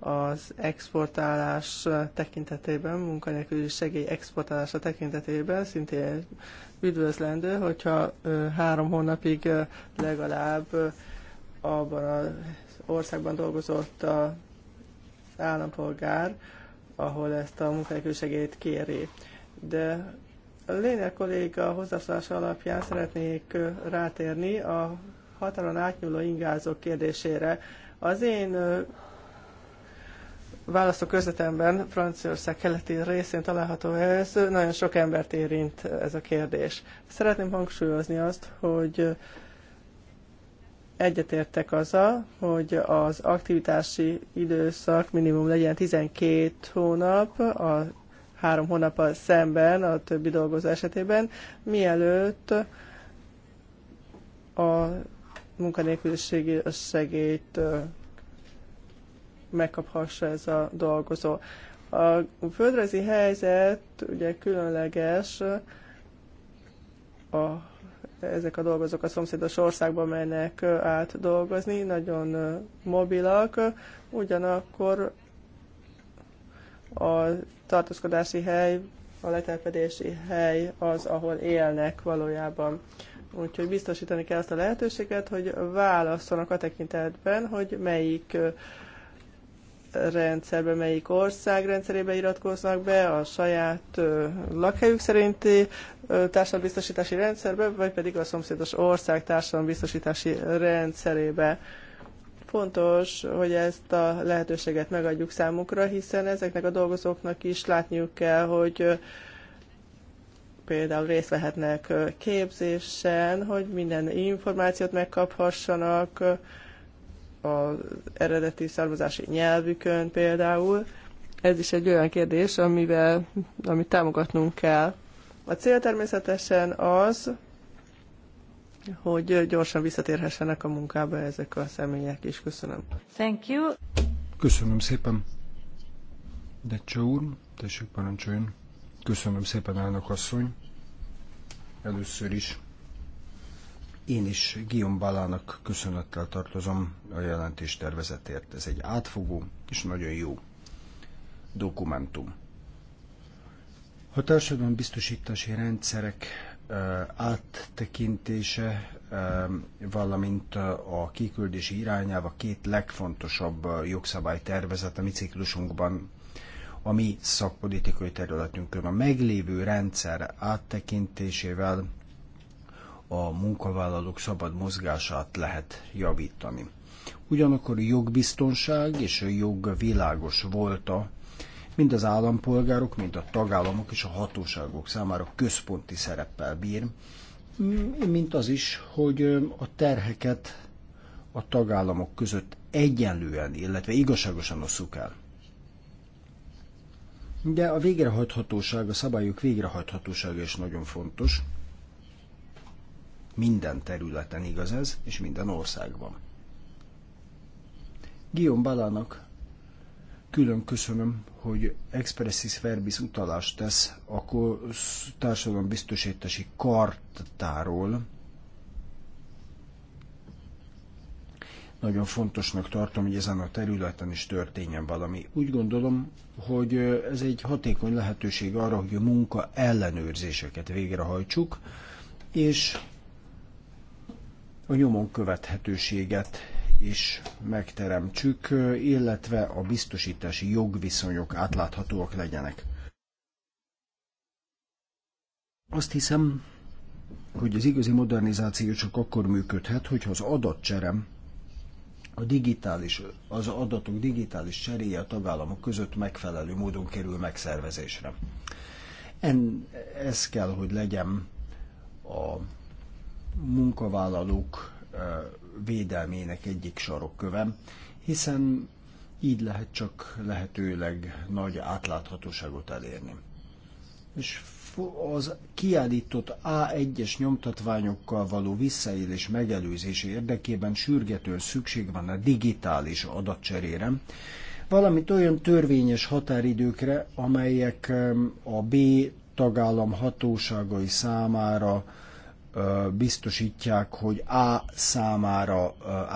az exportálás tekintetében, munkanélküli segély exportálása tekintetében szintén üdvözlendő, hogyha három hónapig legalább abban az országban dolgozott az állampolgár, ahol ezt a munkanélküli segélyt kéri. De a lényeg kolléga hozzászólása alapján szeretnék rátérni a határon átnyúló ingázók kérdésére. Az én közvetemben Franciaország keleti részén található ez, nagyon sok embert érint ez a kérdés. Szeretném hangsúlyozni azt, hogy egyetértek azzal, hogy az aktivitási időszak minimum legyen 12 hónap, a három hónappal szemben a többi dolgozó esetében, mielőtt a munkanélküliségi segélyt megkaphassa ez a dolgozó. A földrajzi helyzet ugye különleges, a, ezek a dolgozók a szomszédos országba mennek át dolgozni, nagyon mobilak, ugyanakkor a tartózkodási hely, a letelpedési hely az, ahol élnek valójában. Úgyhogy biztosítani kell azt a lehetőséget, hogy válasszanak a tekintetben, hogy melyik rendszerbe, melyik ország rendszerébe iratkoznak be, a saját lakhelyük szerinti társadalombiztosítási rendszerbe, vagy pedig a szomszédos ország társadalombiztosítási rendszerébe. Fontos, hogy ezt a lehetőséget megadjuk számukra, hiszen ezeknek a dolgozóknak is látniuk kell, hogy például részt vehetnek képzésen, hogy minden információt megkaphassanak, az eredeti származási nyelvükön például. Ez is egy olyan kérdés, amivel, amit támogatnunk kell. A cél természetesen az, hogy gyorsan visszatérhessenek a munkába ezek a személyek is. Köszönöm. Thank you. Köszönöm szépen. De úr, tessék parancsoljon. Köszönöm szépen, elnök asszony. Először is én is Guillaume Balának köszönettel tartozom a jelentés tervezetért. Ez egy átfogó és nagyon jó dokumentum. A társadalom biztosítási rendszerek áttekintése, valamint a kiküldési irányába két legfontosabb jogszabálytervezet a mi ciklusunkban a mi szakpolitikai területünkön. A meglévő rendszer áttekintésével a munkavállalók szabad mozgását lehet javítani. Ugyanakkor a jogbiztonság és a jog világos volta, mind az állampolgárok, mind a tagállamok és a hatóságok számára központi szereppel bír, mint az is, hogy a terheket a tagállamok között egyenlően, illetve igazságosan osszuk el. De a végrehajthatóság, a szabályok végrehajthatósága is nagyon fontos. Minden területen igaz ez, és minden országban. Guillaume Balának külön köszönöm, hogy expressis verbis utalást tesz a társadalom biztosítási kartáról. Nagyon fontosnak tartom, hogy ezen a területen is történjen valami. Úgy gondolom, hogy ez egy hatékony lehetőség arra, hogy a munka ellenőrzéseket végrehajtsuk, és a nyomon követhetőséget is megteremtsük, illetve a biztosítási jogviszonyok átláthatóak legyenek. Azt hiszem, hogy az igazi modernizáció csak akkor működhet, hogyha az adatcserem a digitális, az adatok digitális cseréje a tagállamok között megfelelő módon kerül megszervezésre. En, ez kell, hogy legyen a munkavállalók védelmének egyik sarokkövem, hiszen így lehet csak lehetőleg nagy átláthatóságot elérni. És az kiállított A1-es nyomtatványokkal való visszaélés megelőzése érdekében sürgetően szükség van a digitális adatcserére, valamint olyan törvényes határidőkre, amelyek a B tagállam hatóságai számára biztosítják, hogy A számára,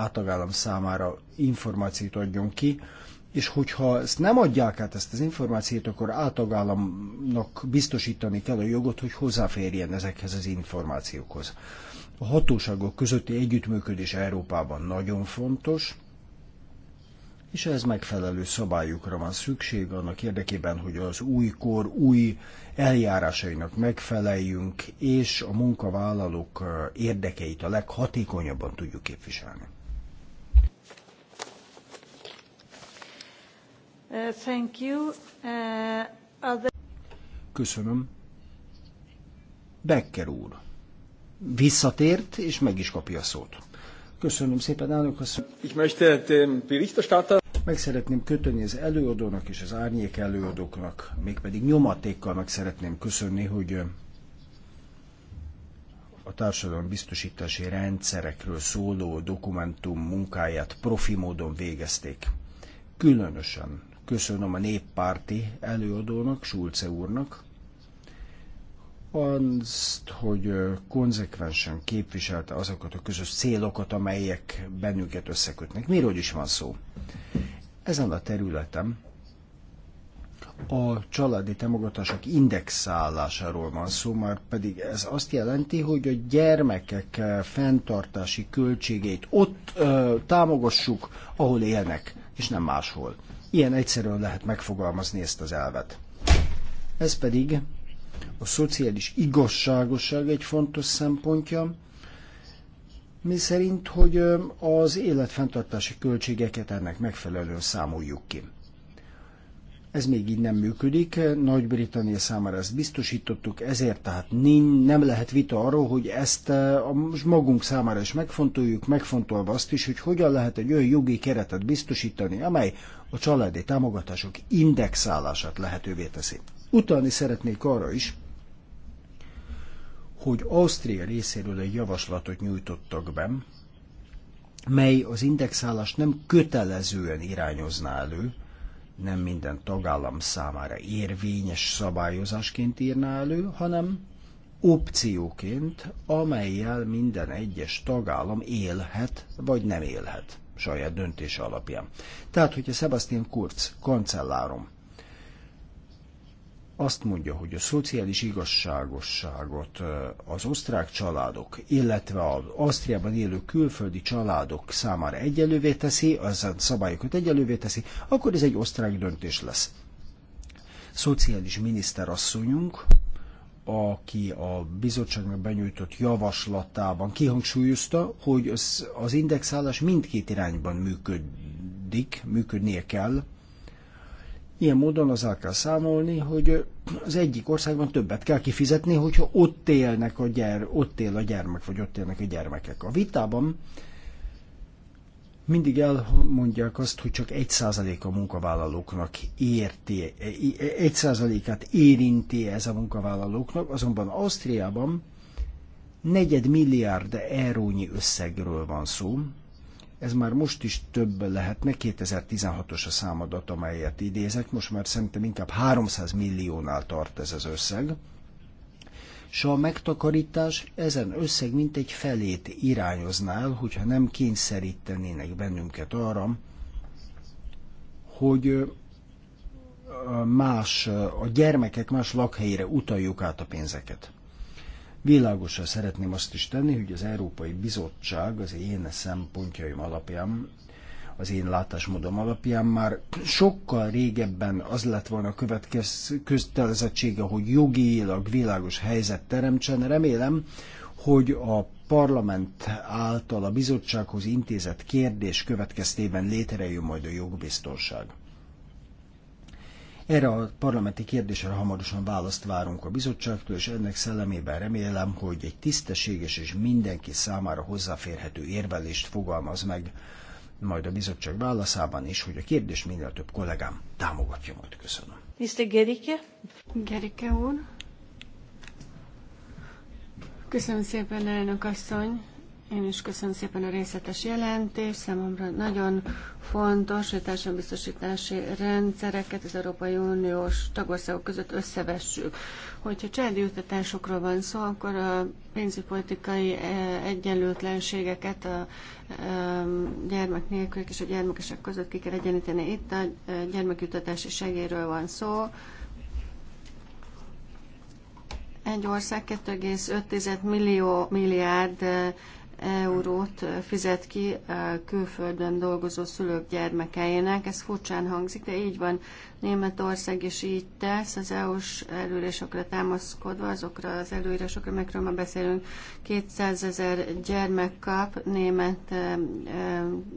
A tagállam számára információt adjon ki, és hogyha ezt nem adják át ezt az információt, akkor A tagállamnak biztosítani kell a jogot, hogy hozzáférjen ezekhez az információkhoz. A hatóságok közötti együttműködés Európában nagyon fontos, és ez megfelelő szabályokra van szükség annak érdekében, hogy az új kor új eljárásainak megfeleljünk, és a munkavállalók érdekeit a leghatékonyabban tudjuk képviselni. Uh, thank you. Uh, other... Köszönöm. Becker úr. Visszatért, és meg is kapja a szót. Köszönöm szépen, elnök asszony. Ich möchte den Berichterstatter meg szeretném kötönni az előadónak és az árnyék előadóknak, mégpedig nyomatékkal meg szeretném köszönni, hogy a társadalom biztosítási rendszerekről szóló dokumentum munkáját profi módon végezték. Különösen köszönöm a néppárti előadónak, Sulce úrnak, azt, hogy konzekvensen képviselte azokat a közös célokat, amelyek bennünket összekötnek. Miről is van szó? Ezen a területen a családi támogatások indexálásáról van szó, már pedig ez azt jelenti, hogy a gyermekek fenntartási költségét ott ö, támogassuk, ahol élnek, és nem máshol. Ilyen egyszerűen lehet megfogalmazni ezt az elvet. Ez pedig a szociális igazságosság egy fontos szempontja, mi szerint, hogy az életfenntartási költségeket ennek megfelelően számoljuk ki. Ez még így nem működik, Nagy-Britannia számára ezt biztosítottuk, ezért tehát nem lehet vita arról, hogy ezt a magunk számára is megfontoljuk, megfontolva azt is, hogy hogyan lehet egy olyan jogi keretet biztosítani, amely a családi támogatások indexálását lehetővé teszi. Utalni szeretnék arra is, hogy Ausztria részéről egy javaslatot nyújtottak be, mely az indexálást nem kötelezően irányozná elő, nem minden tagállam számára érvényes szabályozásként írná elő, hanem opcióként, amelyel minden egyes tagállam élhet vagy nem élhet saját döntése alapján. Tehát, hogyha Sebastian Kurz kancellárom azt mondja, hogy a szociális igazságosságot az osztrák családok, illetve az Ausztriában élő külföldi családok számára egyelővé teszi, az szabályokat egyelővé teszi, akkor ez egy osztrák döntés lesz. Szociális miniszterasszonyunk, aki a bizottságnak benyújtott javaslatában kihangsúlyozta, hogy az, az indexálás mindkét irányban működik, működnie kell, Ilyen módon az kell számolni, hogy az egyik országban többet kell kifizetni, hogyha ott, élnek a gyere, ott él a gyermek, vagy ott élnek a gyermekek. A vitában mindig elmondják azt, hogy csak 1% a munkavállalóknak érti, 1%-át e, e, érinti ez a munkavállalóknak, azonban Ausztriában negyed milliárd eurónyi összegről van szó, ez már most is több lehetne, 2016-os a számadat, amelyet idézek, most már szerintem inkább 300 milliónál tart ez az összeg. S a megtakarítás ezen összeg egy felét irányoznál, hogyha nem kényszerítenének bennünket arra, hogy más, a gyermekek más lakhelyére utaljuk át a pénzeket. Világosra szeretném azt is tenni, hogy az Európai Bizottság az én szempontjaim alapján, az én látásmódom alapján már sokkal régebben az lett volna a következ, köztelezettsége, hogy jogilag világos helyzet teremtsen. Remélem, hogy a parlament által a bizottsághoz intézett kérdés következtében létrejön majd a jogbiztonság. Erre a parlamenti kérdésre hamarosan választ várunk a bizottságtól, és ennek szellemében remélem, hogy egy tisztességes és mindenki számára hozzáférhető érvelést fogalmaz meg majd a bizottság válaszában is, hogy a kérdés minél több kollégám támogatja majd. Köszönöm. Mr. Gerike? Gerike úr. Köszönöm szépen, elnök asszony. Én is köszönöm szépen a részletes jelentést. Számomra nagyon fontos, hogy társadalombiztosítási rendszereket az Európai Uniós tagországok között összevessük. Hogyha családi juttatásokról van szó, akkor a pénzügypolitikai eh, egyenlőtlenségeket a gyermek nélkül és a gyermekesek között ki kell egyenlíteni. Itt a eh, gyermekjutatási segélyről van szó egy ország 2,5 millió milliárd eh, eurót fizet ki külföldön dolgozó szülők gyermekeinek. Ez furcsán hangzik, de így van. Németország is így tesz, az EU-s előírásokra támaszkodva, azokra az előírásokra, amikről már beszélünk, 200 ezer gyermek kap német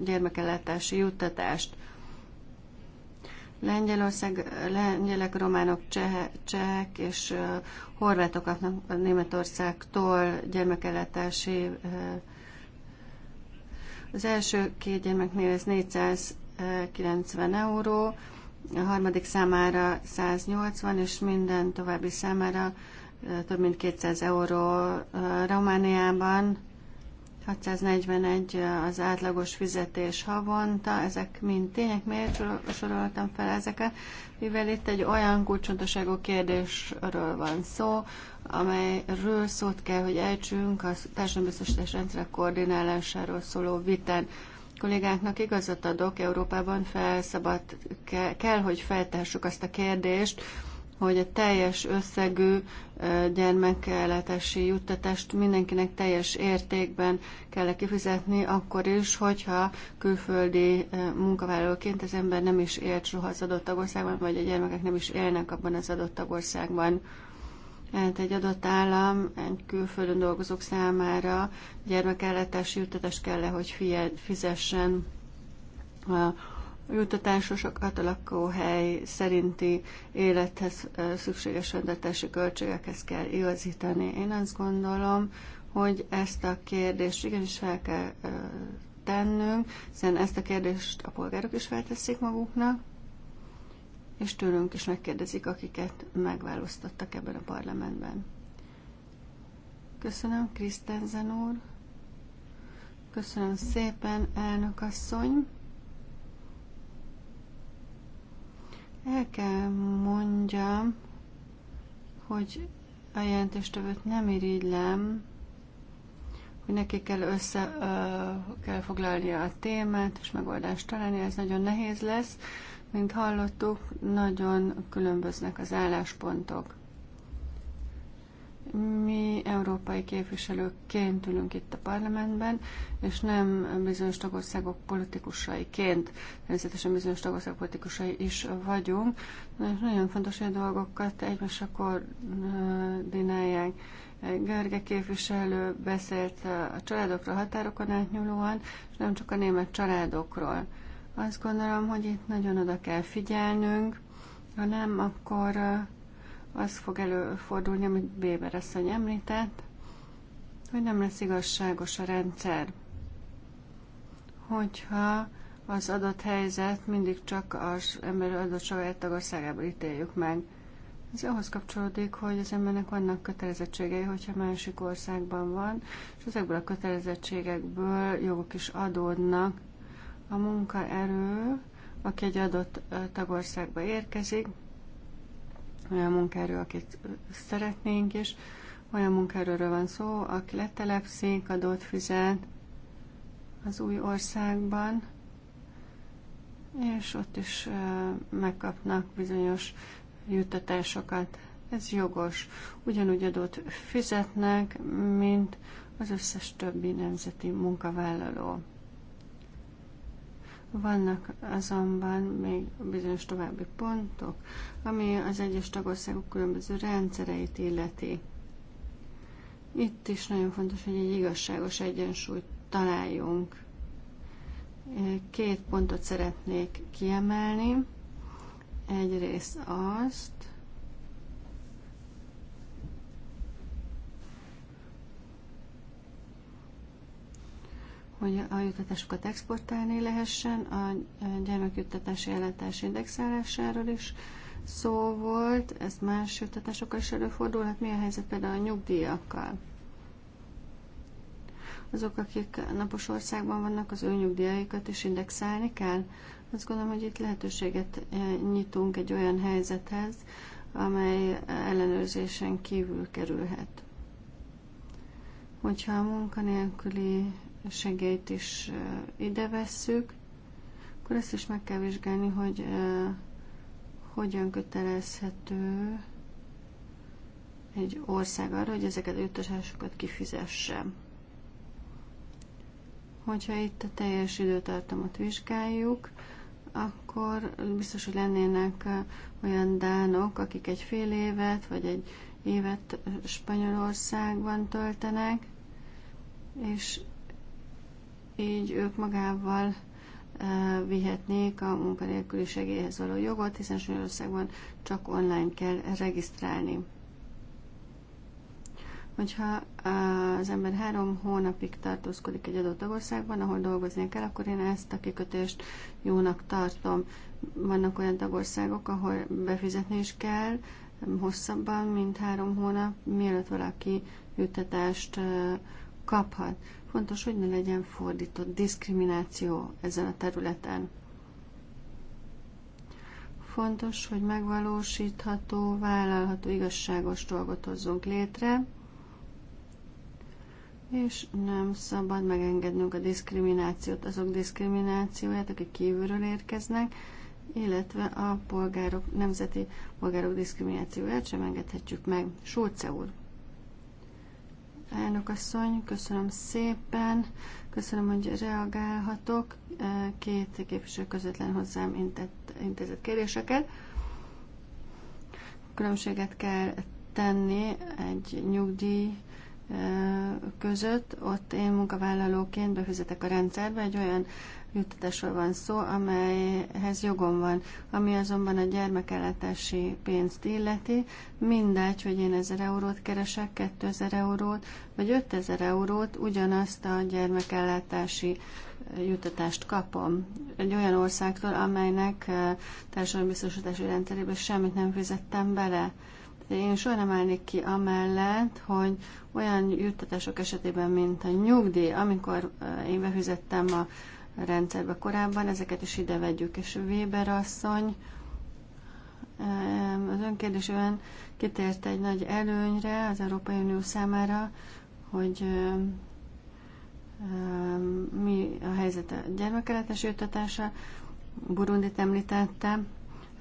gyermekellátási juttatást. Lengyelország, lengyelek, románok, cseh, csehek és uh, horvátok kapnak Németországtól gyermekellátási uh, az első két gyermeknél ez 490 eh, euró, a harmadik számára 180, és minden további számára eh, több mint 200 euró eh, Romániában. 641 az átlagos fizetés havonta, ezek mind tények, miért soroltam fel ezeket, mivel itt egy olyan kulcsontoságú kérdésről van szó, amelyről szót kell, hogy ejtsünk a társadalombiztosítás rendszerek koordinálásáról szóló vitán. Kollégánknak igazat adok, Európában felszabad, kell, hogy feltessük azt a kérdést, hogy a teljes összegű gyermekeletási juttatást mindenkinek teljes értékben kell -e kifizetni, akkor is, hogyha külföldi munkavállalóként az ember nem is élt soha az adott tagországban, vagy a gyermekek nem is élnek abban az adott tagországban. Tehát egy adott állam külföldön dolgozók számára gyermekellátási juttatást kell -e, hogy fizessen a juttatásosokat a lakóhely szerinti élethez szükséges rendetési költségekhez kell igazítani. Én azt gondolom, hogy ezt a kérdést igenis fel kell tennünk, hiszen ezt a kérdést a polgárok is felteszik maguknak, és tőlünk is megkérdezik, akiket megválasztottak ebben a parlamentben. Köszönöm, Krisztenzen úr. Köszönöm szépen, elnök asszony. El kell mondjam, hogy a jelentéstövőt nem irigylem, hogy neki kell össze ö, kell foglalnia a témát, és megoldást találni, ez nagyon nehéz lesz. Mint hallottuk, nagyon különböznek az álláspontok. Mi európai képviselőként ülünk itt a parlamentben, és nem bizonyos tagországok politikusaiként, természetesen bizonyos tagországok politikusai is vagyunk, és nagyon fontos, hogy a dolgokat egymásra koordinálják. görge képviselő beszélt a családokról határokon átnyúlóan, és nem csak a német családokról. Azt gondolom, hogy itt nagyon oda kell figyelnünk, ha nem, akkor uh, az fog előfordulni, amit Béber asszony említett, hogy nem lesz igazságos a rendszer. Hogyha az adott helyzet mindig csak az ember adott saját tagországából ítéljük meg. Ez ahhoz kapcsolódik, hogy az embernek vannak kötelezettségei, hogyha másik országban van, és ezekből a kötelezettségekből jogok is adódnak a munkaerő, aki egy adott tagországba érkezik, olyan munkaerő, akit szeretnénk is, olyan munkaerőről van szó, aki letelepszik, adót fizet az új országban, és ott is megkapnak bizonyos juttatásokat. Ez jogos. Ugyanúgy adót fizetnek, mint az összes többi nemzeti munkavállaló. Vannak azonban még bizonyos további pontok, ami az egyes tagországok különböző rendszereit illeti. Itt is nagyon fontos, hogy egy igazságos egyensúlyt találjunk. Két pontot szeretnék kiemelni. Egyrészt azt, hogy a juttatásokat exportálni lehessen, a gyermekjuttatási ellátás indexálásáról is szó volt, ez más juttatásokkal is Hát Mi a helyzet például a nyugdíjakkal? Azok, akik napos országban vannak, az ő nyugdíjaikat is indexálni kell. Azt gondolom, hogy itt lehetőséget eh, nyitunk egy olyan helyzethez, amely eh, ellenőrzésen kívül kerülhet. Hogyha a munkanélküli segélyt is ide vesszük, akkor ezt is meg kell vizsgálni, hogy hogyan kötelezhető egy ország arra, hogy ezeket juttatásokat kifizesse. Hogyha itt a teljes időtartamot vizsgáljuk, akkor biztos, hogy lennének olyan dánok, akik egy fél évet vagy egy évet Spanyolországban töltenek, és így ők magával e, vihetnék a munkanélküli segélyhez való jogot, hiszen Svédországban csak online kell regisztrálni. Hogyha e, az ember három hónapig tartózkodik egy adott tagországban, ahol dolgoznia kell, akkor én ezt a kikötést jónak tartom. Vannak olyan tagországok, ahol befizetni is kell, hosszabban, mint három hónap, mielőtt valaki juttatást e, kaphat. Fontos, hogy ne legyen fordított diszkrimináció ezen a területen. Fontos, hogy megvalósítható, vállalható, igazságos dolgot hozzunk létre, és nem szabad megengednünk a diszkriminációt, azok diszkriminációját, akik kívülről érkeznek, illetve a polgárok, nemzeti polgárok diszkriminációját sem engedhetjük meg. Sulce úr! Elnök asszony, köszönöm szépen, köszönöm, hogy reagálhatok. E, két képviselő közvetlen hozzám intett, intézett kérdéseket. Különbséget kell tenni egy nyugdíj között, ott én munkavállalóként befizetek a rendszerbe, egy olyan juttatásról van szó, amelyhez jogom van. Ami azonban a gyermekellátási pénzt illeti, mindegy, hogy én 1000 eurót keresek, 2000 eurót, vagy 5000 eurót, ugyanazt a gyermekellátási juttatást kapom. Egy olyan országtól, amelynek társadalmi biztosítási rendszerébe semmit nem fizettem bele. De én soha nem állnék ki amellett, hogy olyan juttatások esetében, mint a nyugdíj, amikor eh, én befizettem a rendszerbe korábban, ezeket is ide vegyük. És Weber asszony az önkérdésében kitért egy nagy előnyre az Európai Unió számára, hogy mi a helyzet a gyermekeletes juttatása. Burundit említette,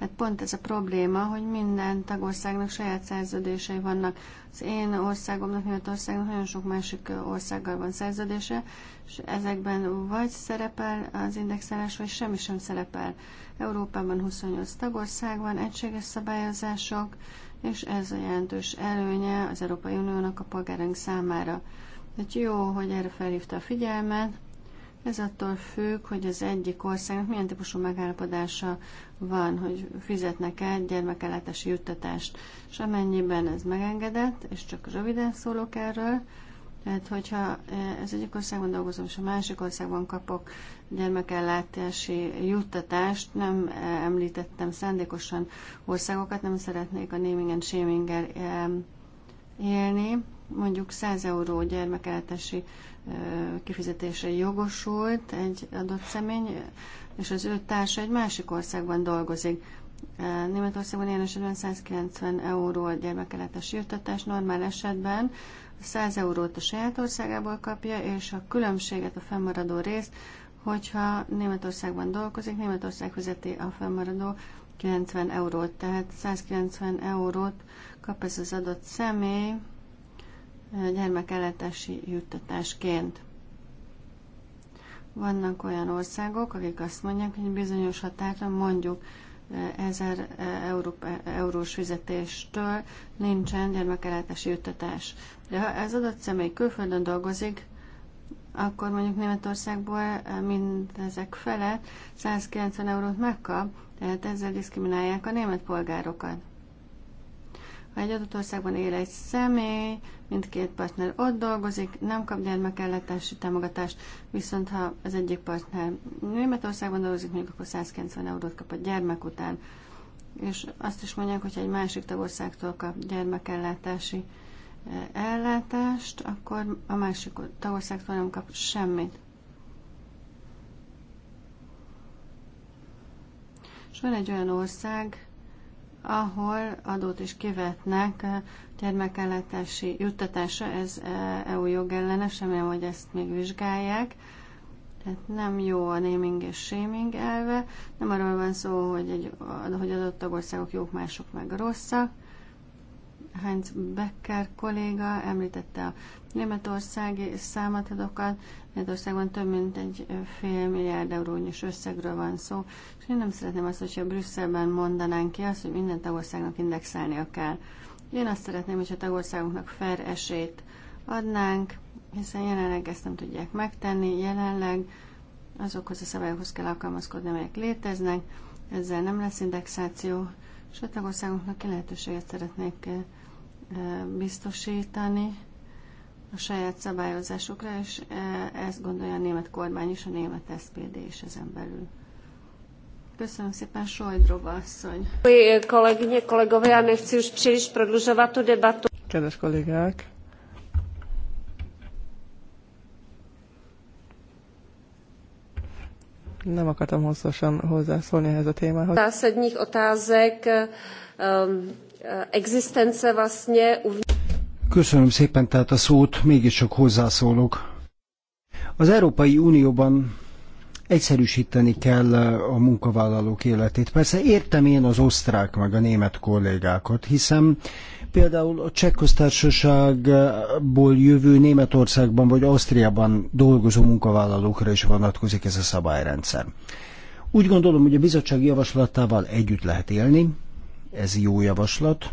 tehát pont ez a probléma, hogy minden tagországnak saját szerződései vannak. Az én országomnak, Németországnak nagyon sok másik országgal van szerződése, és ezekben vagy szerepel az indexálás, vagy semmi sem szerepel. Európában 28 tagország van, egységes szabályozások, és ez a jelentős előnye az Európai Uniónak a polgáraink számára. Tehát jó, hogy erre felhívta a figyelmet, ez attól függ, hogy az egyik országnak milyen típusú megállapodása van, hogy fizetnek el gyermekellátási juttatást. És amennyiben ez megengedett, és csak röviden szólok erről, tehát, hogyha az e, egyik országban dolgozom, és a másik országban kapok gyermekellátási juttatást, nem e, említettem szándékosan országokat, nem szeretnék a naming and shaming e, élni. Mondjuk 100 euró gyermekellátási kifizetése jogosult egy adott személy, és az ő társa egy másik országban dolgozik. E, Németországban ilyen esetben 190 euró a gyermekeletes jutatás, normál esetben 100 eurót a saját országából kapja, és a különbséget, a fennmaradó részt, hogyha Németországban dolgozik, Németország fizeti a fennmaradó 90 eurót, tehát 190 eurót kap ez az adott személy, gyermekellátási juttatásként. Vannak olyan országok, akik azt mondják, hogy bizonyos határa mondjuk 1000 e, e, euró, e, eurós fizetéstől nincsen gyermekellátási juttatás. De ha ez adott személy külföldön dolgozik, akkor mondjuk Németországból mindezek fele 190 eurót megkap, tehát ezzel diszkriminálják a német polgárokat. Ha egy adott országban él egy személy, mindkét partner ott dolgozik, nem kap gyermekellátási támogatást, viszont ha az egyik partner Németországban dolgozik, mondjuk akkor 190 eurót kap a gyermek után, és azt is mondják, hogy egy másik tagországtól kap gyermekellátási eh, ellátást, akkor a másik tagországtól nem kap semmit. És van egy olyan ország, ahol adót is kivetnek gyermekellátási eh, juttatása, ez eh, EU jogellenes, remélem, hogy ezt még vizsgálják. Tehát nem jó a naming és shaming elve, nem arról van szó, hogy, egy, hogy adott tagországok jók, mások meg rosszak, Heinz Becker kolléga említette a németországi számadatokat. Németországban több mint egy fél milliárd eurónyos összegről van szó, és én nem szeretném azt, hogyha Brüsszelben mondanánk ki azt, hogy minden tagországnak indexálnia kell. Én azt szeretném, hogyha a tagországoknak fair esélyt adnánk, hiszen jelenleg ezt nem tudják megtenni, jelenleg azokhoz a szabályokhoz kell alkalmazkodni, amelyek léteznek, ezzel nem lesz indexáció, és a tagországoknak lehetőséget szeretnék biztosítani a saját szabályozásokra, és ezt gondolja a német kormány és a német SPD is ezen belül. Köszönöm szépen, Sojdrova asszony. Kolegyne, kolegovia, nechci už příliš prodlužovat tu debatu. Kedves kollégák, nem akartam hosszasan hozzászólni ehhez a témához. Zásadních otázek Eh, existence vlastně Köszönöm szépen tehát a szót, mégiscsak hozzászólok. Az Európai Unióban egyszerűsíteni kell eh, a munkavállalók életét. Persze értem én az osztrák meg a német kollégákat, hiszen például a cseh köztársaságból jövő Németországban vagy Ausztriában dolgozó munkavállalókra is vonatkozik ez a szabályrendszer. Úgy gondolom, hogy a bizottság javaslatával együtt lehet élni, ez jó javaslat.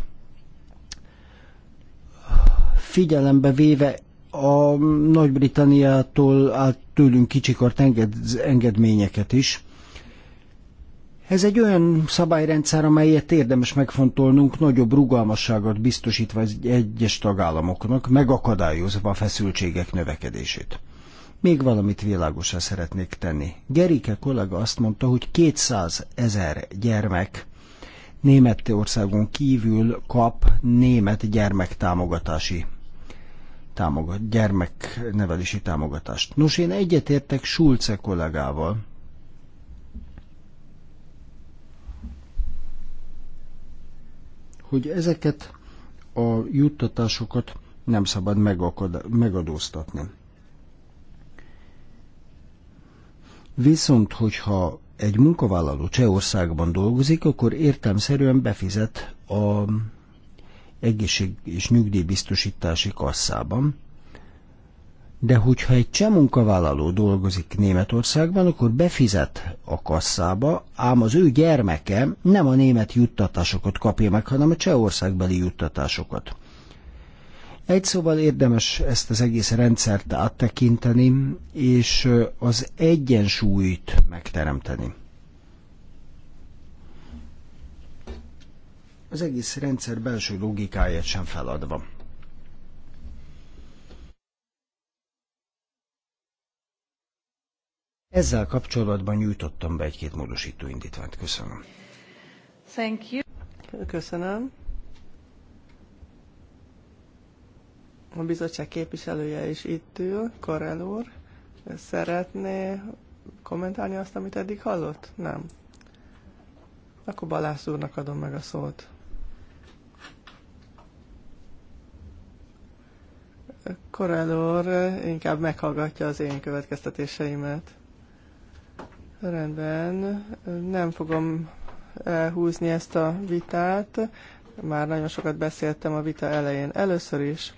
Figyelembe véve a Nagy-Britanniától állt tőlünk kicsikart enged, engedményeket is. Ez egy olyan szabályrendszer, amelyet érdemes megfontolnunk, nagyobb rugalmasságot biztosítva egyes tagállamoknak, megakadályozva a feszültségek növekedését. Még valamit világosra szeretnék tenni. Gerike kollega azt mondta, hogy 200 ezer gyermek Németországon kívül kap német gyermektámogatási támogat, gyermeknevelési támogatást. Nos, én egyetértek Schulze kollégával, hogy ezeket a juttatásokat nem szabad megakad, megadóztatni. Viszont, hogyha egy munkavállaló Csehországban dolgozik, akkor értelmszerűen befizet a egészség és nyugdíjbiztosítási kasszában. De hogyha egy cseh munkavállaló dolgozik Németországban, akkor befizet a kasszába, ám az ő gyermeke nem a német juttatásokat kapja meg, hanem a csehországbeli juttatásokat. Egy szóval érdemes ezt az egész rendszert áttekinteni, és az egyensúlyt megteremteni. Az egész rendszer belső logikáját sem feladva. Ezzel kapcsolatban nyújtottam be egy-két módosító indítványt. Köszönöm. Thank you. Köszönöm. a bizottság képviselője is itt ül, Karel úr. Szeretné kommentálni azt, amit eddig hallott? Nem. Akkor Balász úrnak adom meg a szót. úr inkább meghallgatja az én következtetéseimet. Rendben, nem fogom elhúzni ezt a vitát. Már nagyon sokat beszéltem a vita elején. Először is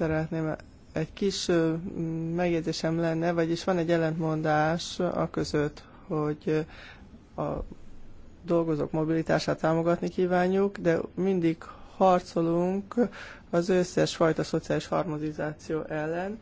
szeretném, egy kis megjegyzésem lenne, vagyis van egy ellentmondás a között, hogy a dolgozók mobilitását támogatni kívánjuk, de mindig harcolunk az összes fajta szociális harmonizáció ellen,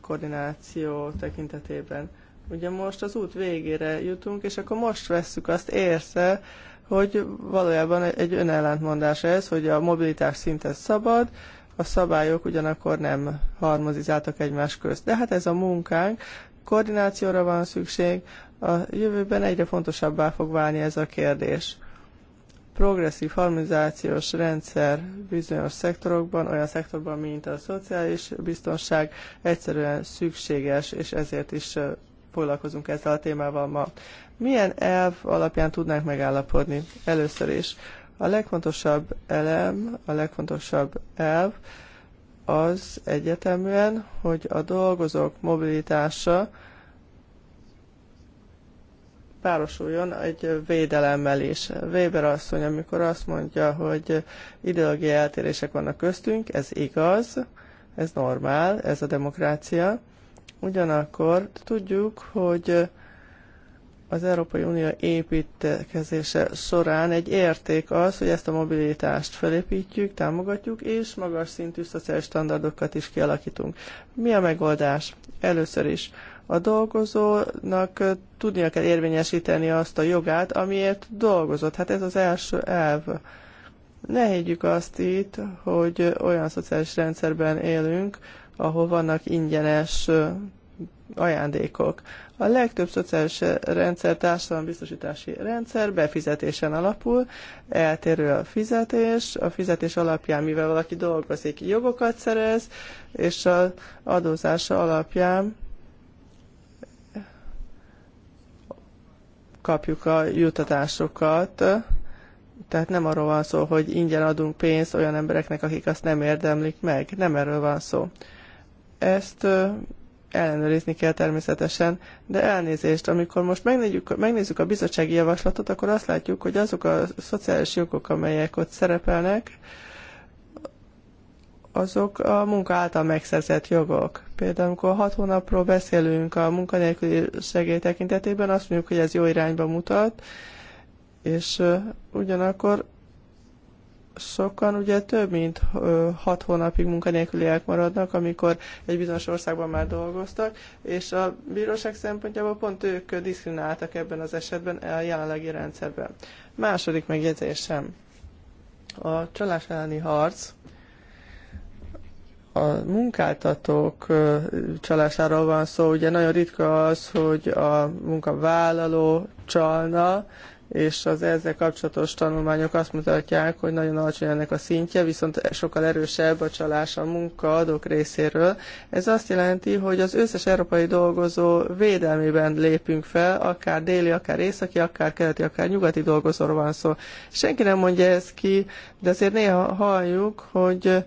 koordináció tekintetében. Ugye most az út végére jutunk, és akkor most vesszük azt érsze, hogy valójában egy önellentmondás ez, hogy a mobilitás szinte szabad, a szabályok ugyanakkor nem harmonizáltak egymás közt. De hát ez a munkánk, koordinációra van szükség, a jövőben egyre fontosabbá fog válni ez a kérdés. Progresszív harmonizációs rendszer bizonyos szektorokban, olyan szektorban, mint a szociális biztonság, egyszerűen szükséges, és ezért is foglalkozunk ezzel a témával ma. Milyen elv alapján tudnánk megállapodni? Először is a legfontosabb elem, a legfontosabb elv az egyeteműen, hogy a dolgozók mobilitása párosuljon egy védelemmel is. Weber asszony, amikor azt mondja, hogy ideológiai eltérések vannak köztünk, ez igaz, ez normál, ez a demokrácia. Ugyanakkor tudjuk, hogy az Európai Unió építkezése során egy érték az, hogy ezt a mobilitást felépítjük, támogatjuk, és magas szintű szociális standardokat is kialakítunk. Mi a megoldás? Először is a dolgozónak tudnia kell érvényesíteni azt a jogát, amiért dolgozott. Hát ez az első elv. Ne higgyük azt itt, hogy olyan szociális rendszerben élünk, ahol vannak ingyenes ajándékok. A legtöbb szociális rendszer, társadalombiztosítási rendszer befizetésen alapul, eltérő a fizetés, a fizetés alapján, mivel valaki dolgozik, jogokat szerez, és az adózása alapján kapjuk a jutatásokat. Tehát nem arról van szó, hogy ingyen adunk pénzt olyan embereknek, akik azt nem érdemlik meg. Nem erről van szó. Ezt ellenőrizni kell természetesen, de elnézést, amikor most megnézzük, megnézzük a bizottsági javaslatot, akkor azt látjuk, hogy azok a szociális jogok, amelyek ott szerepelnek, azok a munka által megszerzett jogok. Például, amikor hat hónapról beszélünk a munkanélküli segély tekintetében, azt mondjuk, hogy ez jó irányba mutat, és ugyanakkor sokan ugye több mint hat hónapig munkanélküliek maradnak, amikor egy bizonyos országban már dolgoztak, és a bíróság szempontjából pont ők diszkrimináltak ebben az esetben a jelenlegi rendszerben. Második megjegyzésem. A csalás elleni harc a munkáltatók csalásáról van szó, ugye nagyon ritka az, hogy a munkavállaló csalna, és az ezzel kapcsolatos tanulmányok azt mutatják, hogy nagyon alacsony ennek a szintje, viszont sokkal erősebb a csalás a munkaadók részéről. Ez azt jelenti, hogy az összes európai dolgozó védelmében lépünk fel, akár déli, akár északi, akár keleti, akár nyugati dolgozóról van szó. Senki nem mondja ezt ki, de azért néha halljuk, hogy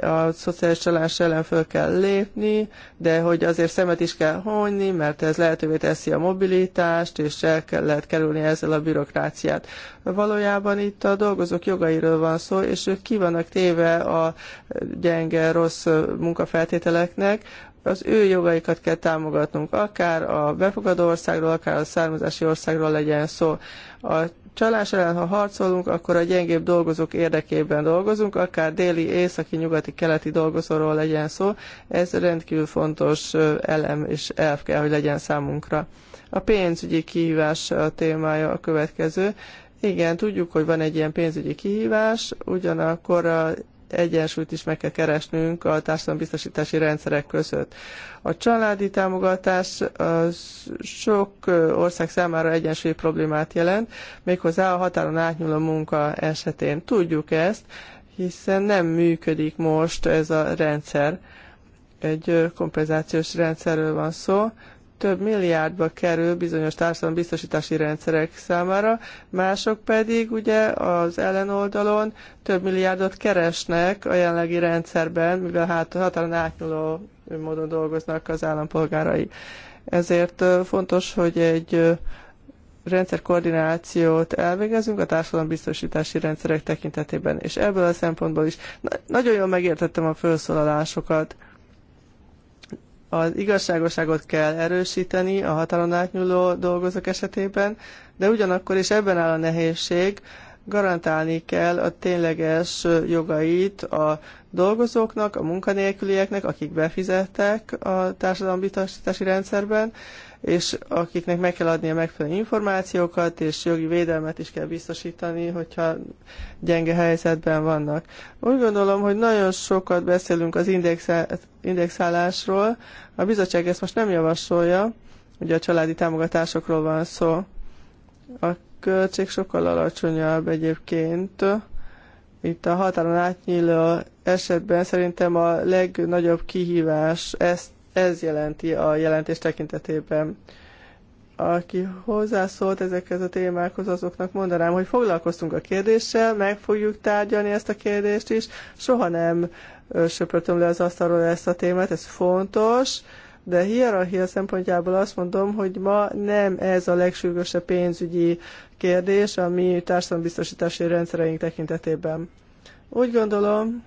a szociális csalás ellen föl kell lépni, de hogy azért szemet is kell honyni, mert ez lehetővé teszi a mobilitást, és el kell, lehet kerülni ezzel a bürokráciát. Valójában itt a dolgozók jogairól van szó, és ők ki vannak téve a gyenge, rossz munkafeltételeknek, az ő jogaikat kell támogatnunk, akár a befogadó országról, akár a származási országról legyen szó. A csalás ellen, ha harcolunk, akkor a gyengébb dolgozók érdekében dolgozunk, akár déli, északi, nyugati, keleti dolgozóról legyen szó. Ez rendkívül fontos elem és elv kell, hogy legyen számunkra. A pénzügyi kihívás a témája a következő. Igen, tudjuk, hogy van egy ilyen pénzügyi kihívás, ugyanakkor a egyensúlyt is meg kell keresnünk a társadalombiztosítási rendszerek között. A családi támogatás az sok ország számára egyensúlyi problémát jelent, méghozzá a határon átnyúló munka esetén. Tudjuk ezt, hiszen nem működik most ez a rendszer. Egy kompenzációs rendszerről van szó, több milliárdba kerül bizonyos társadalombiztosítási rendszerek számára, mások pedig ugye az ellenoldalon több milliárdot keresnek a jelenlegi rendszerben, mivel hát határon átnyúló módon dolgoznak az állampolgárai. Ezért fontos, hogy egy rendszerkoordinációt elvégezünk a társadalombiztosítási rendszerek tekintetében, és ebből a szempontból is na- nagyon jól megértettem a felszólalásokat. Az igazságosságot kell erősíteni a határon átnyúló dolgozók esetében, de ugyanakkor is ebben áll a nehézség, garantálni kell a tényleges jogait a dolgozóknak, a munkanélkülieknek, akik befizettek a társadalombiztosítási rendszerben, és akiknek meg kell adni a megfelelő információkat, és jogi védelmet is kell biztosítani, hogyha gyenge helyzetben vannak. Úgy gondolom, hogy nagyon sokat beszélünk az indexálásról. A bizottság ezt most nem javasolja, ugye a családi támogatásokról van szó. A költség sokkal alacsonyabb egyébként. Itt a határon átnyíló esetben szerintem a legnagyobb kihívás ezt ez jelenti a jelentés tekintetében. Aki hozzászólt ezekhez a témákhoz, azoknak mondanám, hogy foglalkoztunk a kérdéssel, meg fogjuk tárgyalni ezt a kérdést is. Soha nem söpörtöm le az asztalról ezt a témát, ez fontos de hierarchia szempontjából azt mondom, hogy ma nem ez a legsürgősebb pénzügyi kérdés a mi társadalombiztosítási rendszereink tekintetében. Úgy gondolom,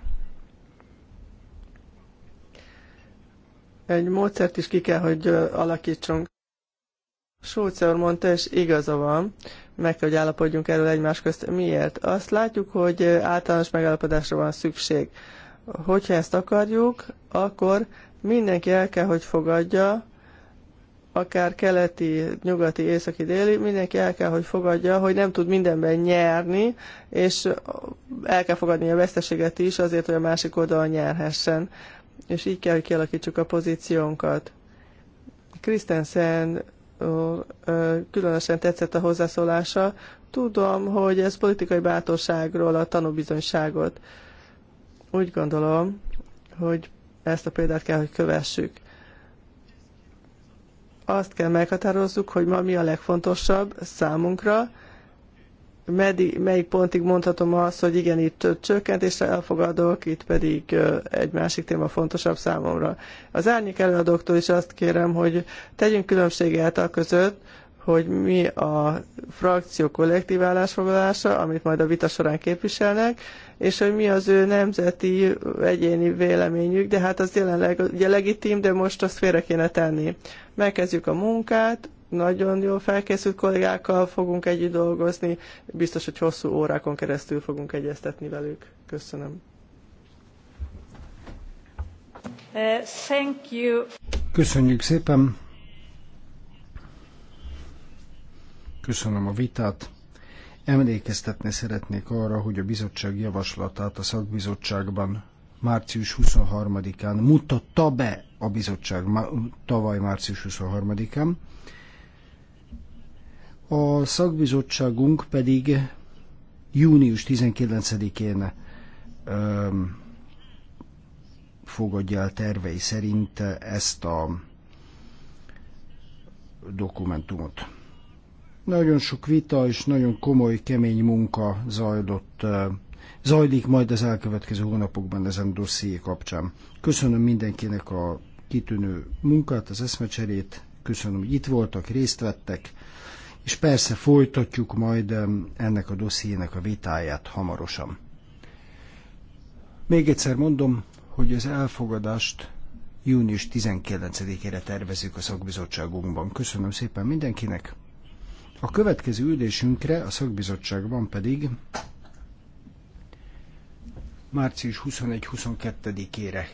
egy módszert is ki kell, hogy alakítsunk. Schulze úr mondta, és igaza van, meg kell, hogy állapodjunk erről egymás közt. Miért? Azt látjuk, hogy általános megállapodásra van szükség. Hogyha ezt akarjuk, akkor mindenki el kell, hogy fogadja, akár keleti, nyugati, északi, déli, mindenki el kell, hogy fogadja, hogy nem tud mindenben nyerni, és el kell fogadni a veszteséget is azért, hogy a másik oldalon nyerhessen és így kell, hogy kialakítsuk a pozíciónkat. Krisztensen különösen tetszett a hozzászólása. Tudom, hogy ez politikai bátorságról a tanúbizonyságot. Úgy gondolom, hogy ezt a példát kell, hogy kövessük. Azt kell meghatározzuk, hogy ma mi a legfontosabb számunkra, meddig, melyik pontig mondhatom azt, hogy igen, itt csökkentésre elfogadok, itt pedig egy másik téma fontosabb számomra. Az árnyék előadóktól is azt kérem, hogy tegyünk különbséget a között, hogy mi a frakció kollektív állásfoglalása, amit majd a vita során képviselnek, és hogy mi az ő nemzeti egyéni véleményük, de hát az jelenleg ugye legitim, de most azt félre kéne tenni. Megkezdjük a munkát, nagyon jól felkészült kollégákkal fogunk együtt dolgozni, biztos, hogy hosszú órákon keresztül fogunk egyeztetni velük. Köszönöm. Uh, thank you. Köszönjük szépen. Köszönöm a vitát. Emlékeztetni szeretnék arra, hogy a bizottság javaslatát a szakbizottságban március 23-án mutatta be a bizottság tavaly március 23-án. A szakbizottságunk pedig június 19-én fogadja el tervei szerint ezt a dokumentumot. Nagyon sok vita és nagyon komoly, kemény munka zajlott, zajlik majd az elkövetkező hónapokban ezen dosszié kapcsán. Köszönöm mindenkinek a kitűnő munkát, az eszmecserét, köszönöm, hogy itt voltak, részt vettek, és persze folytatjuk majd ennek a dossziének a vitáját hamarosan. Még egyszer mondom, hogy az elfogadást június 19-ére tervezzük a szakbizottságunkban. Köszönöm szépen mindenkinek! A következő ülésünkre a szakbizottságban pedig március 21-22-ére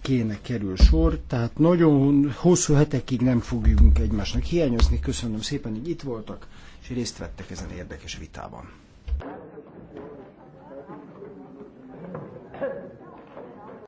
kéne kerül sor, tehát nagyon hosszú hetekig nem fogjunk egymásnak hiányozni. Köszönöm szépen, hogy itt voltak, és részt vettek ezen érdekes vitában.